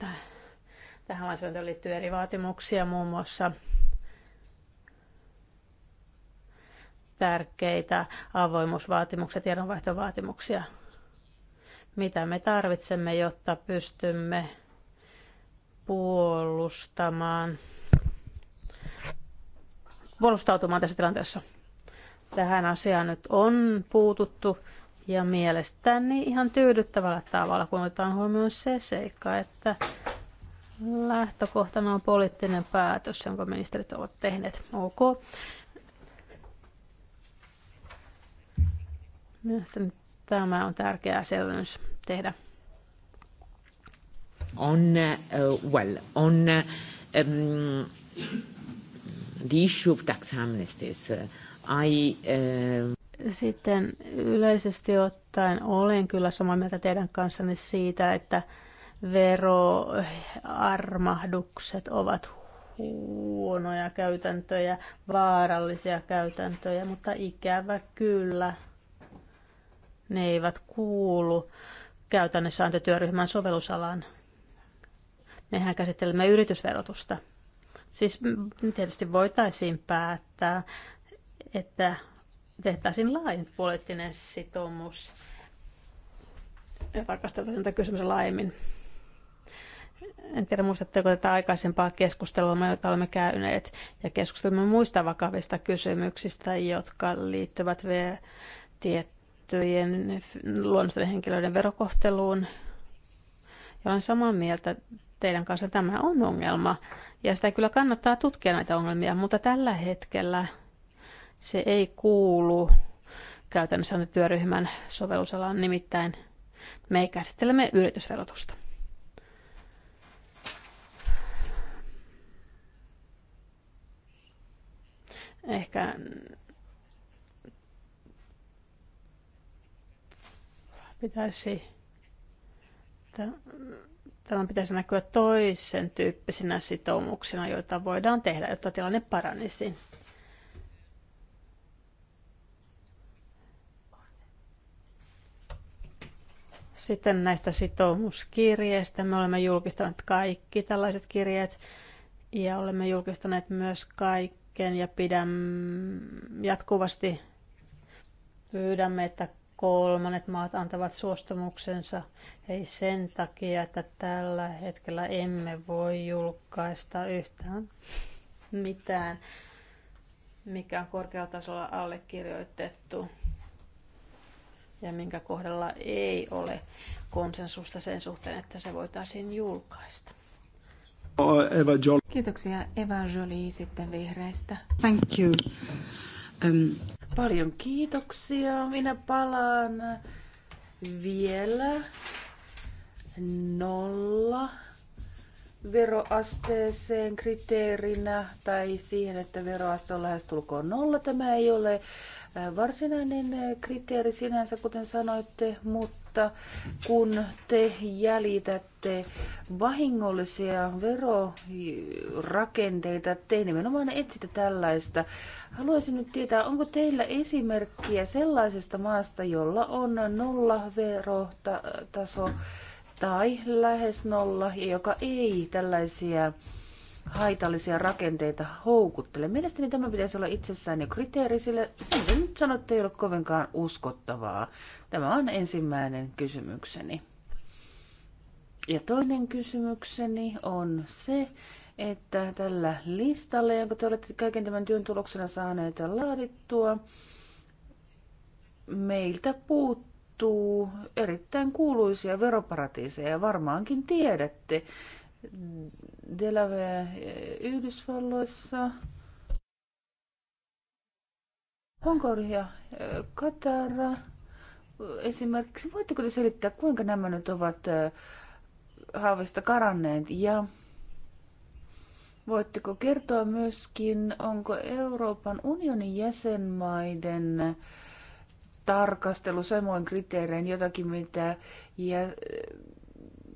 Tähän lainsäädäntöön liittyy eri vaatimuksia, muun muassa – tärkeitä avoimuusvaatimuksia, tiedonvaihtovaatimuksia, mitä me tarvitsemme, jotta pystymme puolustamaan, puolustautumaan tässä tilanteessa. Tähän asiaan nyt on puututtu ja mielestäni ihan tyydyttävällä tavalla, kun otetaan huomioon se seikka, että lähtökohtana on poliittinen päätös, jonka ministerit ovat tehneet. Okay. Mielestäni tämä on tärkeä selvennys tehdä. On, uh, well, on um, the issue of tax amnesties, eh, I... Uh... Sitten yleisesti ottaen olen kyllä samaa mieltä teidän kanssanne siitä, että veroarmahdukset ovat huonoja käytäntöjä, vaarallisia käytäntöjä, mutta ikävä kyllä ne eivät kuulu käytännössä työryhmän sovellusalaan. Mehän käsittelemme yritysverotusta. Siis tietysti voitaisiin päättää, että tehtäisiin laajempi poliittinen sitoumus tarkasteltaisiin tätä kysymystä laajemmin. En tiedä, muistatteko tätä aikaisempaa keskustelua, jota olemme käyneet, ja keskustelimme muista vakavista kysymyksistä, jotka liittyvät vielä tiet tiettyjen luonnollisten henkilöiden verokohteluun. Ja olen samaa mieltä teidän kanssa, tämä on ongelma. Ja sitä kyllä kannattaa tutkia näitä ongelmia, mutta tällä hetkellä se ei kuulu käytännössä työryhmän sovellusalaan, nimittäin me käsittelemme yritysverotusta. Ehkä pitäisi, tämän pitäisi näkyä toisen tyyppisinä sitoumuksina, joita voidaan tehdä, jotta tilanne paranisi. Sitten näistä sitoumuskirjeistä. Me olemme julkistaneet kaikki tällaiset kirjeet ja olemme julkistaneet myös kaiken ja pidämme jatkuvasti pyydämme, että kolmannet maat antavat suostumuksensa, ei sen takia, että tällä hetkellä emme voi julkaista yhtään mitään, mikä on korkealla tasolla allekirjoitettu ja minkä kohdalla ei ole konsensusta sen suhteen, että se voitaisiin julkaista. Eva Kiitoksia Eva Jolie sitten vihreistä. Thank you. Um... Paljon kiitoksia. Minä palaan vielä nolla veroasteeseen kriteerinä tai siihen, että veroaste on lähestulkoon nolla. Tämä ei ole varsinainen kriteeri sinänsä, kuten sanoitte, mutta kohta, kun te jäljitätte vahingollisia verorakenteita, te nimenomaan etsitte tällaista. Haluaisin nyt tietää, onko teillä esimerkkiä sellaisesta maasta, jolla on nolla verotaso tai lähes nolla ja joka ei tällaisia haitallisia rakenteita houkuttele. Mielestäni tämä pitäisi olla itsessään jo kriteeri, sillä se mitä nyt sanotte ei ole kovinkaan uskottavaa. Tämä on ensimmäinen kysymykseni. Ja toinen kysymykseni on se, että tällä listalla, jonka te olette kaiken tämän työn tuloksena saaneet laadittua, meiltä puuttuu erittäin kuuluisia veroparatiiseja. Varmaankin tiedätte Delaware eh, Yhdysvalloissa, Hongkoria, ja Katar eh, esimerkiksi. Voitteko te selittää, kuinka nämä nyt ovat eh, haavista karanneet ja voitteko kertoa myöskin, onko Euroopan unionin jäsenmaiden tarkastelu samoin kriteerein jotakin, mitä ja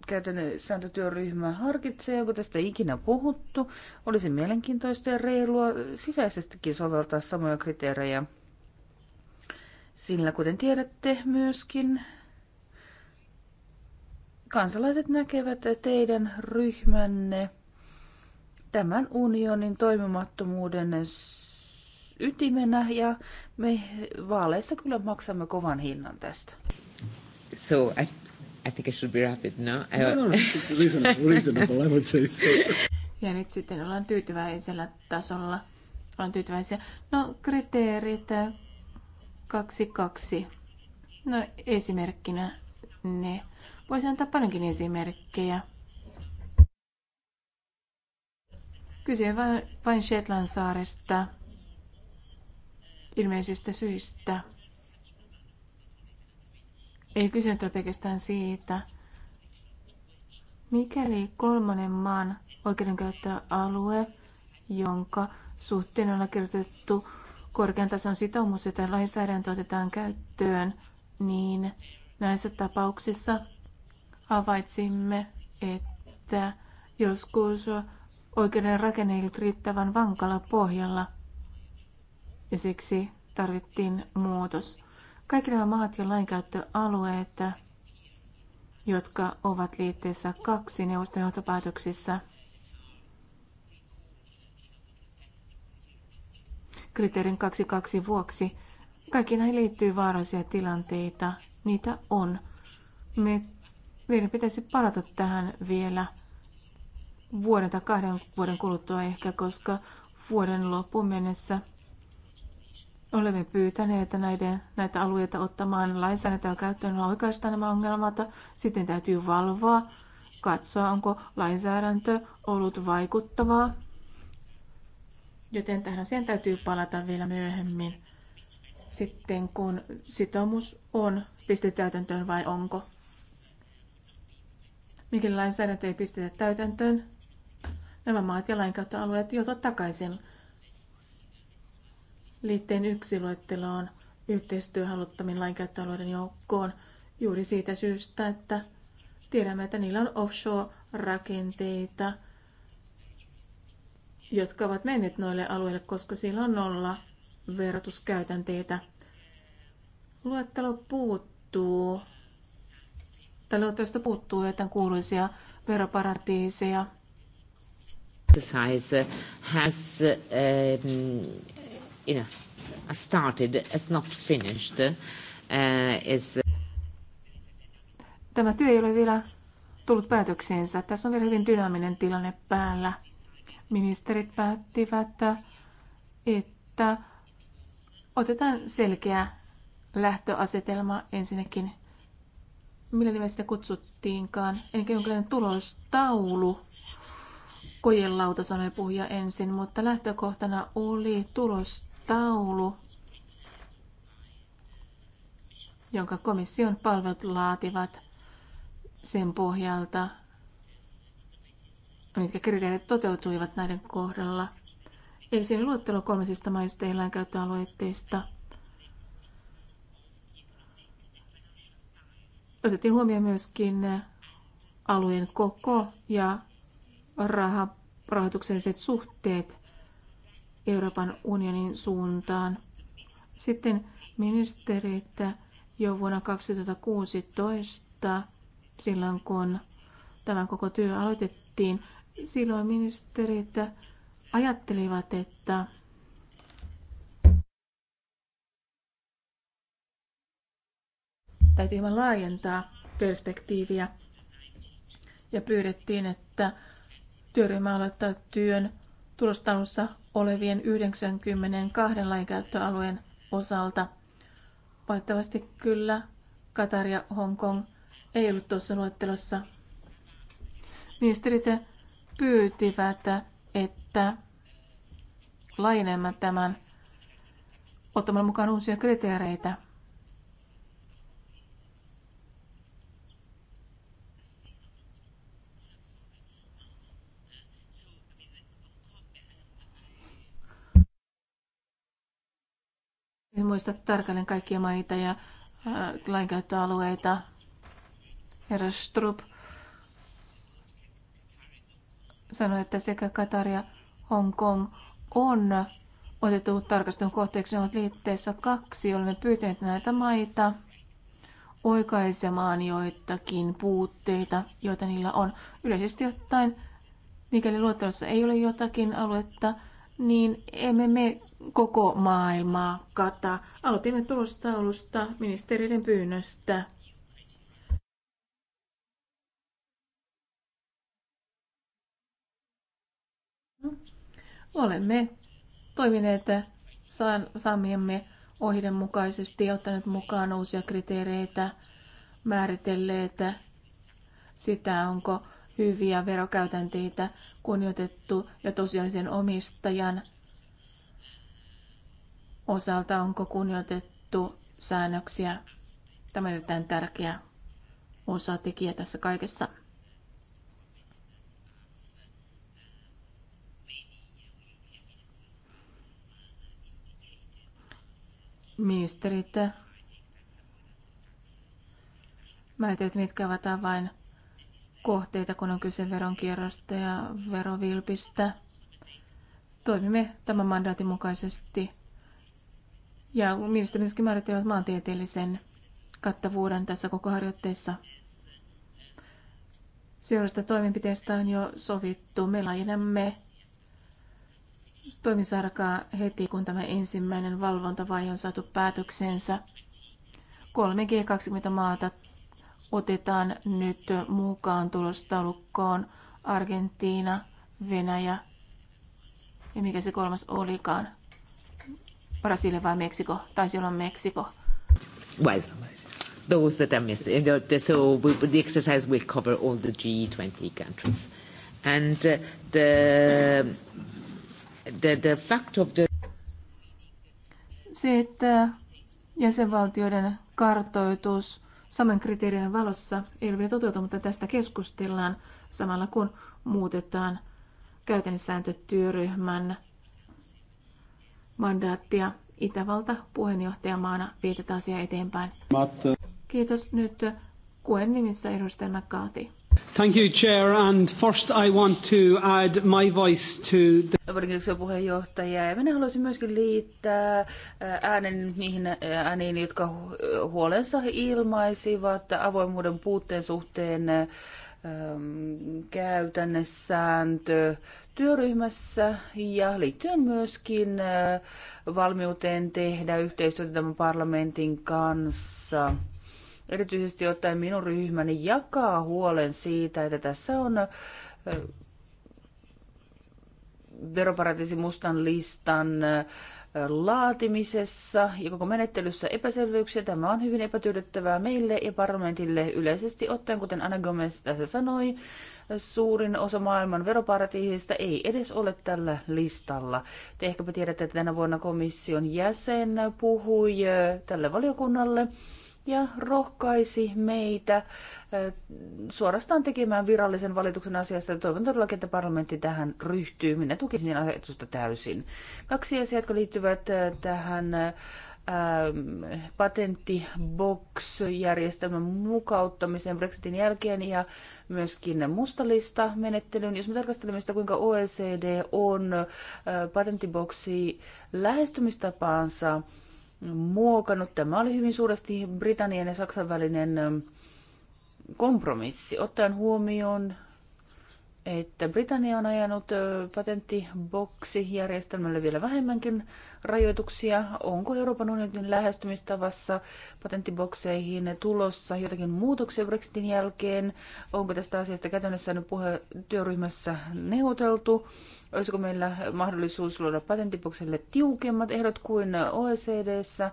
käytännön sääntötyöryhmä harkitsee, onko tästä ikinä puhuttu. Olisi mielenkiintoista ja reilua sisäisestikin soveltaa samoja kriteerejä. Sillä kuten tiedätte myöskin, kansalaiset näkevät teidän ryhmänne tämän unionin toimimattomuuden ytimenä ja me vaaleissa kyllä maksamme kovan hinnan tästä. So I I think I should be rapid, no? No, no, no it's reasonable, I would say so. Ja nyt sitten ollaan tyytyväisellä tasolla. Ollaan tyytyväisiä. No, kriteerit 22. No, esimerkkinä ne. Voisi antaa paljonkin esimerkkejä. Kyse on vain Shetland saaresta ilmeisistä syistä. Ei kyse ole pelkästään siitä, mikäli kolmannen maan oikeudenkäyttöalue, jonka suhteen on kirjoitettu korkean tason sitoumus, että lainsäädäntö otetaan käyttöön, niin näissä tapauksissa havaitsimme, että joskus oikeuden rakenne ei ollut riittävän vankalla pohjalla ja siksi tarvittiin muutos. Kaikki nämä maat ja lainkäyttöalueet, jotka ovat liitteessä kaksi neuvoston johtopäätöksissä, kriteerin 22 vuoksi, kaikki näihin liittyy vaarallisia tilanteita. Niitä on. Me, meidän pitäisi palata tähän vielä vuoden tai kahden vuoden kuluttua ehkä, koska vuoden loppuun mennessä – Olemme pyytäneet näiden, näitä alueita ottamaan lainsäädäntöä käyttöön, ja oikeastaan nämä ongelmat. Sitten täytyy valvoa, katsoa, onko lainsäädäntö ollut vaikuttavaa. Joten tähän sen täytyy palata vielä myöhemmin, sitten kun sitoumus on pistetty täytäntöön vai onko. Mikäli lainsäädäntö ei pistetä täytäntöön, nämä maat ja lainkäyttöalueet joutuvat takaisin liitteen yksi luetteloon yhteistyöhaluttomin lainkäyttöalueiden joukkoon juuri siitä syystä, että tiedämme, että niillä on offshore-rakenteita, jotka ovat menneet noille alueille, koska siellä on nolla verotuskäytänteitä. Luettelo puuttuu, tai luettelosta puuttuu joitain kuuluisia veroparatiiseja. Has, um, you know, started, it's not finished. Uh, is... Tämä työ ei ole vielä tullut päätökseensä. Tässä on vielä hyvin dynaaminen tilanne päällä. Ministerit päättivät, että otetaan selkeä lähtöasetelma ensinnäkin, millä nimellä sitä kutsuttiinkaan, ennenkin jonkinlainen tulostaulu. Kojelauta sanoi puhuja ensin, mutta lähtökohtana oli tulostaulu taulu, jonka komission palvelut laativat sen pohjalta, mitkä kriteerit toteutuivat näiden kohdalla. Eli siinä luettelo kolmesista maista ja eläinkäyttöalueitteista otettiin huomioon myöskin alueen koko ja rahoitukselliset suhteet Euroopan unionin suuntaan. Sitten ministerit jo vuonna 2016, silloin kun tämä koko työ aloitettiin, silloin ministerit ajattelivat, että täytyy hieman laajentaa perspektiiviä ja pyydettiin, että työryhmä aloittaa työn tulostaulussa olevien 92 lainkäyttöalueen osalta. Valitettavasti kyllä Katar ja Hong Kong ei ollut tuossa luettelossa. Ministerit pyytivät, että laajenemmat tämän ottamalla mukaan uusia kriteereitä – En muista tarkalleen kaikkia maita ja lainkäyttöalueita. Herra Strup sanoi, että sekä Katar ja Hong Kong on otettu tarkastelun kohteeksi. Ne ovat liitteessä kaksi. Olemme pyytäneet näitä maita oikaisemaan joitakin puutteita, joita niillä on. Yleisesti ottaen, mikäli luottelussa ei ole jotakin aluetta, niin emme me koko maailmaa kata. Aloitimme tulostaulusta ministerien pyynnöstä. Olemme toimineet saamiemme ohjeiden mukaisesti ja ottaneet mukaan uusia kriteereitä, määritelleet sitä, onko hyviä verokäytänteitä kunnioitettu ja tosiaan omistajan osalta onko kunnioitettu säännöksiä. Tämä on erittäin tärkeä tekijä tässä kaikessa. Ministerit tiedä, mitkä ovat avain kohteita, kun on kyse veronkierrosta ja verovilpistä. Toimimme tämän mandaatin mukaisesti. Ja ministeri myöskin määrittelee maantieteellisen kattavuuden tässä koko harjoitteessa. Seuraavasta toimenpiteestä on jo sovittu. Me laajennamme toimisarkaa heti, kun tämä ensimmäinen valvontavaihe on saatu päätöksensä. 3G20 maata otetaan nyt mukaan tulostaulukkoon Argentiina, Venäjä ja mikä se kolmas olikaan? Brasilia vai Meksiko? Taisi olla Meksiko. Well, those that are missing. So we, the exercise will cover all the G20 countries. And uh, the, the, the fact of the... Se, että jäsenvaltioiden kartoitus Saman kriteerin valossa ei ole vielä toteutunut, mutta tästä keskustellaan samalla kun muutetaan käytännössääntötyöryhmän mandaattia. Itävalta puheenjohtajamaana viitetään asiaa eteenpäin. Matt. Kiitos nyt kuen nimissä edustaja McCarthy. Thank you, Chair, and first I want to add my voice to the... Paljon puheenjohtaja. Ja minä haluaisin myöskin liittää äänen niihin ääniin, jotka huolensa ilmaisivat avoimuuden puutteen suhteen ähm, käytännessääntö työryhmässä ja liittyen myöskin valmiuteen tehdä yhteistyötä tämän parlamentin kanssa erityisesti ottaen minun ryhmäni jakaa huolen siitä, että tässä on veroparatiisi mustan listan laatimisessa ja koko menettelyssä epäselvyyksiä. Tämä on hyvin epätyydyttävää meille ja parlamentille yleisesti ottaen, kuten Anna Gomez tässä sanoi, suurin osa maailman veroparatiisista ei edes ole tällä listalla. Te ehkäpä tiedätte, että tänä vuonna komission jäsen puhui tälle valiokunnalle ja rohkaisi meitä suorastaan tekemään virallisen valituksen asiasta. Toivon todellakin, että parlamentti tähän ryhtyy. Minä tukisin asetusta täysin. Kaksi asiaa, jotka liittyvät tähän patenttibox-järjestelmän mukauttamiseen Brexitin jälkeen ja myöskin mustalista menettelyyn. Jos me tarkastelemme sitä, kuinka OECD on patenttiboksi lähestymistapaansa muokannut. Tämä oli hyvin suuresti Britannian ja Saksan välinen kompromissi, ottaen huomioon että Britannia on ajanut patenttiboksijärjestelmälle vielä vähemmänkin rajoituksia. Onko Euroopan unionin lähestymistavassa patenttibokseihin tulossa jotakin muutoksia Brexitin jälkeen? Onko tästä asiasta käytännössä nyt puhe työryhmässä neuvoteltu? Olisiko meillä mahdollisuus luoda patenttibokselle tiukemmat ehdot kuin OECDssä?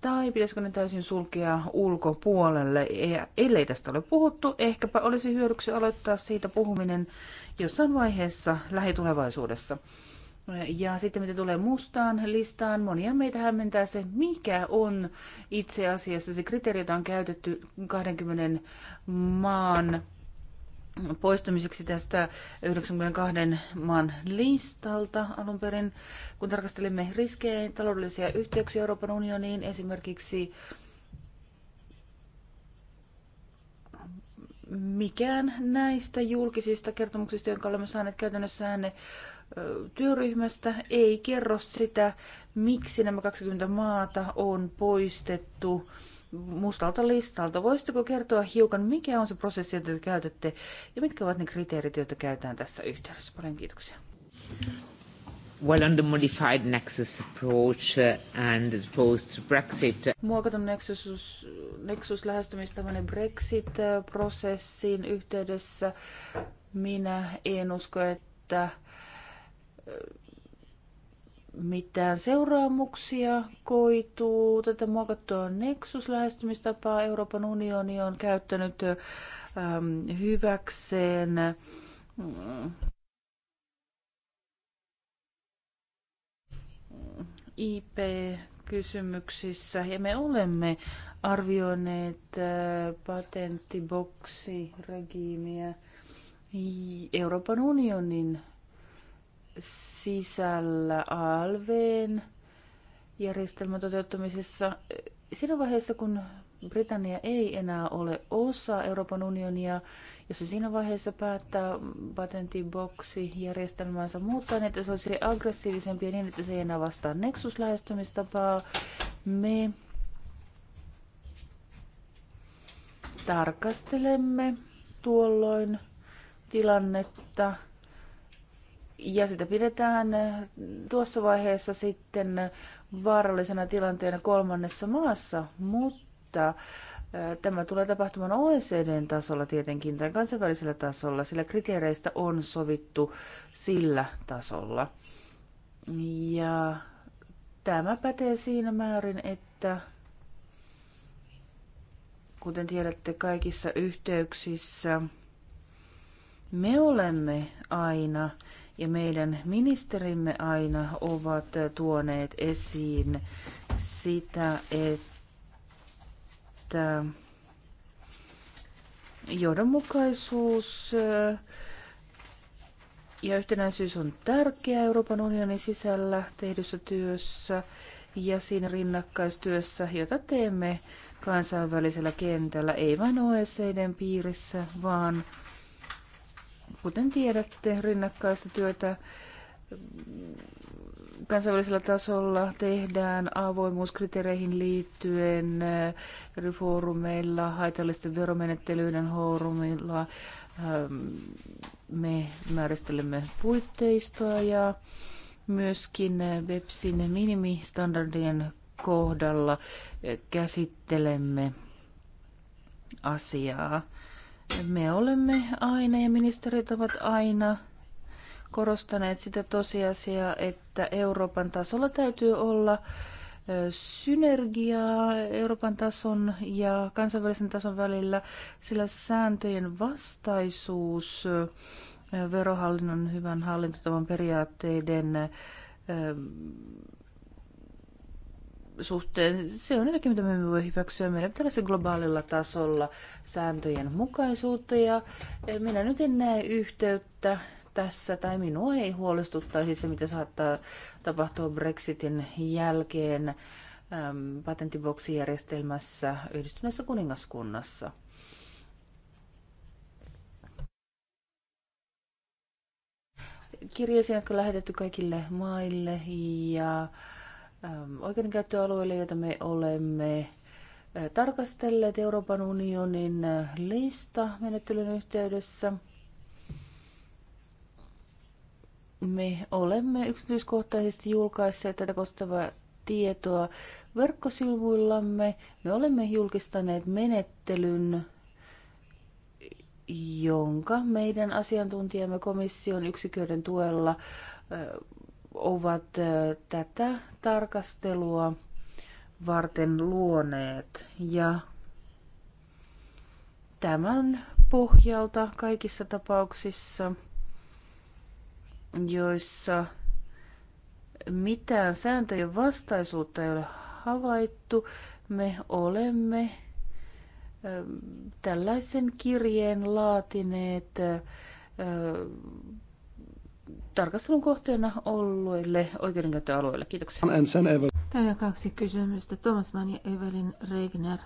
tai pitäisikö ne täysin sulkea ulkopuolelle. Ja e, ellei tästä ole puhuttu, ehkäpä olisi hyödyksi aloittaa siitä puhuminen jossain vaiheessa lähitulevaisuudessa. Ja sitten mitä tulee mustaan listaan, monia meitä hämmentää se, mikä on itse asiassa se kriteeri, jota on käytetty 20 maan poistumiseksi tästä 92 maan listalta alun perin, kun tarkastelimme riskejä ja taloudellisia yhteyksiä Euroopan unioniin, esimerkiksi mikään näistä julkisista kertomuksista, jotka olemme saaneet käytännössä ne työryhmästä, ei kerro sitä, miksi nämä 20 maata on poistettu mustalta listalta. Voisitteko kertoa hiukan, mikä on se prosessi, jota te käytätte, ja mitkä ovat ne kriteerit, joita käytetään tässä yhteydessä? Paljon kiitoksia. Well, on the modified nexus approach uh, and the post-Brexit. Uh, Muokatun nexus, nexus lähestymistavan Brexit-prosessin uh, yhteydessä minä en usko, että mitään seuraamuksia koituu. Tätä muokattua Nexus-lähestymistapaa Euroopan unioni on käyttänyt ähm, hyväkseen. Äh, IP-kysymyksissä ja me olemme arvioineet äh, patenttiboksiregiimiä Euroopan unionin sisällä ALVn järjestelmän toteuttamisessa siinä vaiheessa, kun Britannia ei enää ole osa Euroopan unionia, jos se siinä vaiheessa päättää patentiboksi järjestelmäänsä muuttaa, niin että se olisi aggressiivisempi ja niin, että se ei enää vastaa Nexus-lähestymistapaa, me tarkastelemme tuolloin tilannetta – ja sitä pidetään eh, tuossa vaiheessa sitten vaarallisena tilanteena kolmannessa maassa, mutta eh, Tämä tulee tapahtumaan OECDn tasolla tietenkin tai kansainvälisellä tasolla, sillä kriteereistä on sovittu sillä tasolla. Ja tämä pätee siinä määrin, että kuten tiedätte kaikissa yhteyksissä, me olemme aina ja meidän ministerimme aina ovat tuoneet esiin sitä, että johdonmukaisuus äh, ja yhtenäisyys on tärkeää Euroopan unionin sisällä tehdyssä työssä ja siinä rinnakkaistyössä, jota teemme kansainvälisellä kentällä, ei vain OECDn piirissä, vaan Kuten tiedätte, rinnakkaista työtä kansainvälisellä tasolla tehdään avoimuuskriteereihin liittyen eri foorumeilla, haitallisten veromenettelyiden foorumilla. Ähm, me määristelemme puitteistoa ja myöskin WebSin minimistandardien kohdalla käsittelemme asiaa. Me olemme aina ja ministerit ovat aina korostaneet sitä tosiasiaa, että Euroopan tasolla täytyy olla synergiaa Euroopan tason ja kansainvälisen tason välillä, sillä sääntöjen vastaisuus verohallinnon hyvän hallintotavan periaatteiden suhteen, se on jotakin, mitä me emme voi hyväksyä. Meidän tällaisen globaalilla tasolla sääntöjen mukaisuutta ja eh, minä nyt en näe yhteyttä tässä tai minua ei huolestuttaisi se, mitä saattaa tapahtua Brexitin jälkeen äm, patenttiboksijärjestelmässä yhdistyneessä kuningaskunnassa. Kirjeisiin, jotka on lähetetty kaikille maille ja äh, Ähm, oikeudenkäyttöalueille, joita me olemme äh, tarkastelleet Euroopan unionin äh, lista menettelyn yhteydessä. Me olemme yksityiskohtaisesti julkaisseet tätä koskevaa tietoa verkkosivuillamme. Me olemme julkistaneet menettelyn, jonka meidän asiantuntijamme komission yksiköiden tuella äh, ovat tätä tarkastelua varten luoneet. Ja tämän pohjalta kaikissa tapauksissa, joissa mitään sääntöjen vastaisuutta ei ole havaittu, me olemme tällaisen kirjeen laatineet tarkastelun kohteena olleille oikeudenkäyttöalueille. Kiitoksia. Täällä kaksi kysymystä. Thomas Mann ja Evelyn Regner.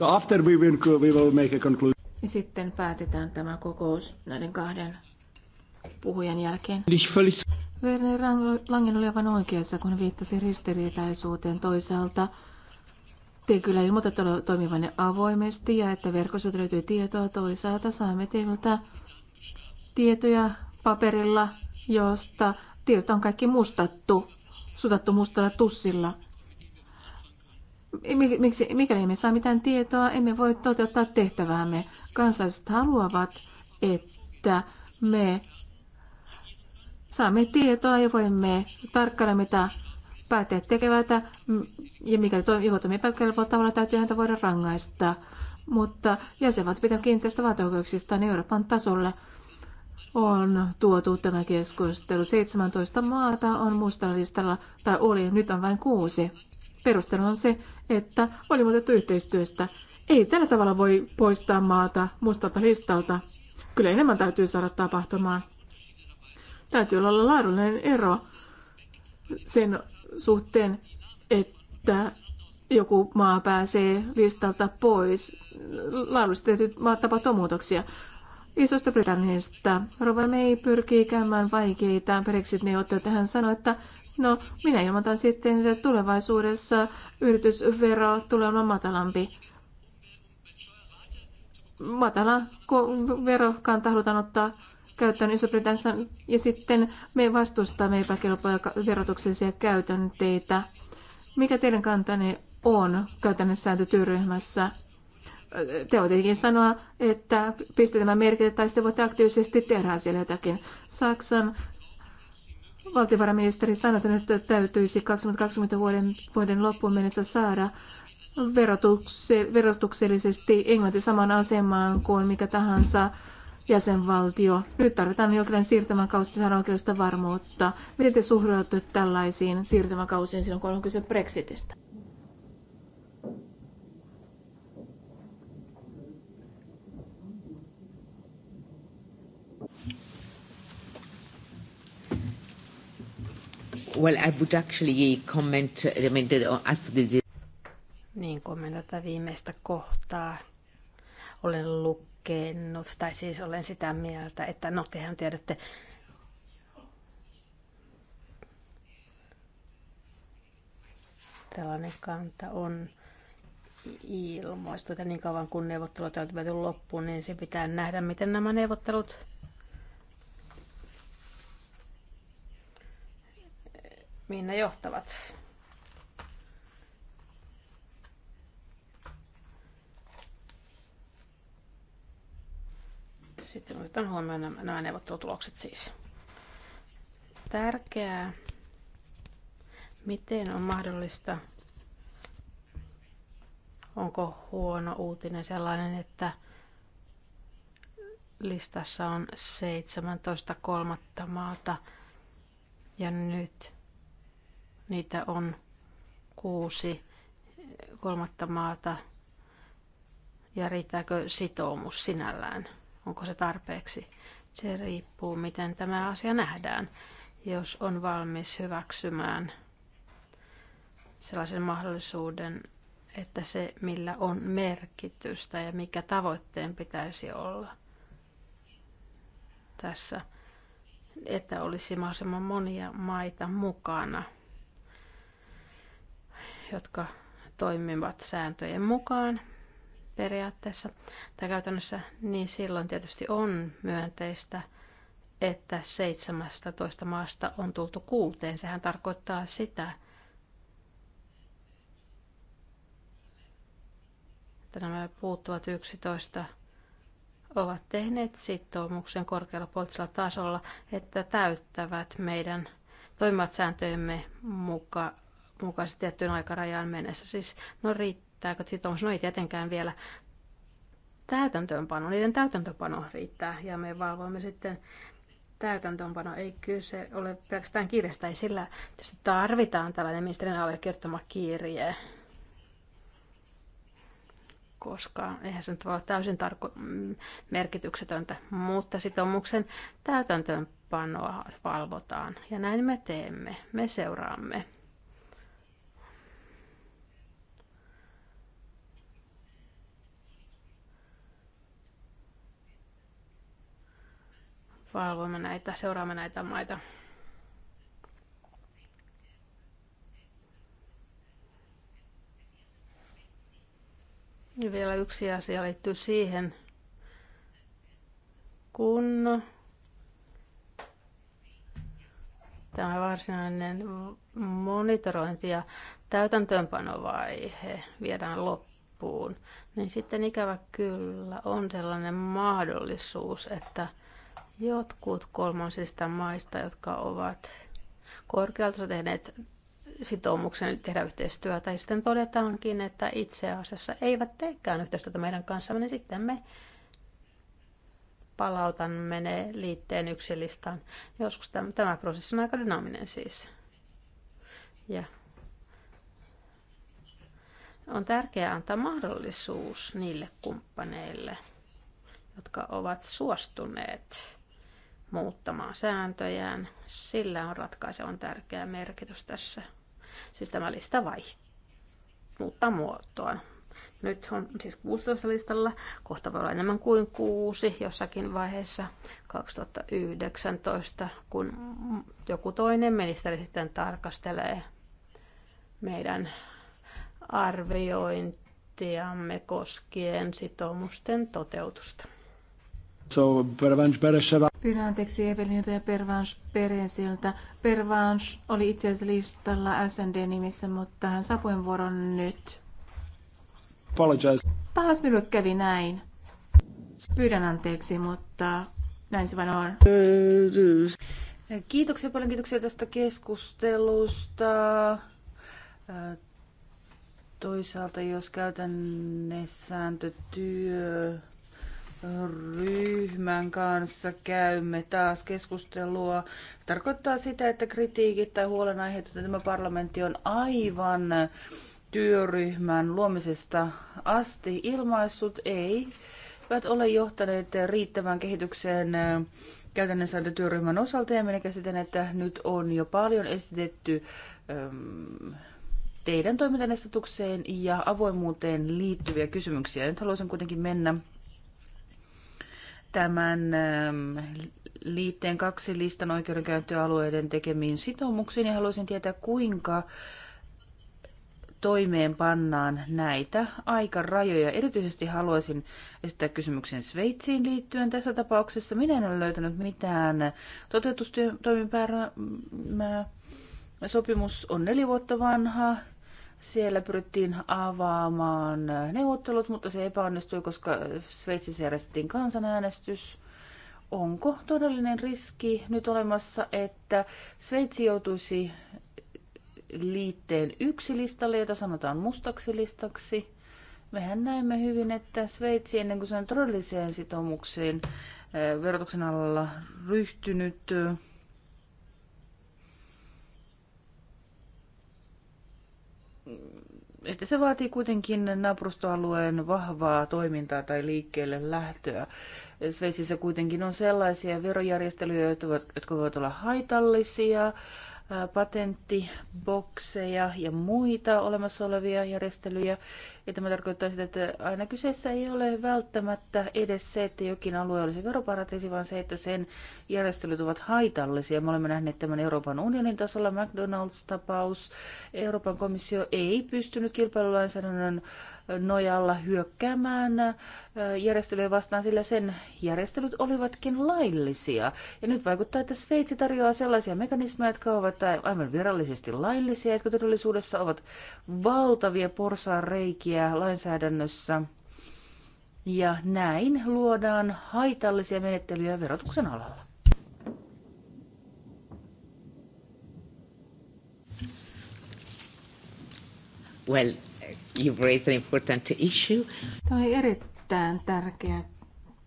After we will, we will make a conclusion. Ja sitten päätetään tämä kokous näiden kahden puhujan jälkeen. Werner Langen oli aivan oikeassa, kun viittasi ristiriitaisuuteen toisaalta te kyllä ilmoitatte toimivanne avoimesti ja että verkossa löytyy tietoa. Toisaalta saamme teiltä tietoja paperilla, josta tieto on kaikki mustattu, sutattu mustalla tussilla. Miksi, mikäli emme saa mitään tietoa, emme voi toteuttaa tehtäväämme. Kansalaiset haluavat, että me saamme tietoa ja voimme tarkkailla, mitä päättäjät tekevältä, mm, ja mikäli joko toimii epäkelpoa tavalla, täytyy häntä voida rangaista. Mutta jäsenvaltiot pitää kiinteistä vaatioikeuksistaan niin Euroopan tasolla on tuotu tämä keskustelu. 17 maata on mustalla listalla, tai oli, nyt on vain kuusi. Perustelu on se, että oli muutettu yhteistyöstä. Ei tällä tavalla voi poistaa maata mustalta listalta. Kyllä enemmän täytyy saada tapahtumaan. Täytyy olla laadullinen ero sen suhteen, että joku maa pääsee listalta pois. Laadullisesti tehty maat tapahtuu muutoksia. Isosta Britanniasta Rova May pyrkii käymään vaikeita Brexit-neuvotteluita. Hän sanoi, että no minä ilmoitan sitten, että tulevaisuudessa yritysvero tulee olemaan matalampi. Matala verokanta halutaan ottaa käyttöön iso ja sitten me vastustamme epäkelpoja verotuksellisia käytänteitä. Mikä teidän kantanne on sääntötyöryhmässä? Te voitte sanoa, että pistetään merkille tai sitten voitte aktiivisesti tehdä siellä jotakin. Saksan valtiovarainministeri sanoi, että nyt täytyisi 2020 vuoden, vuoden loppuun mennessä saada verotukse, verotuksellisesti Englanti saman asemaan kuin mikä tahansa jäsenvaltio. Nyt tarvitaan jokainen siirtymäkausi saada oikeudesta varmuutta. Miten te suhtaudutte tällaisiin siirtymäkausiin silloin, kun on kyse Brexitistä? Well, I would actually comment, I mean, the, uh, as the... Niin kommentoin viimeistä kohtaa. Olen lukkaan kokenut, no, tai siis olen sitä mieltä, että no tehän tiedätte, tällainen kanta on ilmoistu, että niin kauan kun neuvottelut on viety loppuun, niin se pitää nähdä, miten nämä neuvottelut minne johtavat. Sitten otetaan huomioon nämä, nämä neuvottelutulokset siis. Tärkeää, miten on mahdollista, onko huono uutinen sellainen, että listassa on 17 kolmatta maata ja nyt niitä on kuusi kolmatta maata ja riittääkö sitoumus sinällään? onko se tarpeeksi. Se riippuu, miten tämä asia nähdään, jos on valmis hyväksymään sellaisen mahdollisuuden, että se, millä on merkitystä ja mikä tavoitteen pitäisi olla tässä, että olisi mahdollisimman monia maita mukana, jotka toimivat sääntöjen mukaan periaatteessa tai käytännössä, niin silloin tietysti on myönteistä, että 17 maasta on tultu kuuteen. Sehän tarkoittaa sitä, että nämä puuttuvat 11 ovat tehneet sitoumuksen korkealla poliittisella tasolla, että täyttävät meidän toimivat sääntöjemme muka, mukaisesti tiettyyn aikarajaan mennessä. Siis no riittää kun sitten No ei tietenkään vielä täytäntöönpano. Niiden täytäntöpano riittää ja me valvomme sitten täytäntöönpano. Ei se ole pelkästään kirjasta, ei sillä tarvitaan tällainen ministerin allekirjoittama kirje, koska eihän se nyt voi olla täysin tarko- mm, merkityksetöntä, mutta sitoumuksen täytäntöönpanoa valvotaan ja näin me teemme, me seuraamme. valvomme näitä, seuraamme näitä maita. Ja vielä yksi asia liittyy siihen, kun tämä varsinainen monitorointi ja täytäntöönpanovaihe viedään loppuun, niin sitten ikävä kyllä on sellainen mahdollisuus, että – Jotkut kolmansista maista, jotka ovat korkealta tehneet sitoumuksen tehdä yhteistyötä, ja sitten todetaankin, että itse asiassa eivät teekään yhteistyötä meidän kanssamme, niin sitten me palautan menee liitteen yksilistaan. Joskus tämä, tämä prosessi on aika dynaaminen siis. Ja on tärkeää antaa mahdollisuus niille kumppaneille, jotka ovat suostuneet muuttamaan sääntöjään. Sillä on ratkaisevan tärkeä merkitys tässä. Siis tämä lista vaihtuu, muuttaa muotoaan. Nyt on siis 16 listalla, kohta voi olla enemmän kuin kuusi jossakin vaiheessa 2019, kun joku toinen ministeri sitten tarkastelee meidän arviointiamme koskien sitoumusten toteutusta. So, Pervanj Pyydän anteeksi Evelinilta ja Pervanj Peresiltä. Pervanj oli itse asiassa listalla SND-nimissä, mutta hän saa puheenvuoron nyt. Apologize. Pahas minulle kävi näin. Pyydän anteeksi, mutta näin se vain on. Kiitoksia paljon, kiitoksia tästä keskustelusta. Toisaalta jos käytännössä sääntötyö ryhmän kanssa käymme taas keskustelua. Se tarkoittaa sitä, että kritiikit tai huolenaiheet, että tämä parlamentti on aivan työryhmän luomisesta asti ilmaissut, ei eivät ole johtaneet riittävään kehitykseen käytännön sääntötyöryhmän osalta ja minä käsitän, että nyt on jo paljon esitetty ähm, teidän toimintanestatukseen ja avoimuuteen liittyviä kysymyksiä. Nyt haluaisin kuitenkin mennä tämän ähm, liitteen kaksi listan oikeudenkäyttöalueiden tekemiin sitoumuksiin ja haluaisin tietää, kuinka toimeenpannaan näitä aikarajoja. Erityisesti haluaisin esittää kysymyksen Sveitsiin liittyen. Tässä tapauksessa minä en ole löytänyt mitään toteutustoimenpäärää. Sopimus on neljä vuotta vanha siellä pyrittiin avaamaan neuvottelut, mutta se epäonnistui, koska Sveitsissä järjestettiin kansanäänestys. Onko todellinen riski nyt olemassa, että Sveitsi joutuisi liitteen yksi listalle, jota sanotaan mustaksi listaksi? Mehän näemme hyvin, että Sveitsi ennen kuin se on todelliseen sitoumukseen eh, verotuksen alalla ryhtynyt, eh, että se vaatii kuitenkin naapurustoalueen vahvaa toimintaa tai liikkeelle lähtöä. Sveitsissä kuitenkin on sellaisia verojärjestelyjä, jotka voivat olla haitallisia patenttibokseja ja muita olemassa olevia järjestelyjä. Ja tämä tarkoittaa sitä, että aina kyseessä ei ole välttämättä edes se, että jokin alue olisi veroparatiisi, vaan se, että sen järjestelyt ovat haitallisia. Me olemme nähneet tämän Euroopan unionin tasolla McDonald's-tapaus. Euroopan komissio ei pystynyt kilpailulainsäädännön äh, nojalla hyökkäämään järjestelyjä vastaan, sillä sen järjestelyt olivatkin laillisia. Ja nyt vaikuttaa, että Sveitsi tarjoaa sellaisia mekanismeja, jotka ovat aivan virallisesti laillisia, jotka todellisuudessa ovat valtavia porssa-reikiä lainsäädännössä. Ja näin luodaan haitallisia menettelyjä verotuksen alalla. Well, You've raised an important issue. Tämä oli erittäin tärkeä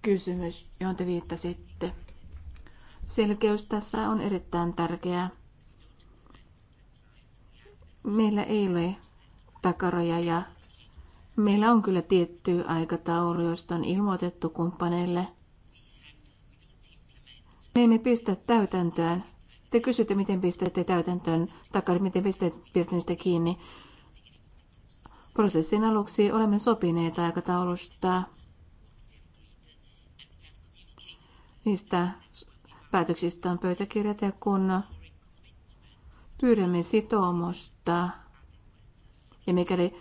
kysymys, johon te viittasitte. Selkeys tässä on erittäin tärkeää. Meillä ei ole takaroja ja meillä on kyllä tietty aikataulu, josta on ilmoitettu kumppaneille. Me emme pistä täytäntöön. Te kysytte, miten pistätte täytäntöön, takari, miten pistätte sitä kiinni. Prosessin aluksi olemme sopineet aikataulusta niistä päätöksistä on pöytäkirjat ja kun pyydämme sitoumusta ja mikäli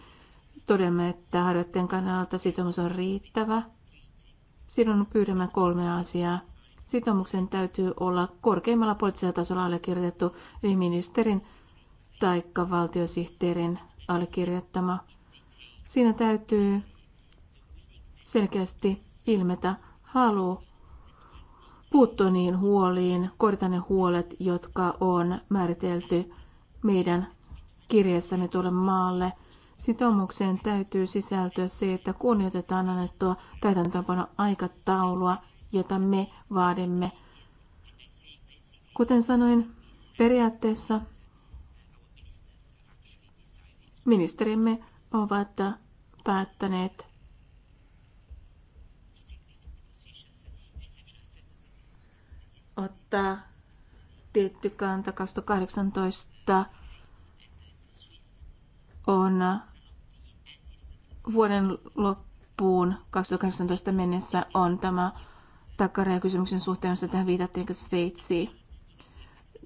todemme, että harjoitteen kannalta sitoumus on riittävä, silloin pyydämme kolme asiaa. Sitoumuksen täytyy olla korkeimmalla poliittisella tasolla allekirjoitettu, eli ministerin tai valtiosihteerin allekirjoittama. Siinä täytyy selkeästi ilmetä halu puuttua niihin huoliin, korjata ne huolet, jotka on määritelty meidän kirjeessämme tuolle maalle. Sitoumukseen täytyy sisältyä se, että kunnioitetaan annettua täytäntöönpano aikataulua, jota me vaadimme. Kuten sanoin, periaatteessa ministerimme ovat päättäneet ottaa tietty kanta 2018 on vuoden loppuun 2018 mennessä on tämä kysymyksen suhteen, jossa tähän viitattiin Sveitsiin.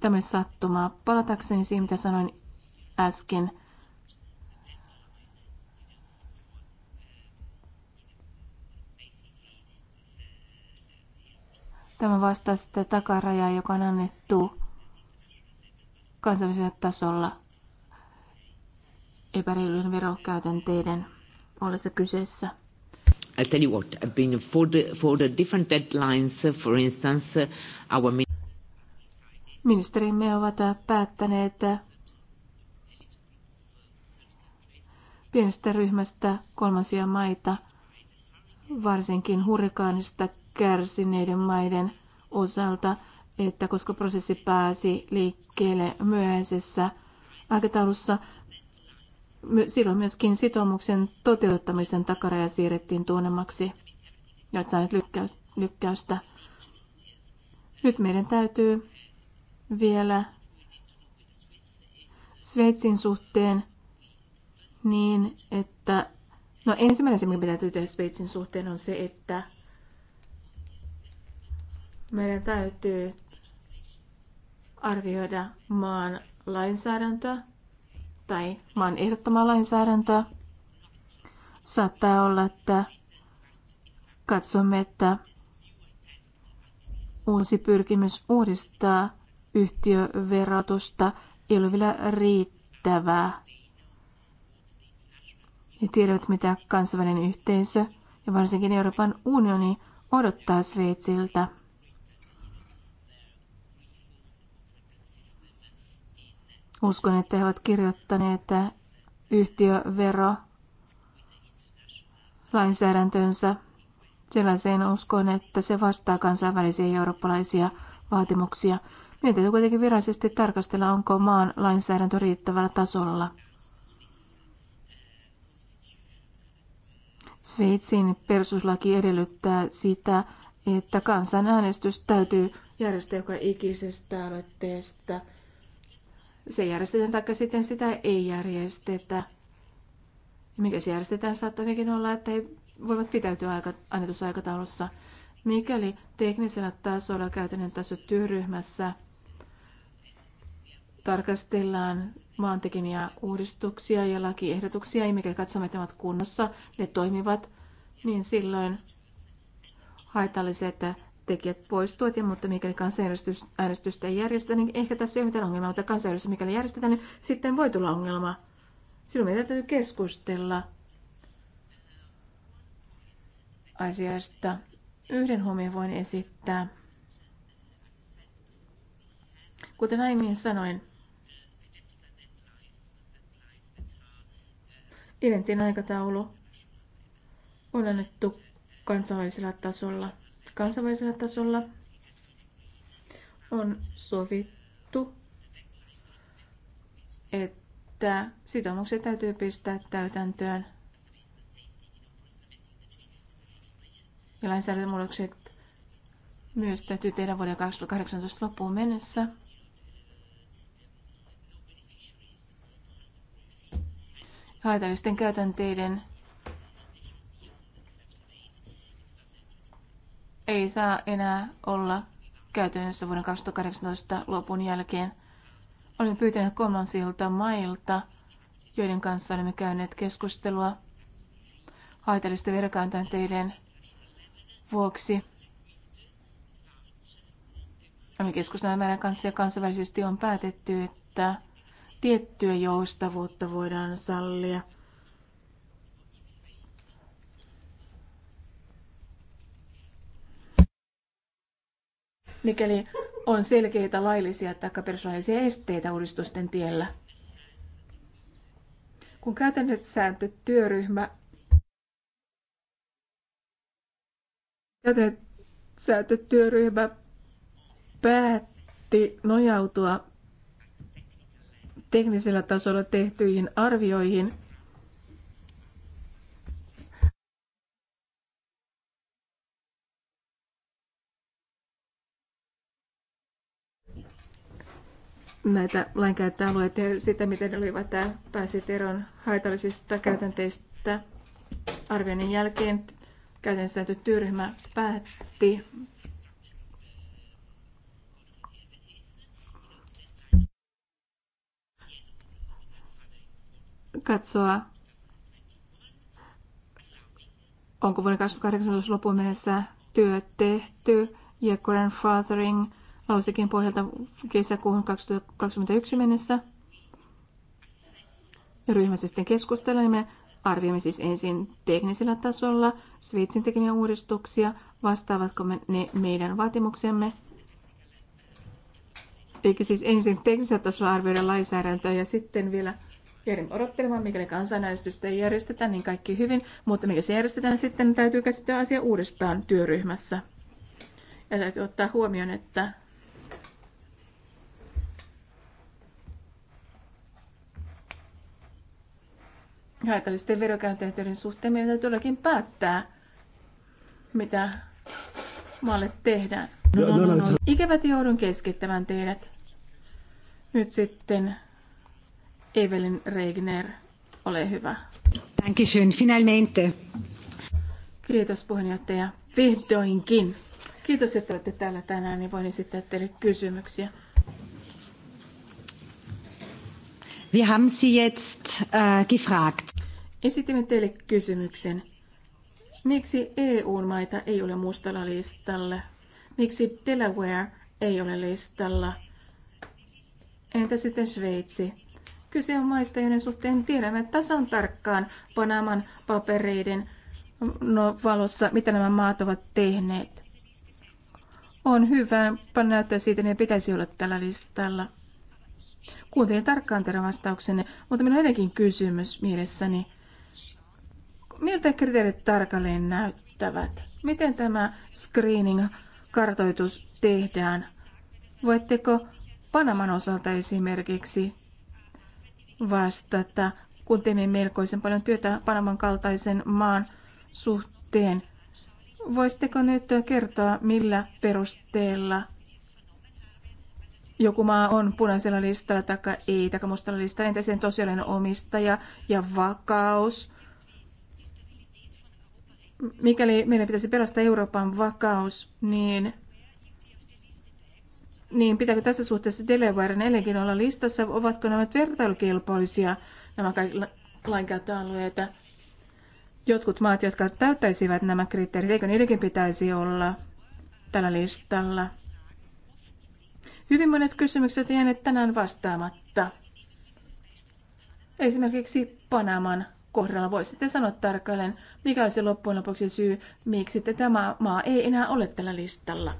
Tämmöinen sattumaa. Palatakseni siihen, mitä sanoin äsken Tämä vastaa sitä takarajaa, joka on annettu kansallisella tasolla epäreilujen verokäytänteiden ollessa kyseessä. I'll tell you what, I've been for the, for the different deadlines, uh, for instance, uh, our Ministerimme ovat uh, päättäneet pienestä ryhmästä kolmansia maita, varsinkin hurrikaanista kärsineiden maiden osalta, että koska prosessi pääsi liikkeelle myöhäisessä aikataulussa, silloin myöskin sitoumuksen toteuttamisen takaraja siirrettiin tuonemmaksi ja olet saanut lykkäystä. Nyt meidän täytyy vielä Sveitsin suhteen niin, että no ensimmäinen se, mikä täytyy tehdä Sveitsin suhteen on se, että meidän täytyy arvioida maan lainsäädäntöä tai maan ehdottomaa lainsäädäntöä. Saattaa olla, että katsomme, että uusi pyrkimys uudistaa yhtiöverotusta ei ole vielä riittävää. Ja tiedät, mitä kansainvälinen yhteisö ja varsinkin Euroopan unioni odottaa Sveitsiltä – Uskon, että he ovat kirjoittaneet yhtiövero lainsäädäntönsä. Sellaiseen uskon, että se vastaa kansainvälisiä ja eurooppalaisia vaatimuksia. Meidän täytyy kuitenkin virallisesti tarkastella, onko maan lainsäädäntö riittävällä tasolla. Sveitsin perustuslaki edellyttää sitä, että kansanäänestys täytyy järjestää joka ikisestä aloitteesta – se järjestetään tai sitten sitä ei järjestetä. Mikä se järjestetään, saattaa olla, että he voivat pitäytyä aika, annetussa aikataulussa. Mikäli teknisellä tasolla käytännön taso työryhmässä tarkastellaan maan tekemiä uudistuksia ja lakiehdotuksia, ja mikäli katsomme, että ne ovat kunnossa, ne toimivat, niin silloin haitalliset tekijät poistuvat, ja, mutta mikäli kansanäänestystä ei järjestetä, niin ehkä tässä ei ole mitään ongelmaa, mutta kansanäänestys mikäli järjestetään, niin sitten voi tulla ongelma. Silloin meidän täytyy keskustella asiasta. Yhden huomioon voin esittää. Kuten aiemmin sanoin, identin aikataulu on annettu kansainvälisellä tasolla – kansainvälisellä tasolla on sovittu, että sitoumukset täytyy pistää täytäntöön ja lainsäädäntömuutokset myös täytyy tehdä vuoden 2018 loppuun mennessä. Haitallisten käytänteiden ei saa enää olla käytännössä vuoden 2018 lopun jälkeen. Olemme pyytäneet kolmansilta mailta, joiden kanssa olemme käyneet keskustelua haitallisten verkaantanteiden vuoksi. Olemme keskustelleet meidän kanssa ja kansainvälisesti on päätetty, että tiettyä joustavuutta voidaan sallia – mikäli on selkeitä laillisia tai persoonallisia esteitä uudistusten tiellä. Kun työryhmä käytännössääntötyöryhmä päätti nojautua teknisellä tasolla tehtyihin arvioihin näitä lainkäyttöalueita ja sitä, miten ne olivat pääsi eroon haitallisista käytänteistä. Arvioinnin jälkeen käytännössä työryhmä päätti katsoa, onko vuoden 2018 lopun mennessä työ tehty ja grandfathering – lausekin pohjalta kesäkuuhun 2021 mennessä. Ryhmässä sitten keskustellaan niin me arvioimme siis ensin teknisellä tasolla Sveitsin tekemiä uudistuksia, vastaavatko me ne meidän vaatimuksemme. Eikä siis ensin teknisellä tasolla arvioida lainsäädäntöä ja sitten vielä Kerran odottelemaan, mikäli kansanäänestystä ei järjestetä, niin kaikki hyvin, mutta mikä se järjestetään niin sitten, täytyy käsitellä asia uudestaan työryhmässä. Ja täytyy ottaa huomioon, että haitallisten verokäytäntöiden suhteen meidän täytyy todellakin päättää, mitä maalle tehdään. No, no, no, no. Ikävät joudun keskittämään teidät. Nyt sitten Evelyn Regner, ole hyvä. Dankeschön, finalmente. Kiitos puheenjohtaja. Vihdoinkin. Kiitos, että olette täällä tänään, niin voin esittää teille kysymyksiä. Wir haben Sie jetzt äh, gefragt. Esitimme teille kysymyksen. Miksi EU-maita ei ole mustalla listalla? Miksi Delaware ei ole listalla? Entä sitten Sveitsi? Kyse on maista, joiden suhteen tiedämme tasan tarkkaan Panaman papereiden mm, no, valossa, mitä nämä maat ovat tehneet. On hyvä panna näyttää siitä, ne pitäisi olla tällä listalla. Kuuntelin tarkkaan teidän vastauksenne, mutta minulla on edelleenkin kysymys mielessäni. Miltä kriteerit tarkalleen näyttävät? Miten tämä screening-kartoitus tehdään? Voitteko Panaman osalta esimerkiksi vastata, kun teemme melkoisen paljon työtä Panaman kaltaisen maan suhteen? Voisitteko nyt kertoa, millä perusteella joku maa on punaisella listalla tai ei, tai mustalla listalla, entä sen tosiaan omistaja ja vakaus. Mikäli meidän pitäisi pelastaa Euroopan vakaus, niin, niin pitääkö tässä suhteessa Delevoiren elinkin olla listassa? Ovatko nämä vertailukelpoisia, nämä kaikki lainkäyttöalueet? Jotkut maat, jotka täyttäisivät nämä kriteerit, eikö niidenkin pitäisi olla tällä listalla? Hyvin monet kysymykset jääneet tänään vastaamatta. Esimerkiksi Panaman kohdalla voisitte sanoa tarkalleen, mikä olisi loppujen lopuksi syy, miksi tämä maa ei enää ole tällä listalla.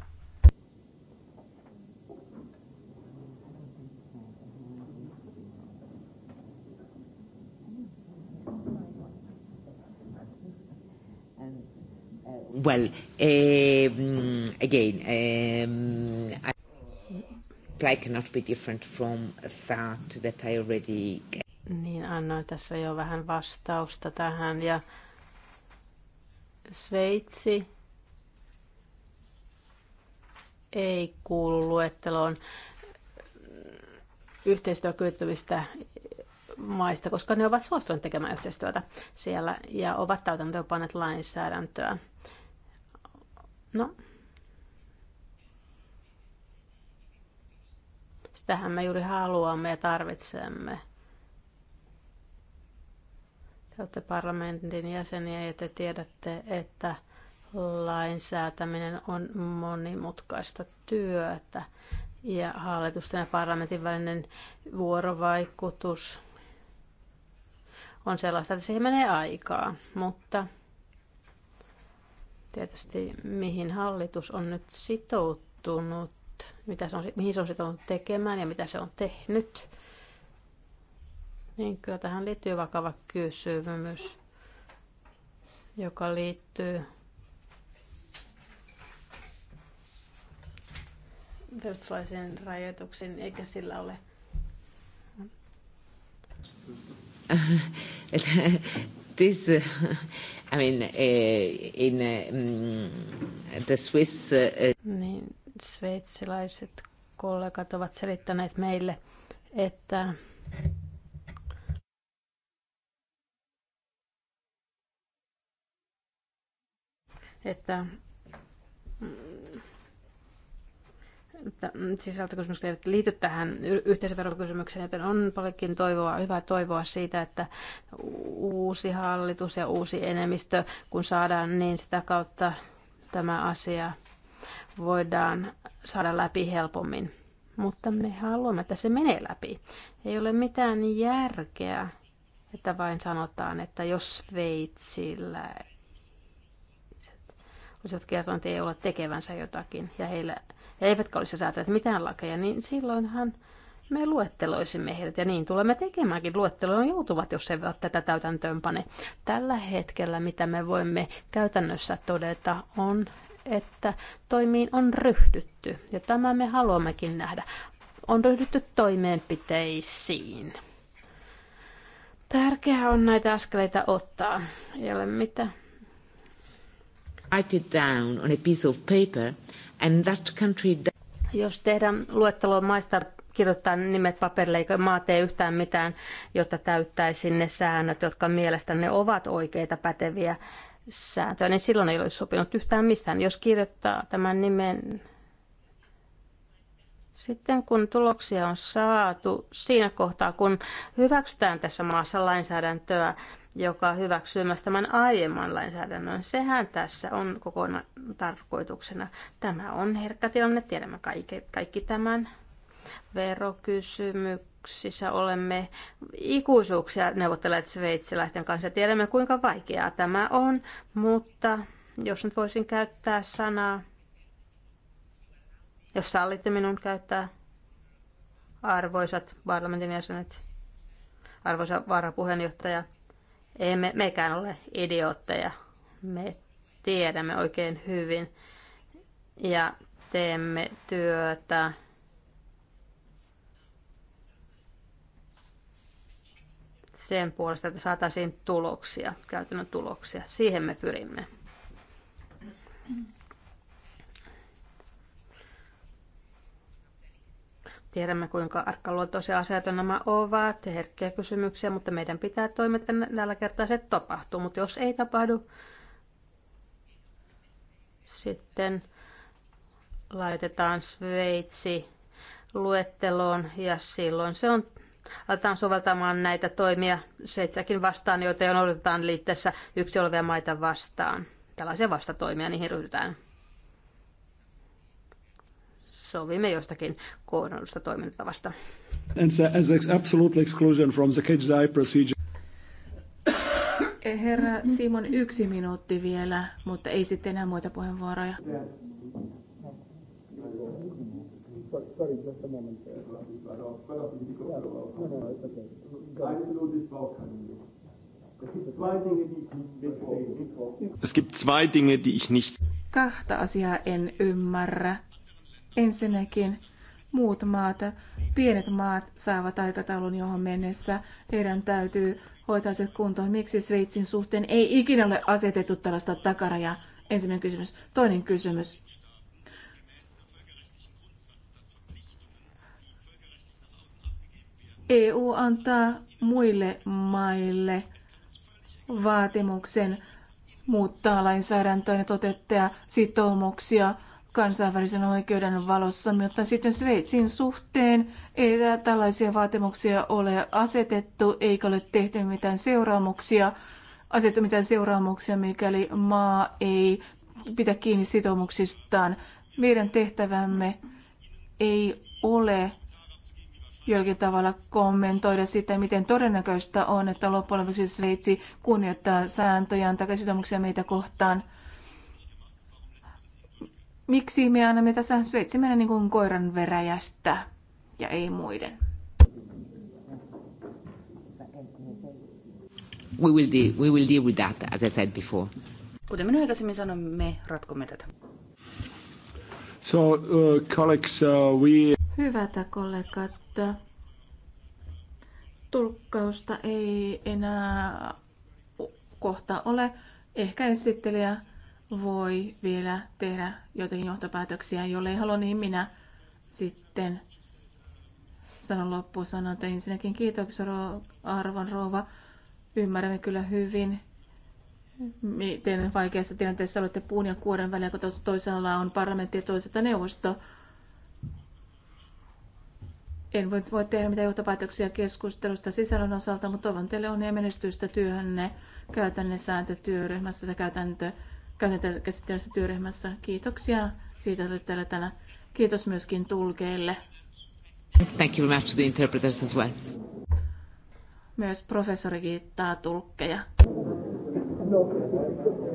Well, um, again, um, eh, mm, I reply cannot be different from a thought that I already gave. Niin, annoin tässä jo vähän vastausta tähän. Ja Sveitsi ei kuulu luetteloon yhteistyökyvyttömistä maista, koska ne ovat suostuneet tekemään yhteistyötä siellä ja ovat täytäntöönpanneet lainsäädäntöä. No, Tähän me juuri haluamme ja tarvitsemme. Te olette parlamentin jäseniä ja te tiedätte, että lainsäätäminen on monimutkaista työtä ja hallitusten ja parlamentin välinen vuorovaikutus on sellaista, että siihen menee aikaa, mutta tietysti mihin hallitus on nyt sitoutunut mitä se on, mihin se on sitoutunut tekemään ja mitä se on tehnyt. Niin kyllä tähän liittyy vakava kysymys, joka liittyy perustuslaisiin rajoituksiin, eikä sillä ole this, I mean, eh, in eh, mm, the Swiss... Eh, niin, sveitsiläiset kollegat ovat selittäneet meille, että että sisältökysymykset eivät liity tähän yhteisöverokysymykseen, joten on paljonkin toivoa, hyvää toivoa siitä, että uusi hallitus ja uusi enemmistö, kun saadaan, niin sitä kautta tämä asia voidaan saada läpi helpommin. Mutta me haluamme, että se menee läpi. Ei ole mitään järkeä, että vain sanotaan, että jos Sveitsillä olisivat kertoneet, että ei ole tekevänsä jotakin, ja heillä ja eivätkä olisi säätäneet mitään lakeja, niin silloinhan me luetteloisimme heidät, ja niin tulemme tekemäänkin. Luetteloon joutuvat, jos he eivät tätä täytäntöönpane. Tällä hetkellä, mitä me voimme käytännössä todeta, on, että toimiin on ryhdytty. Ja tämä me haluammekin nähdä. On ryhdytty toimeenpiteisiin. Tärkeää on näitä askeleita ottaa. Ei ole mitään. Write it down on a piece of paper and that country... Jos tehdään luettelo maista kirjoittaa nimet paperille, eikä maa tee yhtään mitään, jotta täyttäisi ne säännöt, jotka mielestäni ovat oikeita päteviä sääntöä, niin silloin ei olisi sopinut yhtään mistään, jos kirjoittaa tämän nimen. Sitten kun tuloksia on saatu siinä kohtaa, kun hyväksytään tässä maassa lainsäädäntöä, joka hyväksyy myös tämän aiemman lainsäädännön, sehän tässä on kokonaan tarkoituksena. Tämä on herkkä tilanne, tiedämme kaikki, kaikki tämän verokysymyksissä olemme ikuisuuksia neuvotteleet sveitsiläisten kanssa. Tiedämme, kuinka vaikeaa tämä on, mutta jos nyt voisin käyttää sanaa, jos sallitte minun käyttää, arvoisat parlamentin jäsenet, arvoisa varapuheenjohtaja, emme mekään ole idiootteja. Me tiedämme oikein hyvin ja teemme työtä sen puolesta, että saataisiin tuloksia, käytännön tuloksia. Siihen me pyrimme. Tiedämme, kuinka arkaluontoisia asioita nämä ovat herkkiä kysymyksiä, mutta meidän pitää toimia, että tällä kertaa se tapahtuu. Mutta jos ei tapahdu, sitten laitetaan Sveitsi luetteloon ja silloin se on aletaan soveltamaan näitä toimia Sveitsiäkin vastaan, joita jo noudatetaan liitteessä yksi olevia maita vastaan. Tällaisia vastatoimia niihin ryhdytään. Sovimme jostakin kohdallisesta toimintatavasta. exclusion from the procedure. Herra Simon, yksi minuutti vielä, mutta ei sitten enää muita puheenvuoroja. Yeah. Sorry, just a moment. Uh, yeah. No, no, no, it's okay. Es gibt zwei Dinge, die ich nicht. Kahta asiaa en ymmärrä. Ensinnäkin muut maat, pienet maat saavat aikataulun, johon mennessä heidän täytyy hoitaa se kuntoon. Miksi Sveitsin suhteen ei ikinä ole asetettu tällaista takarajaa? Ensimmäinen kysymys. Toinen kysymys. EU antaa muille maille vaatimuksen muuttaa lainsäädäntöä ja toteuttaa sitoumuksia kansainvälisen oikeuden valossa, mutta sitten Sveitsin suhteen ei tällaisia vaatimuksia ole asetettu, eikä ole tehty mitään seuraamuksia, asetettu mitään seuraamuksia, mikäli maa ei pidä kiinni sitoumuksistaan. Meidän tehtävämme ei ole jollakin tavalla kommentoida sitä, miten todennäköistä on, että loppujen lopuksi Sveitsi kunnioittaa sääntöjään tai sitoumuksia meitä kohtaan. Miksi me annamme tässä Sveitsi mennä niin kuin koiran veräjästä ja ei muiden? We will, deal, we will deal with that, as I said before. Kuten minä aikaisemmin sanoin, me ratkomme tätä. So, uh, colleagues, uh, we... Hyvät kollegat, että tulkkausta ei enää kohta ole. Ehkä esittelijä voi vielä tehdä jotakin johtopäätöksiä, jollei halua, niin minä sitten sanon loppusanan. Että ensinnäkin kiitoksia arvon rouva. Ymmärrämme kyllä hyvin, miten vaikeassa tilanteessa olette puun ja kuoren välillä, kun toisaalla on parlamentti ja toisaalta neuvosto. En voi, voi tehdä mitään johtopäätöksiä keskustelusta sisällön osalta, mutta toivon teille onnea menestystä työhönne käytännesääntötyöryhmässä tai käytäntö, käsittelyssä työryhmässä. Kiitoksia siitä, että täällä tänä. Kiitos myöskin tulkeille. Thank you very much to the interpreters as well. Myös professori kiittää tulkkeja. No.